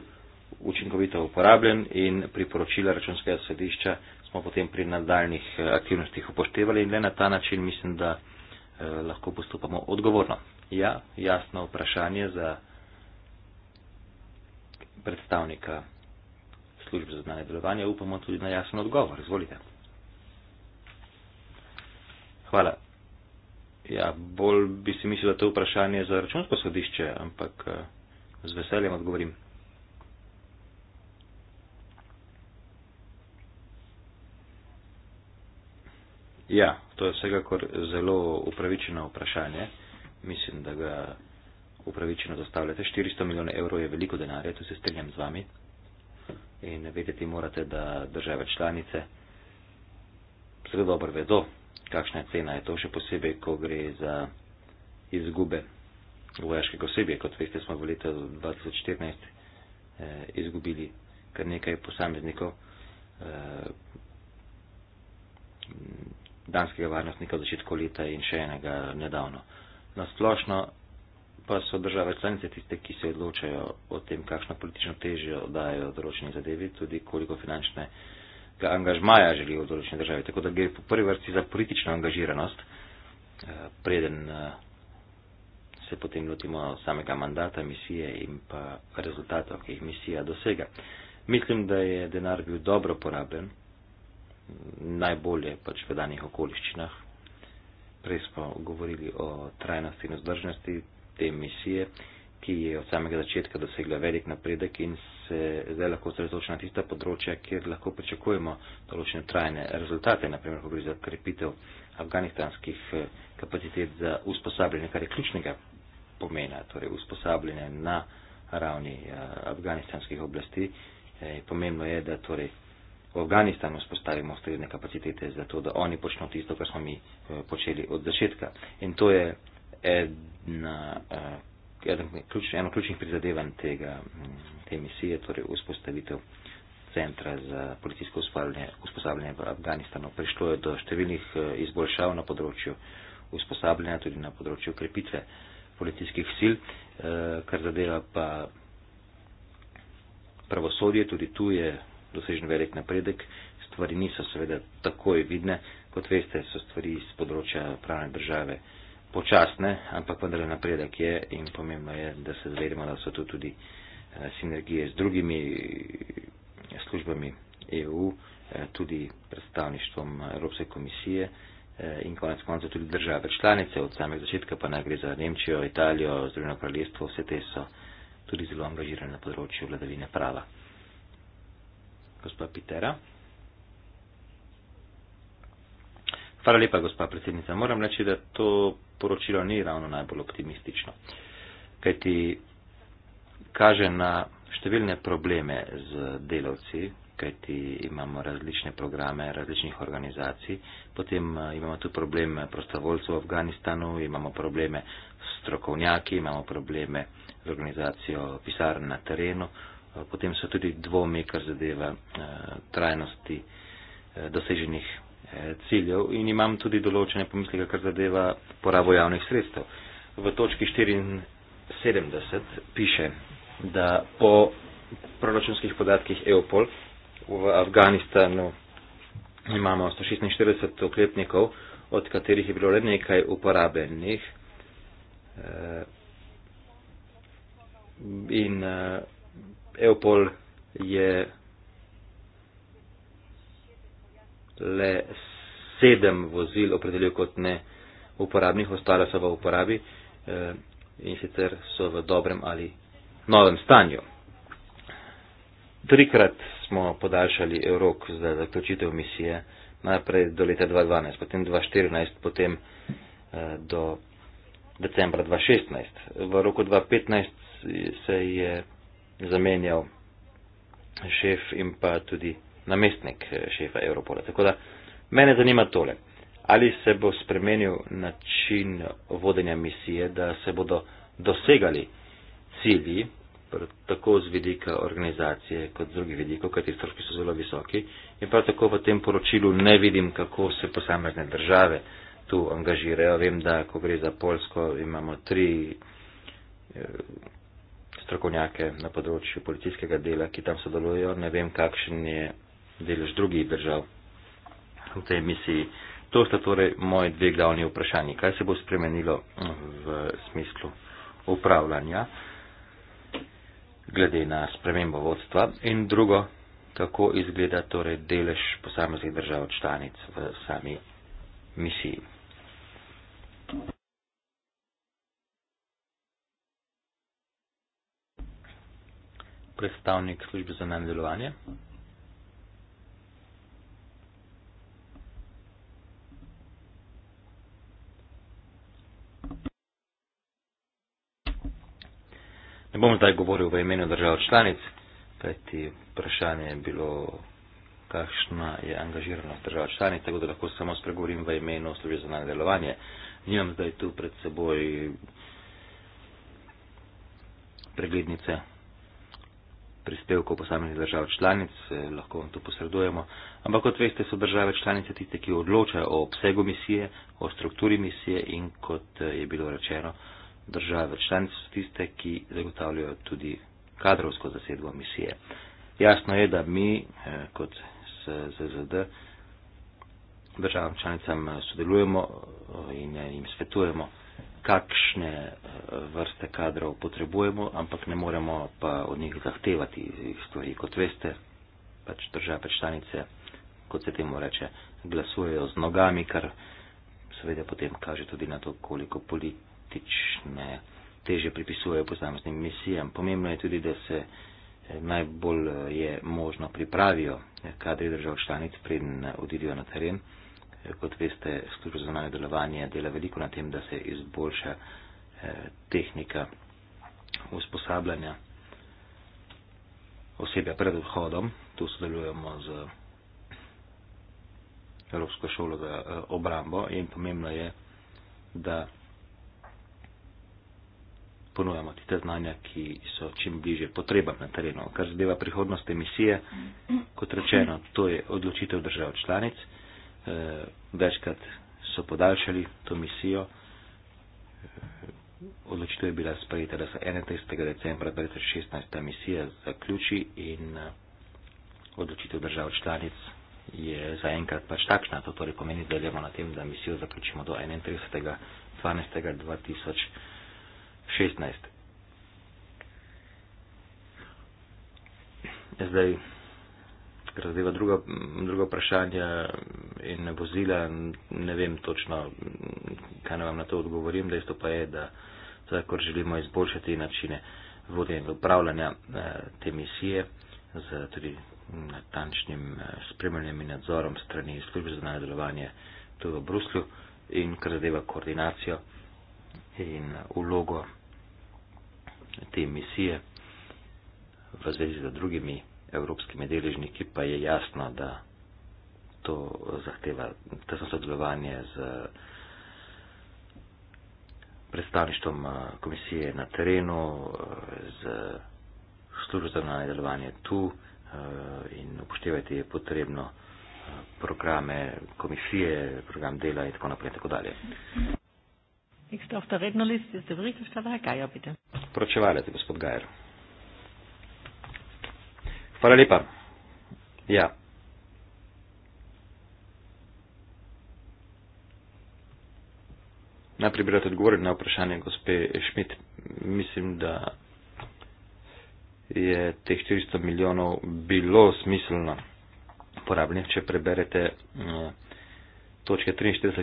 učinkovito uporabljen in priporočila računskega sedišča smo potem pri nadaljnih eh, aktivnostih upoštevali in le na ta način mislim, da eh, lahko postopamo odgovorno. Ja, jasno vprašanje za predstavnika službe za znanje delovanje, upamo tudi na jasen odgovor. Izvolite. Hvala. Ja, bolj bi si mislil, da to vprašanje je za računsko sodišče, ampak eh, z veseljem odgovorim. Ja, to je vsekakor zelo upravičeno vprašanje. Mislim, da ga upravičeno zastavljate. 400 milijonov evrov je veliko denarja, tu se strinjam z vami. In vedeti morate, da države članice zelo dobro vedo, kakšna je cena, je to še posebej, ko gre za izgube vojaškega osebja. Kot veste, smo v letu 2014 eh, izgubili kar nekaj posameznikov, eh, danskega varnostnika v začetku leta in še enega nedavno. Na splošno pa so države članice tiste, ki se odločajo o tem, kakšno politično težjo dajo določeni zadevi, tudi koliko finančne eh, ga angažmaja želijo v določeni državi. Tako da gre po prvi vrsti za politično angažiranost, eh, preden eh, se potem lotimo samega mandata misije in pa rezultatov, ki jih misija dosega. Mislim, da je denar bil dobro porabljen, najbolje pač v danih okoliščinah. Prej smo govorili o trajnosti in vzdržnosti te misije. Uh, ki je od samega začetka dosegla velik napredek in se zdaj lahko sredotoča na tista področja, kjer lahko pričakujemo določene trajne rezultate, naprimer, ko gre za krepitev afganistanskih eh, kapacitet za usposabljanje, kar je ključnega pomena, torej usposabljanje na ravni eh, afganistanskih oblasti. E, pomembno je, da torej v Afganistanu spostavimo ustrezne kapacitete za to, da oni počnejo tisto, kar smo mi e, počeli od začetka. In to je ena e, eno ključnih prizadevanj tega, te misije, torej vzpostavitev centra za policijsko usposabljanje v Afganistanu. Prišlo je do številnih eh, izboljšav na področju usposabljanja, tudi na področju krepitve policijskih sil, eh, kar zadeva pa pravosodje, tudi tu je dosežen velik napredek. Stvari niso seveda takoj vidne, kot veste, so stvari z področja pravne države počasne, ampak vendar je napredek je in pomembno je, da se zavedamo, da so tu tudi eh, sinergije z drugimi eh, službami EU, eh, tudi predstavništvom Evropske komisije in konec konca tudi države članice, od samega začetka pa naj gre za Nemčijo, Italijo, Združeno kraljestvo, vse te so tudi zelo angažirane na področju vladavine prava. Gospa Pitera. Hvala lepa, gospa predsednica. Moram reči, da to poročilo ni ravno najbolj optimistično, kajti kaže na številne probleme z delavci, kajti imamo različne programe različnih organizacij, potem eh, imamo tu probleme prostovoljcev v Afganistanu, imamo probleme s strokovnjaki, imamo probleme z organizacijo pisarn na terenu, eh, potem so tudi dvomi, kar zadeva eh, trajnosti doseženih Eh, ciljev in imam tudi določene pomisleke, kar zadeva porabo javnih sredstev. V točki 74 piše, da po proračunskih podatkih EOPOL v Afganistanu imamo 146 oklepnikov, od katerih je bilo le nekaj uporabljenih eh, in eh, EOPOL je le sedem vozil opredelil kot ne uporabnih, ostale so v uporabi eh, in sicer so v dobrem ali novem stanju. Trikrat smo podaljšali rok za zaključitev misije, najprej do leta 2012, potem 2014, potem eh, do decembra 2016. V roku 2015 se je zamenjal šef in pa tudi namestnik eh, šefa Evropola. Tako da mene zanima tole. Ali se bo spremenil način vodenja misije, da se bodo dosegali cilji, tako z vidika organizacije kot z drugih vidikov, kajti stroški so zelo visoki. In prav tako v tem poročilu ne vidim, kako se posamezne države tu angažirajo. Vem, da ko gre za Polsko, imamo tri eh, strokovnjake na področju policijskega dela, ki tam sodelujo. Ne vem, kakšen je delež drugih držav v tej misiji. To sta torej moje dve glavni vprašanji. Kaj se bo spremenilo v smislu upravljanja glede na spremembo vodstva in drugo, kako izgleda torej delež posameznih držav članic v sami misiji. Predstavnik službe za nadaljevanje. Ne bom zdaj govoril v imenu držav članic, kajti vprašanje je bilo, kakšna je angažiranost držav članic, tako da lahko samo spregovorim v imenu službe za nadelovanje. Nimam zdaj tu pred seboj preglednice prispevkov posameznih držav članic, eh, lahko vam to posredujemo. Ampak kot veste, so države članice tiste, ki odločajo o obsegu misije, o strukturi misije in kot eh, je bilo rečeno, države članice so tiste, ki zagotavljajo tudi kadrovsko zasedbo misije. Jasno je, da mi eh, kot ZZD državam članicam eh, sodelujemo eh, in jim svetujemo, kakšne vrste kadrov potrebujemo, ampak ne moremo pa od njih zahtevati stvari. Kot veste, pač države članice, kot se temu reče, glasujejo z nogami, kar seveda potem kaže tudi na to, koliko politik politične teže pripisujejo posameznim misijam. Pomembno je tudi, da se eh, najbolj eh, je možno pripravijo eh, kadri držav članic, preden odidijo na teren. Kot veste, služba za zunanje delovanje dela veliko na tem, da se izboljša tehnika usposabljanja osebja pred odhodom. Tu sodelujemo z Evropsko šolo za obrambo in pomembno je, da ponujamo tiste znanja, ki so čim bliže potrebam na terenu. Kar zadeva prihodnost emisije, kot rečeno, to je odločitev držav članic. Eh, večkrat so podaljšali to misijo. Eh, odločitev je bila sprejeta, da se 31. decembra 2016 ta misija zaključi in eh, odločitev držav članic je zaenkrat pač takšna. To torej pomeni, da delamo na tem, da misijo zaključimo do 31. 12. 2016. 16. Zdaj, ker zadeva druga, druga vprašanja in vozila, ne vem točno, kaj naj vam na to odgovorim. Dejstvo pa je, da tako želimo izboljšati načine vodenja in upravljanja eh, te misije z tudi natančnim eh, spremljanjem in nadzorom strani službe za nadaljevanje tu v Bruslju in kar zadeva koordinacijo in ulogo te misije v zvezi z drugimi evropskimi deležniki, pa je jasno, da to zahteva tesno sodelovanje z predstavništvom eh, komisije na terenu, eh, z službo za nadaljevanje tu eh, in upoštevati je potrebno programe komisije, program dela in tako naprej in tako dalje. Ich stehe auf der Rednerliste, ist der Berichterstatter, Herr Geier, bitte. Pročevalet, gospod Geier. Hvala lepa. Ja. Najprej bi rad odgovoril na vprašanje gospe Šmit. Mislim, da je teh 400 milijonov bilo smiselno porabljenih, če preberete eh, točke 43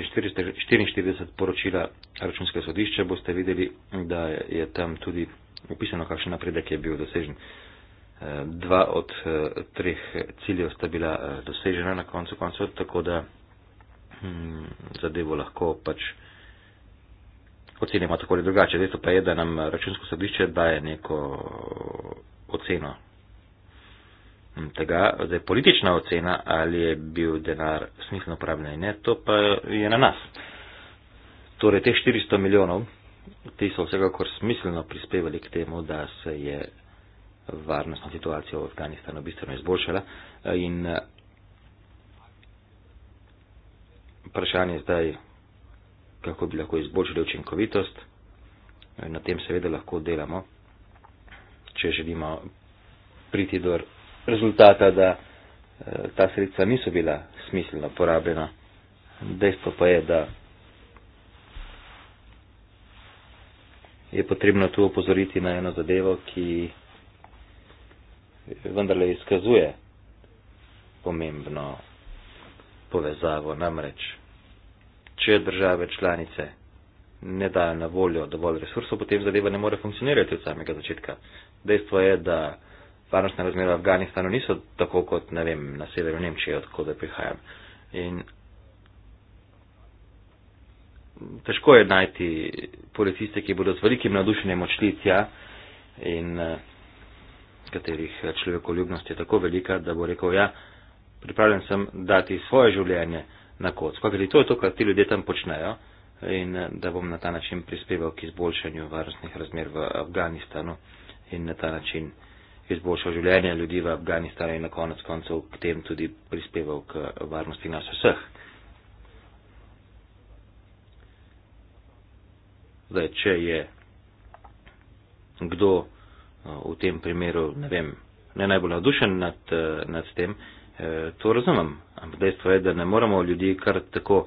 in 44 poročila računske sodišče boste videli, da je tam tudi upisano, kakšen napredek je bil dosežen. Eh, dva od eh, treh ciljev sta bila eh, dosežena na koncu koncev, tako da hm, zadevo lahko pač ocenimo tako ali drugače. Dejstvo pa je, da nam računsko sodišče daje neko oceno Mm, tega, da je politična ocena, ali je bil denar smiselno uporabljen, ne, to pa je na nas. Torej, te 400 milijonov, ti so vsekakor smiselno prispevali k temu, da se je varnostna situacija v Afganistanu bistveno izboljšala in eh, vprašanje zdaj, kako bi lahko izboljšali učinkovitost, na tem seveda lahko delamo, če želimo priti do rezultata, da eh, ta sredstva niso bila smiselno porabljena. Dejstvo pa je, da je potrebno tu opozoriti na eno zadevo, ki vendarle izkazuje pomembno povezavo. Namreč, če države članice ne dajo na voljo dovolj resursov, potem zadeva ne more funkcionirati od samega začetka. Dejstvo je, da varnostne razmere v Afganistanu niso tako kot, ne vem, na severu Nemčije, odkud prihajam. In težko je najti policiste, ki bodo z velikim nadušenjem odšli tja in eh, katerih eh, človekoljubnost je tako velika, da bo rekel, ja, pripravljen sem dati svoje življenje na kot. Skakaj, to je to, kar ti ljudje tam počnejo in eh, da bom na ta način prispeval k izboljšanju varnostnih razmer v Afganistanu in na ta način izboljšal življenje ljudi v Afganistanu in na konec koncev k tem tudi prispeval k varnosti nas vseh. Zdaj, če je kdo eh, v tem primeru, ne vem, ne najbolj navdušen nad, eh, nad tem, eh, to razumem. Ampak dejstvo je, da ne moramo ljudi kar tako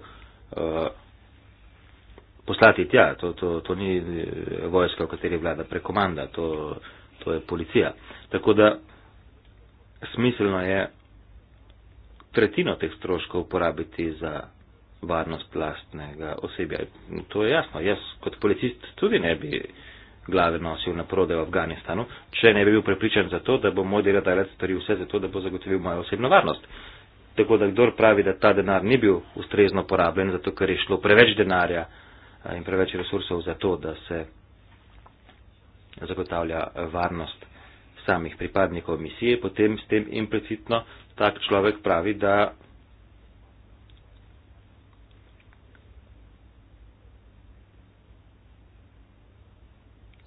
poslati tja. To, to, to ni vojska, v kateri vlada prekomanda. To, to je policija. Tako da smiselno je tretjino teh stroškov uporabiti za varnost lastnega osebja. To je jasno. Jaz kot policist tudi ne bi glave nosil na prode v Afganistanu, če ne bi bil prepričan za to, da bo moj delatarec storil vse za to, da bo zagotovil mojo osebno varnost. Tako da kdor pravi, da ta denar ni bil ustrezno porabljen, zato ker je šlo preveč denarja eh, in preveč resursov za to, da se zagotavlja varnost samih pripadnikov misije, potem s tem implicitno tak človek pravi, da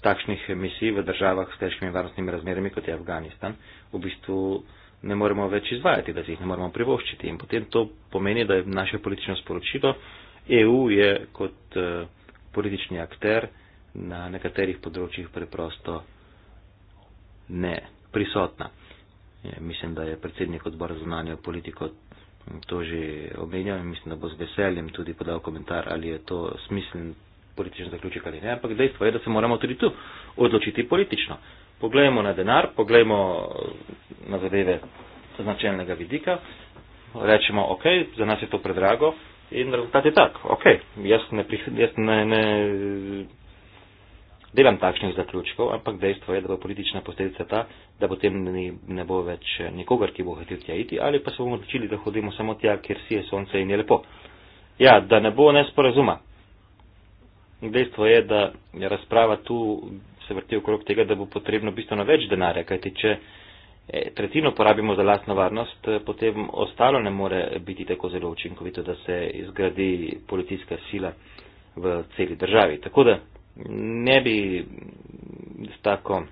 takšnih misij v državah s težkimi varnostnimi razmerami, kot je Afganistan, v bistvu ne moremo več izvajati, da si jih ne moremo privoščiti. In potem to pomeni, da je naše politično sporočilo, EU je kot uh, politični akter, uh, na nekaterih področjih preprosto ne prisotna. Ja, mislim, da je predsednik odbora za zunanjo politiko to že omenjal in mislim, da bo z veseljem tudi podal komentar, ali je to smiseln politični zaključek ali ne. Ampak dejstvo je, da se moramo tudi tu odločiti politično. Poglejmo na denar, poglejmo na zadeve značilnega vidika, rečemo, ok, za nas je to predrago in rezultat je tak. Ok, jaz ne, jaz ne, ne delam takšnih zaključkov, ampak dejstvo je, da bo politična posledica ta, da potem ni, ne bo več eh, nikogar, ki bo hotel tja iti, ali pa se bomo odločili, da hodimo samo tja, kjer si je sonce in je lepo. Ja, da ne bo nesporazuma. Dejstvo je, da je razprava tu se vrti okrog tega, da bo potrebno bistveno več denarja, kajti če eh, tretjino porabimo za lastno varnost, eh, potem ostalo ne more biti tako zelo učinkovito, da se izgradi policijska sila v celi državi. Tako da ne bi s tako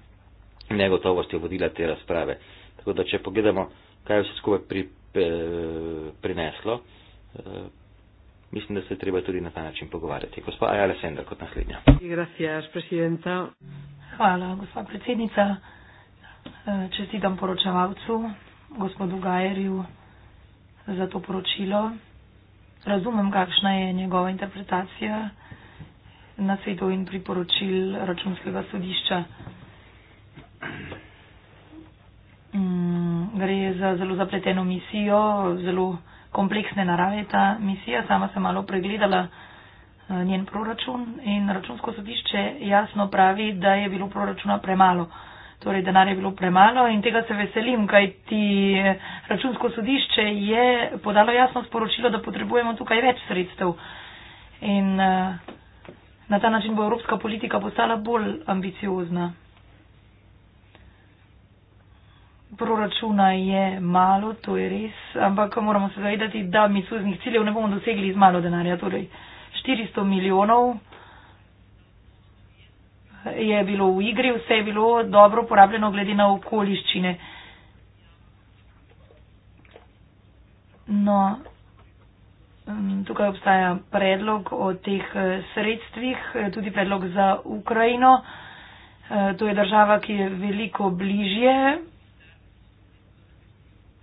negotovosti vodila te razprave. Tako da, če pogledamo, kaj je vse skupaj pri, pri, eh, prineslo, eh, mislim, da se je treba tudi na ta način pogovarjati. Gospa Ajala Senda kot naslednja. Hvala, gospa predsednica. Eh, čestitam poročevalcu, gospodu Gajerju, za to poročilo. Razumem, kakšna je njegova interpretacija nasvetov in priporočil računskega sodišča. Mm, gre za zelo zapleteno misijo, zelo kompleksne narave ta misija. Sama sem malo pregledala eh, njen proračun in računsko sodišče jasno pravi, da je bilo proračuna premalo. Torej, denar je bilo premalo in tega se veselim, kaj ti eh, računsko sodišče je podalo jasno sporočilo, da potrebujemo tukaj več sredstev. In eh, Na ta način bo evropska politika postala bolj ambiciozna. Proračuna je malo, to je res, ampak moramo se zavedati, da mi suznih ciljev ne bomo dosegli z malo denarja. Torej, 400 milijonov je bilo v igri, vse je bilo dobro porabljeno glede na okoliščine. No, Tukaj obstaja predlog o teh eh, sredstvih, eh, tudi predlog za Ukrajino. Eh, to je država, ki je veliko bližje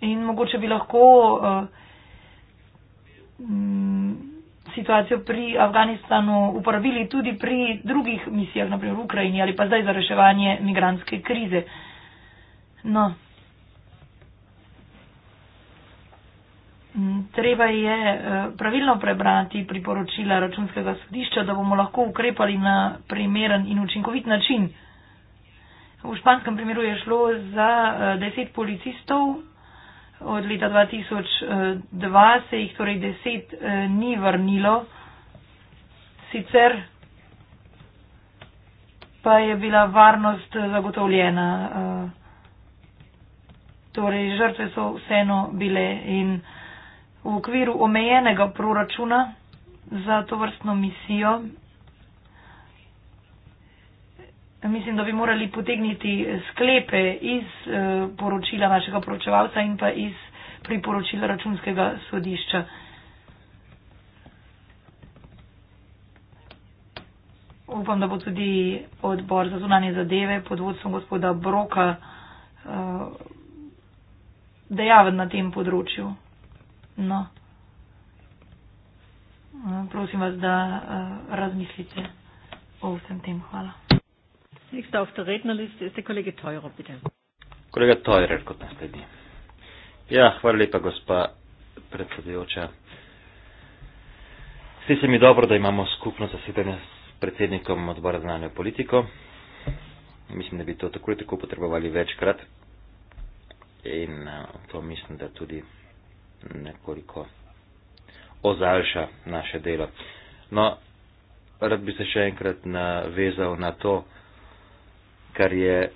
in mogoče bi lahko situacijo pri Afganistanu uporabili tudi pri drugih misijah, naprimer v Ukrajini ali pa zdaj za reševanje migranske krize. No, Mm, treba je eh, pravilno prebrati priporočila računskega sodišča, da bomo lahko ukrepali na primeren in učinkovit način. V španskem primeru je šlo za eh, deset policistov, od leta 2002 eh, se jih torej deset ni vrnilo. Sicer pa je bila varnost zagotovljena. Torej, žrtve so vseeno bile in v okviru omejenega proračuna za to vrstno misijo. Mislim, da bi morali potegniti sklepe iz eh, poročila našega poročevalca in pa iz priporočila računskega sodišča. Upam, da bo tudi odbor za zunanje zadeve pod vodstvom gospoda Broka eh, dejaven na tem področju. No. Prosim vas, da uh, razmislite o vsem tem. Hvala. Kolega Tojrer, kot nasledi. Ja, hvala lepa, gospa predsedujoča. Vsi se mi dobro, da imamo skupno zasedanje s predsednikom odbora za znanje politiko. Mislim, da bi to tako in tako potrebovali večkrat. In uh, to mislim, da tudi nekoliko ozaljša naše delo. No, rad bi se še enkrat navezal na to, kar je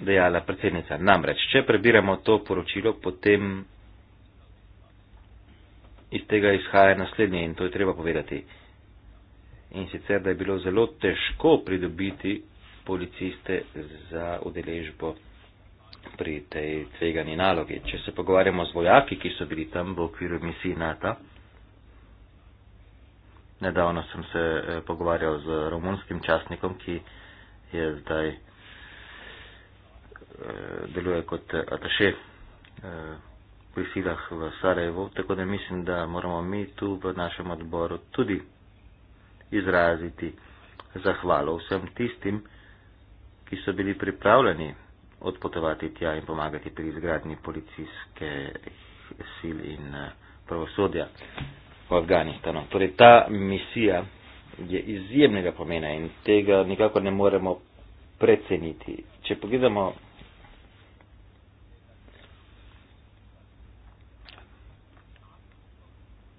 dejala predsednica. Namreč, če prebiramo to poročilo, potem iz tega izhaja naslednje in to je treba povedati. In sicer, da je bilo zelo težko pridobiti policiste za udeležbo pri tej tvegani nalogi. Če se pogovarjamo z vojaki, ki so bili tam v okviru misij NATO, nedavno sem se eh, pogovarjal z romunskim častnikom, ki je zdaj eh, deluje kot eh, ataše v silah v Sarajevo, tako da mislim, da moramo mi tu v našem odboru tudi izraziti zahvalo vsem tistim, ki so bili pripravljeni odpotovati tja in pomagati pri izgradnji policijske sil in eh, pravosodja v Afganistanu. Torej ta misija je izjemnega pomena in tega nikako ne moremo preceniti. Če pogledamo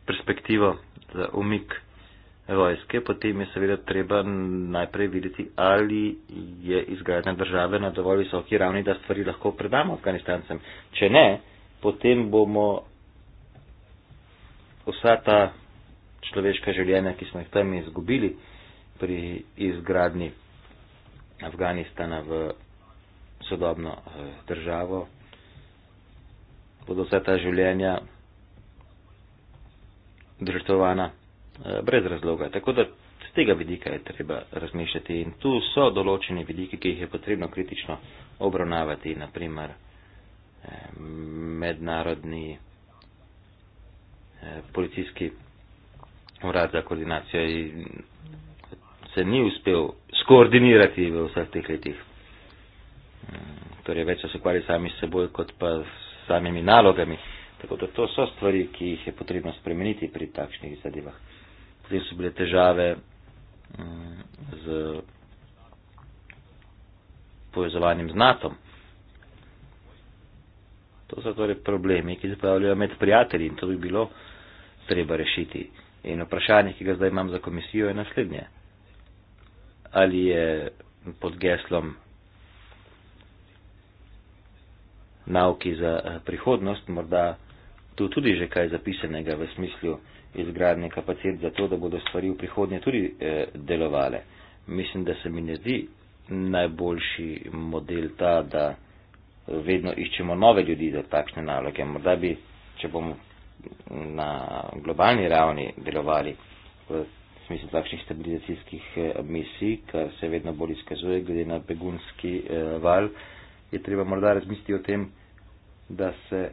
perspektivo za umik vojske, potem je seveda treba najprej videti, ali je izgradnja države na dovolj visoki ravni, da stvari lahko predamo Afganistancem. Če ne, potem bomo vsa ta človeška življenja, ki smo jih tam izgubili pri izgradnji Afganistana v sodobno eh, državo, bodo vsa ta življenja držtovana Eh, brez razloga. Tako da z tega vidika je treba razmišljati in tu so določeni vidiki, ki jih je potrebno kritično obravnavati, naprimer eh, mednarodni eh, policijski urad za koordinacijo se ni uspel skoordinirati v vseh teh letih. Mm, torej, več so se ukvarjali sami s seboj, kot pa s samimi nalogami. Tako da to so stvari, ki jih je potrebno spremeniti pri takšnih zadevah potem so bile težave mm, z povezovanjem z NATO-om. To so torej problemi, ki se pojavljajo med prijatelji in to bi bilo treba rešiti. In vprašanje, ki ga zdaj imam za komisijo, je naslednje. Ali je pod geslom nauki za eh, prihodnost morda tu tudi že kaj zapisanega v smislu izgradnje kapacit za to, da bodo stvari v prihodnje tudi eh, delovale. Mislim, da se mi ne zdi najboljši model ta, da vedno iščemo nove ljudi za takšne naloge. Morda bi, če bomo na globalni ravni delovali v smislu takšnih stabilizacijskih eh, misij, kar se vedno bolj izkazuje, glede na begunski eh, val, je treba morda razmisliti o tem, da se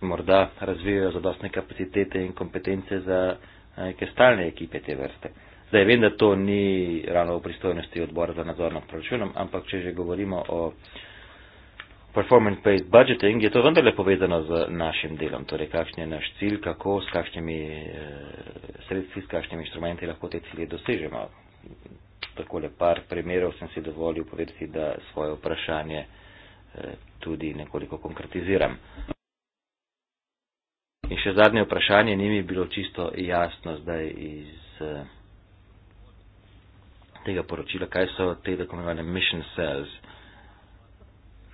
morda razvijajo zadostne kapacitete in kompetence za eh, neke stalne ekipe te vrste. Zdaj vem, da to ni ravno v pristojnosti odbora za nadzor nad proračunom, ampak če že govorimo o performance-based budgeting, je to vendarle povezano z našim delom, torej kakšen je naš cilj, kako, s kakšnimi eh, sredstvi, s kakšnimi inštrumenti lahko te cilje dosežemo. Takole par primerov sem si dovolil povedati, da svoje vprašanje eh, tudi nekoliko konkretiziram. In še zadnje vprašanje, ni mi bilo čisto jasno zdaj iz eh, tega poročila, kaj so te tako imenovane mission cells.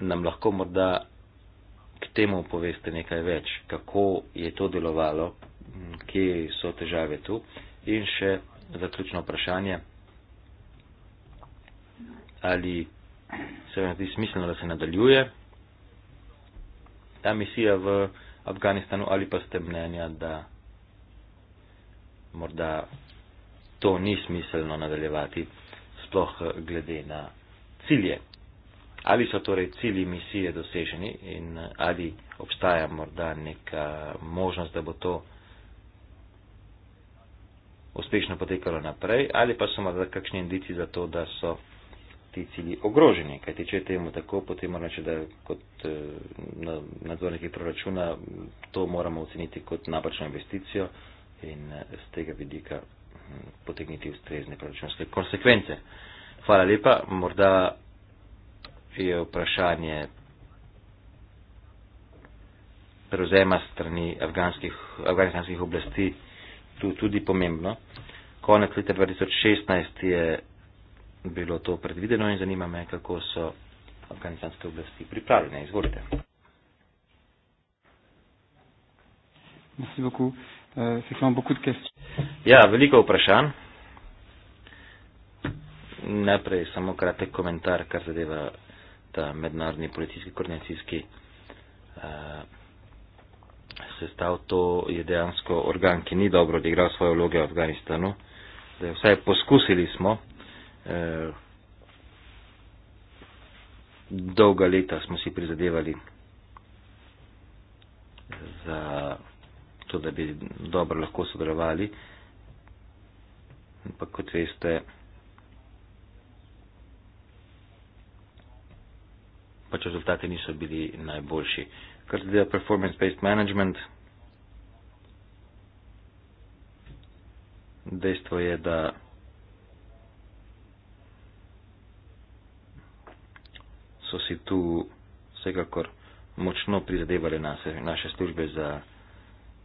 Nam lahko morda k temu poveste nekaj več, kako je to delovalo, kje so težave tu. In še zaključno vprašanje, ali se vam zdi smiselno, da se nadaljuje ta misija v. Afganistanu ali pa ste mnenja, da morda to ni smiselno nadaljevati, sploh eh, glede na cilje. Ali so torej cilji misije doseženi in eh, ali obstaja morda neka možnost, da bo to uspešno potekalo naprej, ali pa so morda kakšni indici za to, da so ti cilji ogroženi. Kaj ti če je temu tako, potem mora reči, da kot eh, nadzorniki proračuna to moramo oceniti kot napačno investicijo in z eh, tega vidika hm, potegniti ustrezne proračunske konsekvence. Hvala lepa. Morda je vprašanje prevzema strani afganskih, afganskih oblasti tu tudi pomembno. Konec leta 2016 je bilo to predvideno in zanima me, kako so afganistanske oblasti pripravljene. Izvolite. Euh, ja, veliko vprašanj. Najprej samo kratek komentar, kar zadeva ta mednarodni policijski koordinacijski uh, sestav. To je dejansko organ, ki ni dobro odigral svoje vloge v Afganistanu. Zdaj, vsaj poskusili smo, Eh, dolga leta smo si prizadevali za to, da bi dobro lahko sodelovali. Ampak kot veste, pač rezultati niso bili najboljši. Kar se dela performance-based management, dejstvo je, da so si tu vsekakor močno prizadevali nas, naše službe za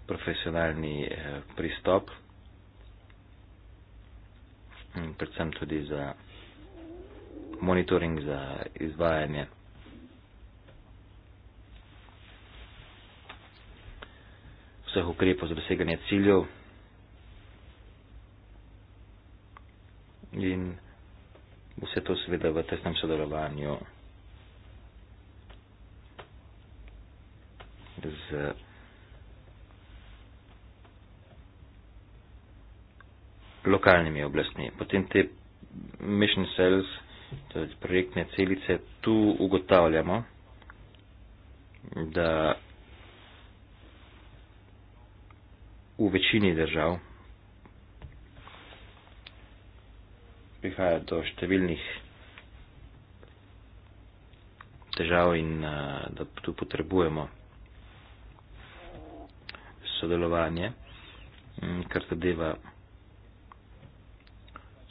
profesionalni eh, pristop in predvsem tudi za monitoring za izvajanje. vseh ukrepov za doseganje ciljev in vse to seveda v tesnem sodelovanju. z lokalnimi oblastmi. Potem te mission cells, to je projektne celice, tu ugotavljamo, da v večini držav prihaja do številnih težav in eh, da tu potrebujemo sodelovanje, mm, kar zadeva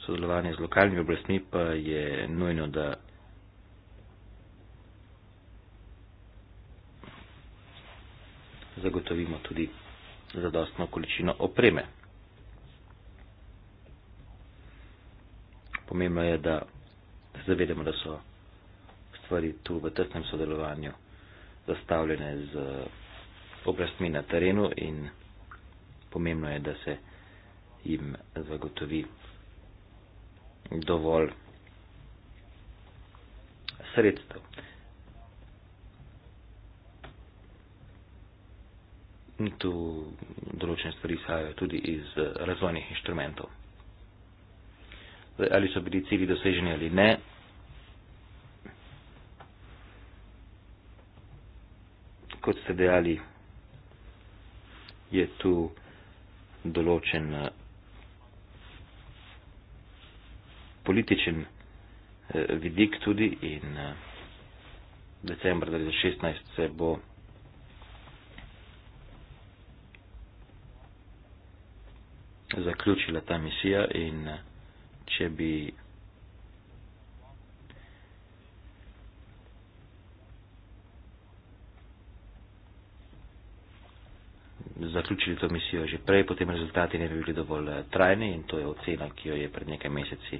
sodelovanje z lokalnimi oblastmi, pa je nujno, da zagotovimo tudi zadostno količino opreme. Pomembno je, da zavedamo, da so stvari tu v tesnem sodelovanju zastavljene z oblastmi na terenu in pomembno je, da se jim zagotovi dovolj sredstev. In tu določene stvari izhajajo tudi iz razvojnih inštrumentov. Zdaj, ali so bili cilji doseženi ali ne, kot ste dejali, je tu določen eh, političen eh, vidik tudi in eh, decembra 2016 se bo zaključila ta misija in če bi prej, potem rezultati ne bi bili dovolj eh, trajni in to je ocena, ki jo je pred nekaj meseci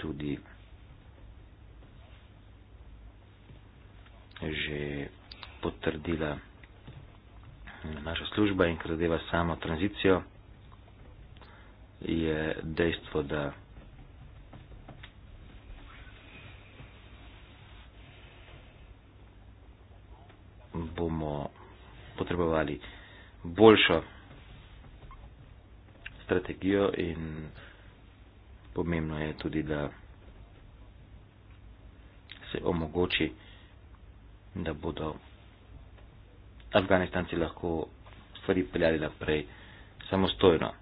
tudi že potrdila naša služba in kar zadeva samo tranzicijo, je dejstvo, da bomo potrebovali boljšo strategijo in pomembno je tudi, da se omogoči, da bodo Afganistanci lahko stvari peljali naprej samostojno.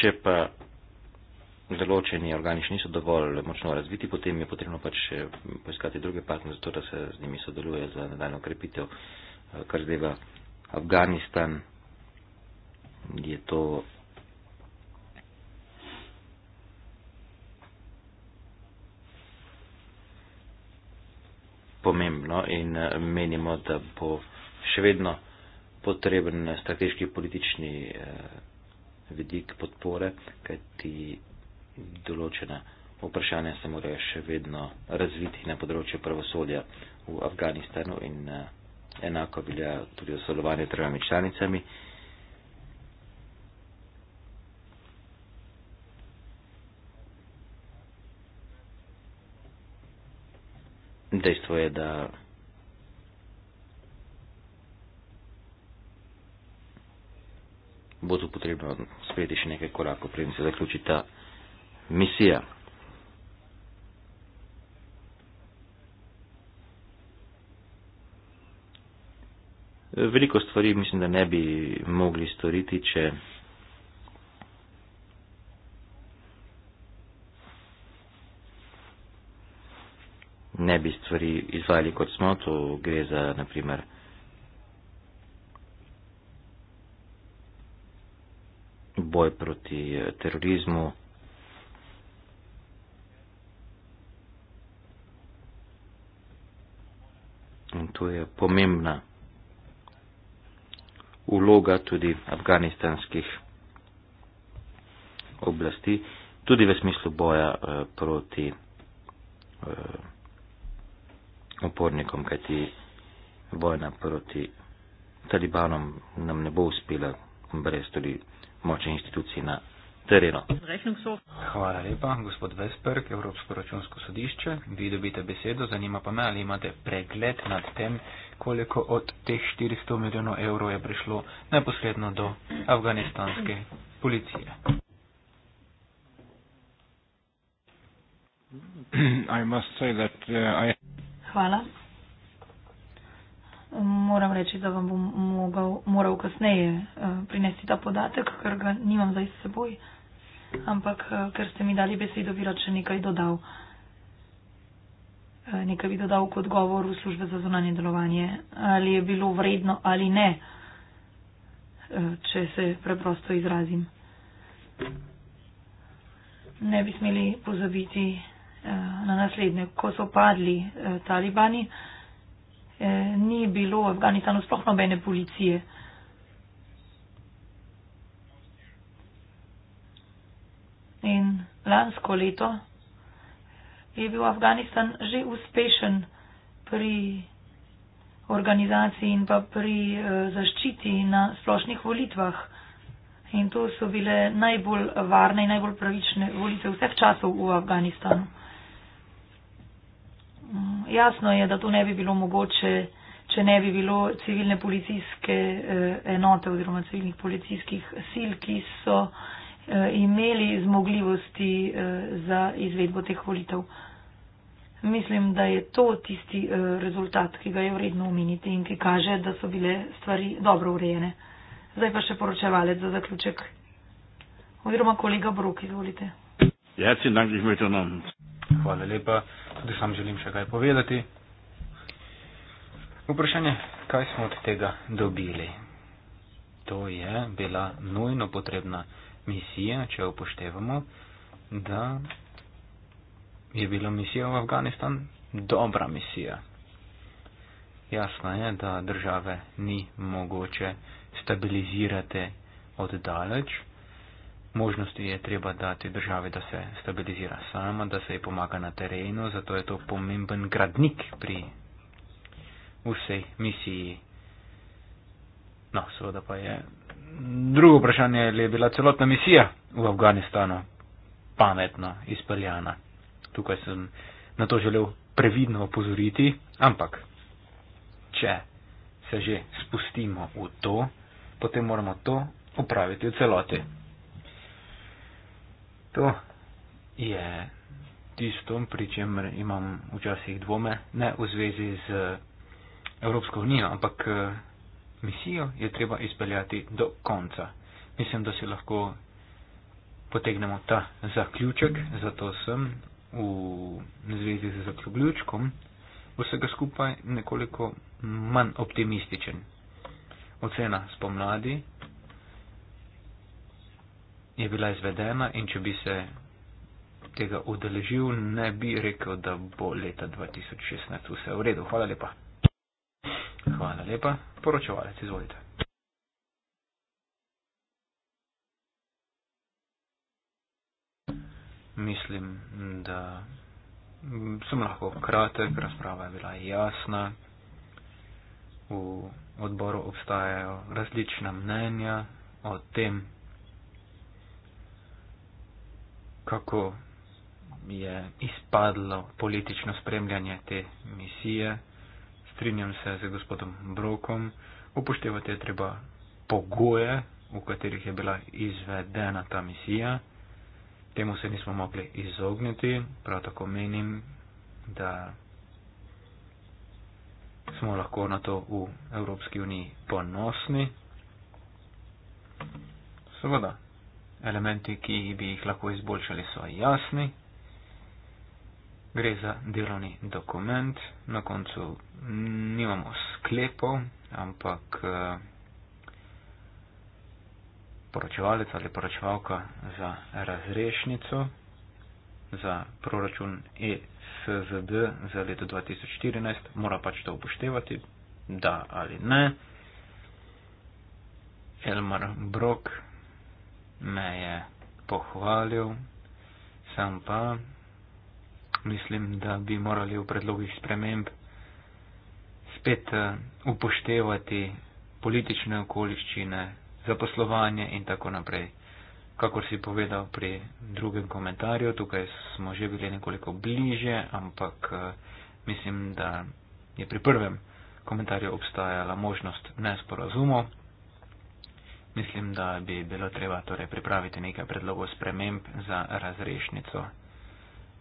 Če pa določeni organi še niso dovolj močno razviti, potem je potrebno pač eh, poiskati druge partnerje, zato da se z njimi sodeluje za nadaljno krepitev. Eh, kar zdajva Afganistan, je to. Pomembno in eh, menimo, da bo še vedno potreben strateški politični eh, vidik podpore, kajti določene vprašanja se morajo še vedno razviti na področju pravosodja v Afganistanu in eh, enako velja tudi o sodelovanju državami članicami. Dejstvo je, da bo tu potrebno sprejeti še nekaj korakov, preden se zaključi ta misija. Veliko stvari mislim, da ne bi mogli storiti, če, ne bi stvari izvajali kot smo, to gre za, naprimer, boj proti terorizmu, in to je pomembna vloga tudi afganistanskih oblasti, tudi v smislu boja eh, proti eh, opornikom, kajti vojna proti talibanom nam ne bo uspela brez tudi močnih institucij na terena. Hvala lepa, gospod Vesperk, Evropsko računsko sodišče. Vi dobite besedo, zanima pa me, ali imate pregled nad tem, koliko od teh 400 milijonov evrov je prišlo neposredno do afganistanske policije. That, uh, I... Hvala. Moram reči, da vam bom mogel, moral kasneje uh, prinesti ta podatek, ker ga nimam zdaj s seboj. Uh, ampak eh, ker ste mi dali besedo, bi rad še nekaj dodal. Eh, nekaj bi dodal kot govor v službe za zunanje delovanje. Ali je bilo vredno ali ne, eh, če se preprosto izrazim. Ne bi smeli pozabiti na naslednje. Ko so padli talibani, ni bilo v Afganistanu sploh nobene policije. in lansko leto je bil Afganistan že uspešen pri organizaciji in pa pri eh, zaščiti na splošnih volitvah. In to so bile najbolj varne in najbolj pravične volitve vseh časov v Afganistanu. Mm, jasno je, da to ne bi bilo mogoče, če ne bi bilo civilne policijske eh, enote oziroma civilnih policijskih sil, ki so Eh, imeli zmogljivosti eh, za izvedbo teh volitev. Mislim, da je to tisti eh, rezultat, ki ga je vredno omeniti in ki kaže, da so bile stvari dobro urejene. Zdaj pa še poročevalec za zaključek. Oziroma kolega Brok, izvolite. Ja, Hvala lepa. Tudi sam želim še kaj povedati. Vprašanje, kaj smo od tega dobili? To je bila nujno potrebna misije, če upoštevamo, da je bila misija v Afganistan dobra misija. Jasno je, da države ni mogoče stabilizirati oddaleč. Možnosti je treba dati državi, da se stabilizira sama, da se ji pomaga na terenu, zato je to pomemben gradnik pri vsej misiji. No, seveda pa je Drugo vprašanje je, ali je bila celotna misija v Afganistanu pametno izpeljana. Tukaj sem na to želel previdno opozoriti, ampak če se že spustimo v to, potem moramo to upraviti v celoti. To je tisto, pri čemer imam včasih dvome, ne v zvezi z Evropsko unijo, ampak eh, misijo je treba izpeljati do konca. Mislim, da si lahko potegnemo ta zaključek, zato sem v zvezi z zaključkom vsega skupaj nekoliko manj optimističen. Ocena spomladi je bila izvedena in če bi se tega udeležil, ne bi rekel, da bo leta 2016 vse v redu. Hvala lepa. Hvala lepa. Poročevalec, izvolite. Mislim, da sem lahko kratek, razprava je bila jasna. V odboru obstajajo različna mnenja o tem, kako je izpadlo politično spremljanje te misije strinjam se z gospodom Brokom, upoštevati je treba pogoje, v katerih je bila izvedena ta misija. Temu se nismo mogli izogniti, prav tako menim, da smo lahko na to v Evropski uniji ponosni. Seveda, elementi, ki bi jih lahko izboljšali, so jasni gre za delovni dokument, na koncu nimamo sklepov, ampak eh, poročevalec ali poročevalka za razrešnico za proračun ESZD za leto 2014 mora pač to upoštevati, da ali ne. Elmar Brok me je pohvalil, sam pa mislim, da bi morali v predlogih sprememb spet eh, upoštevati politične okoliščine, zaposlovanje in tako naprej. Kakor si povedal pri drugem komentarju, tukaj smo že bili nekoliko bliže, ampak eh, mislim, da je pri prvem komentarju obstajala možnost nesporazumov. Mislim, da bi bilo treba torej pripraviti nekaj predlogov sprememb za razrešnico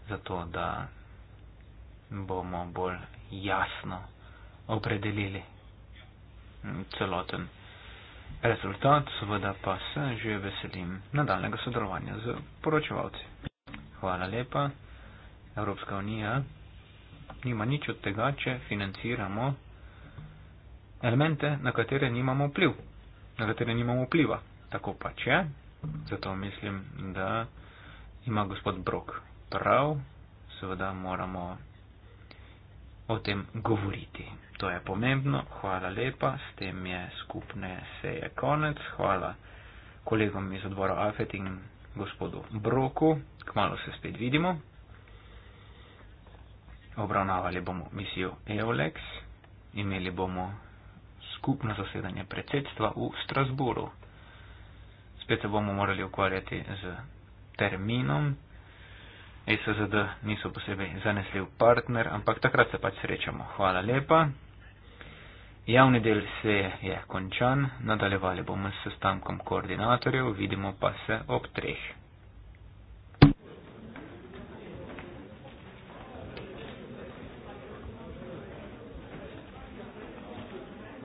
zato da bomo bolj jasno opredelili celoten rezultat, seveda pa se že veselim nadaljnega sodelovanja z poročevalci. Hvala lepa. Evropska unija nima nič od tega, če financiramo elemente, na katere nimamo vpliv, na katere nimamo vpliva. Tako pač je. Zato mislim, da ima gospod Brok prav, seveda moramo o tem govoriti. To je pomembno. Hvala lepa. S tem je skupne seje konec. Hvala kolegom iz odbora AFET in gospodu Broku. Kmalo se spet vidimo. Obravnavali bomo misijo EOLEX. Imeli bomo skupno zasedanje predsedstva v Strasburu. Spet se bomo morali ukvarjati z terminom, E SZD niso posebej zanesljiv partner, ampak takrat se pač srečamo. Hvala lepa. Javni del se je končan, nadaljevali bomo s sestankom koordinatorjev, vidimo pa se ob treh.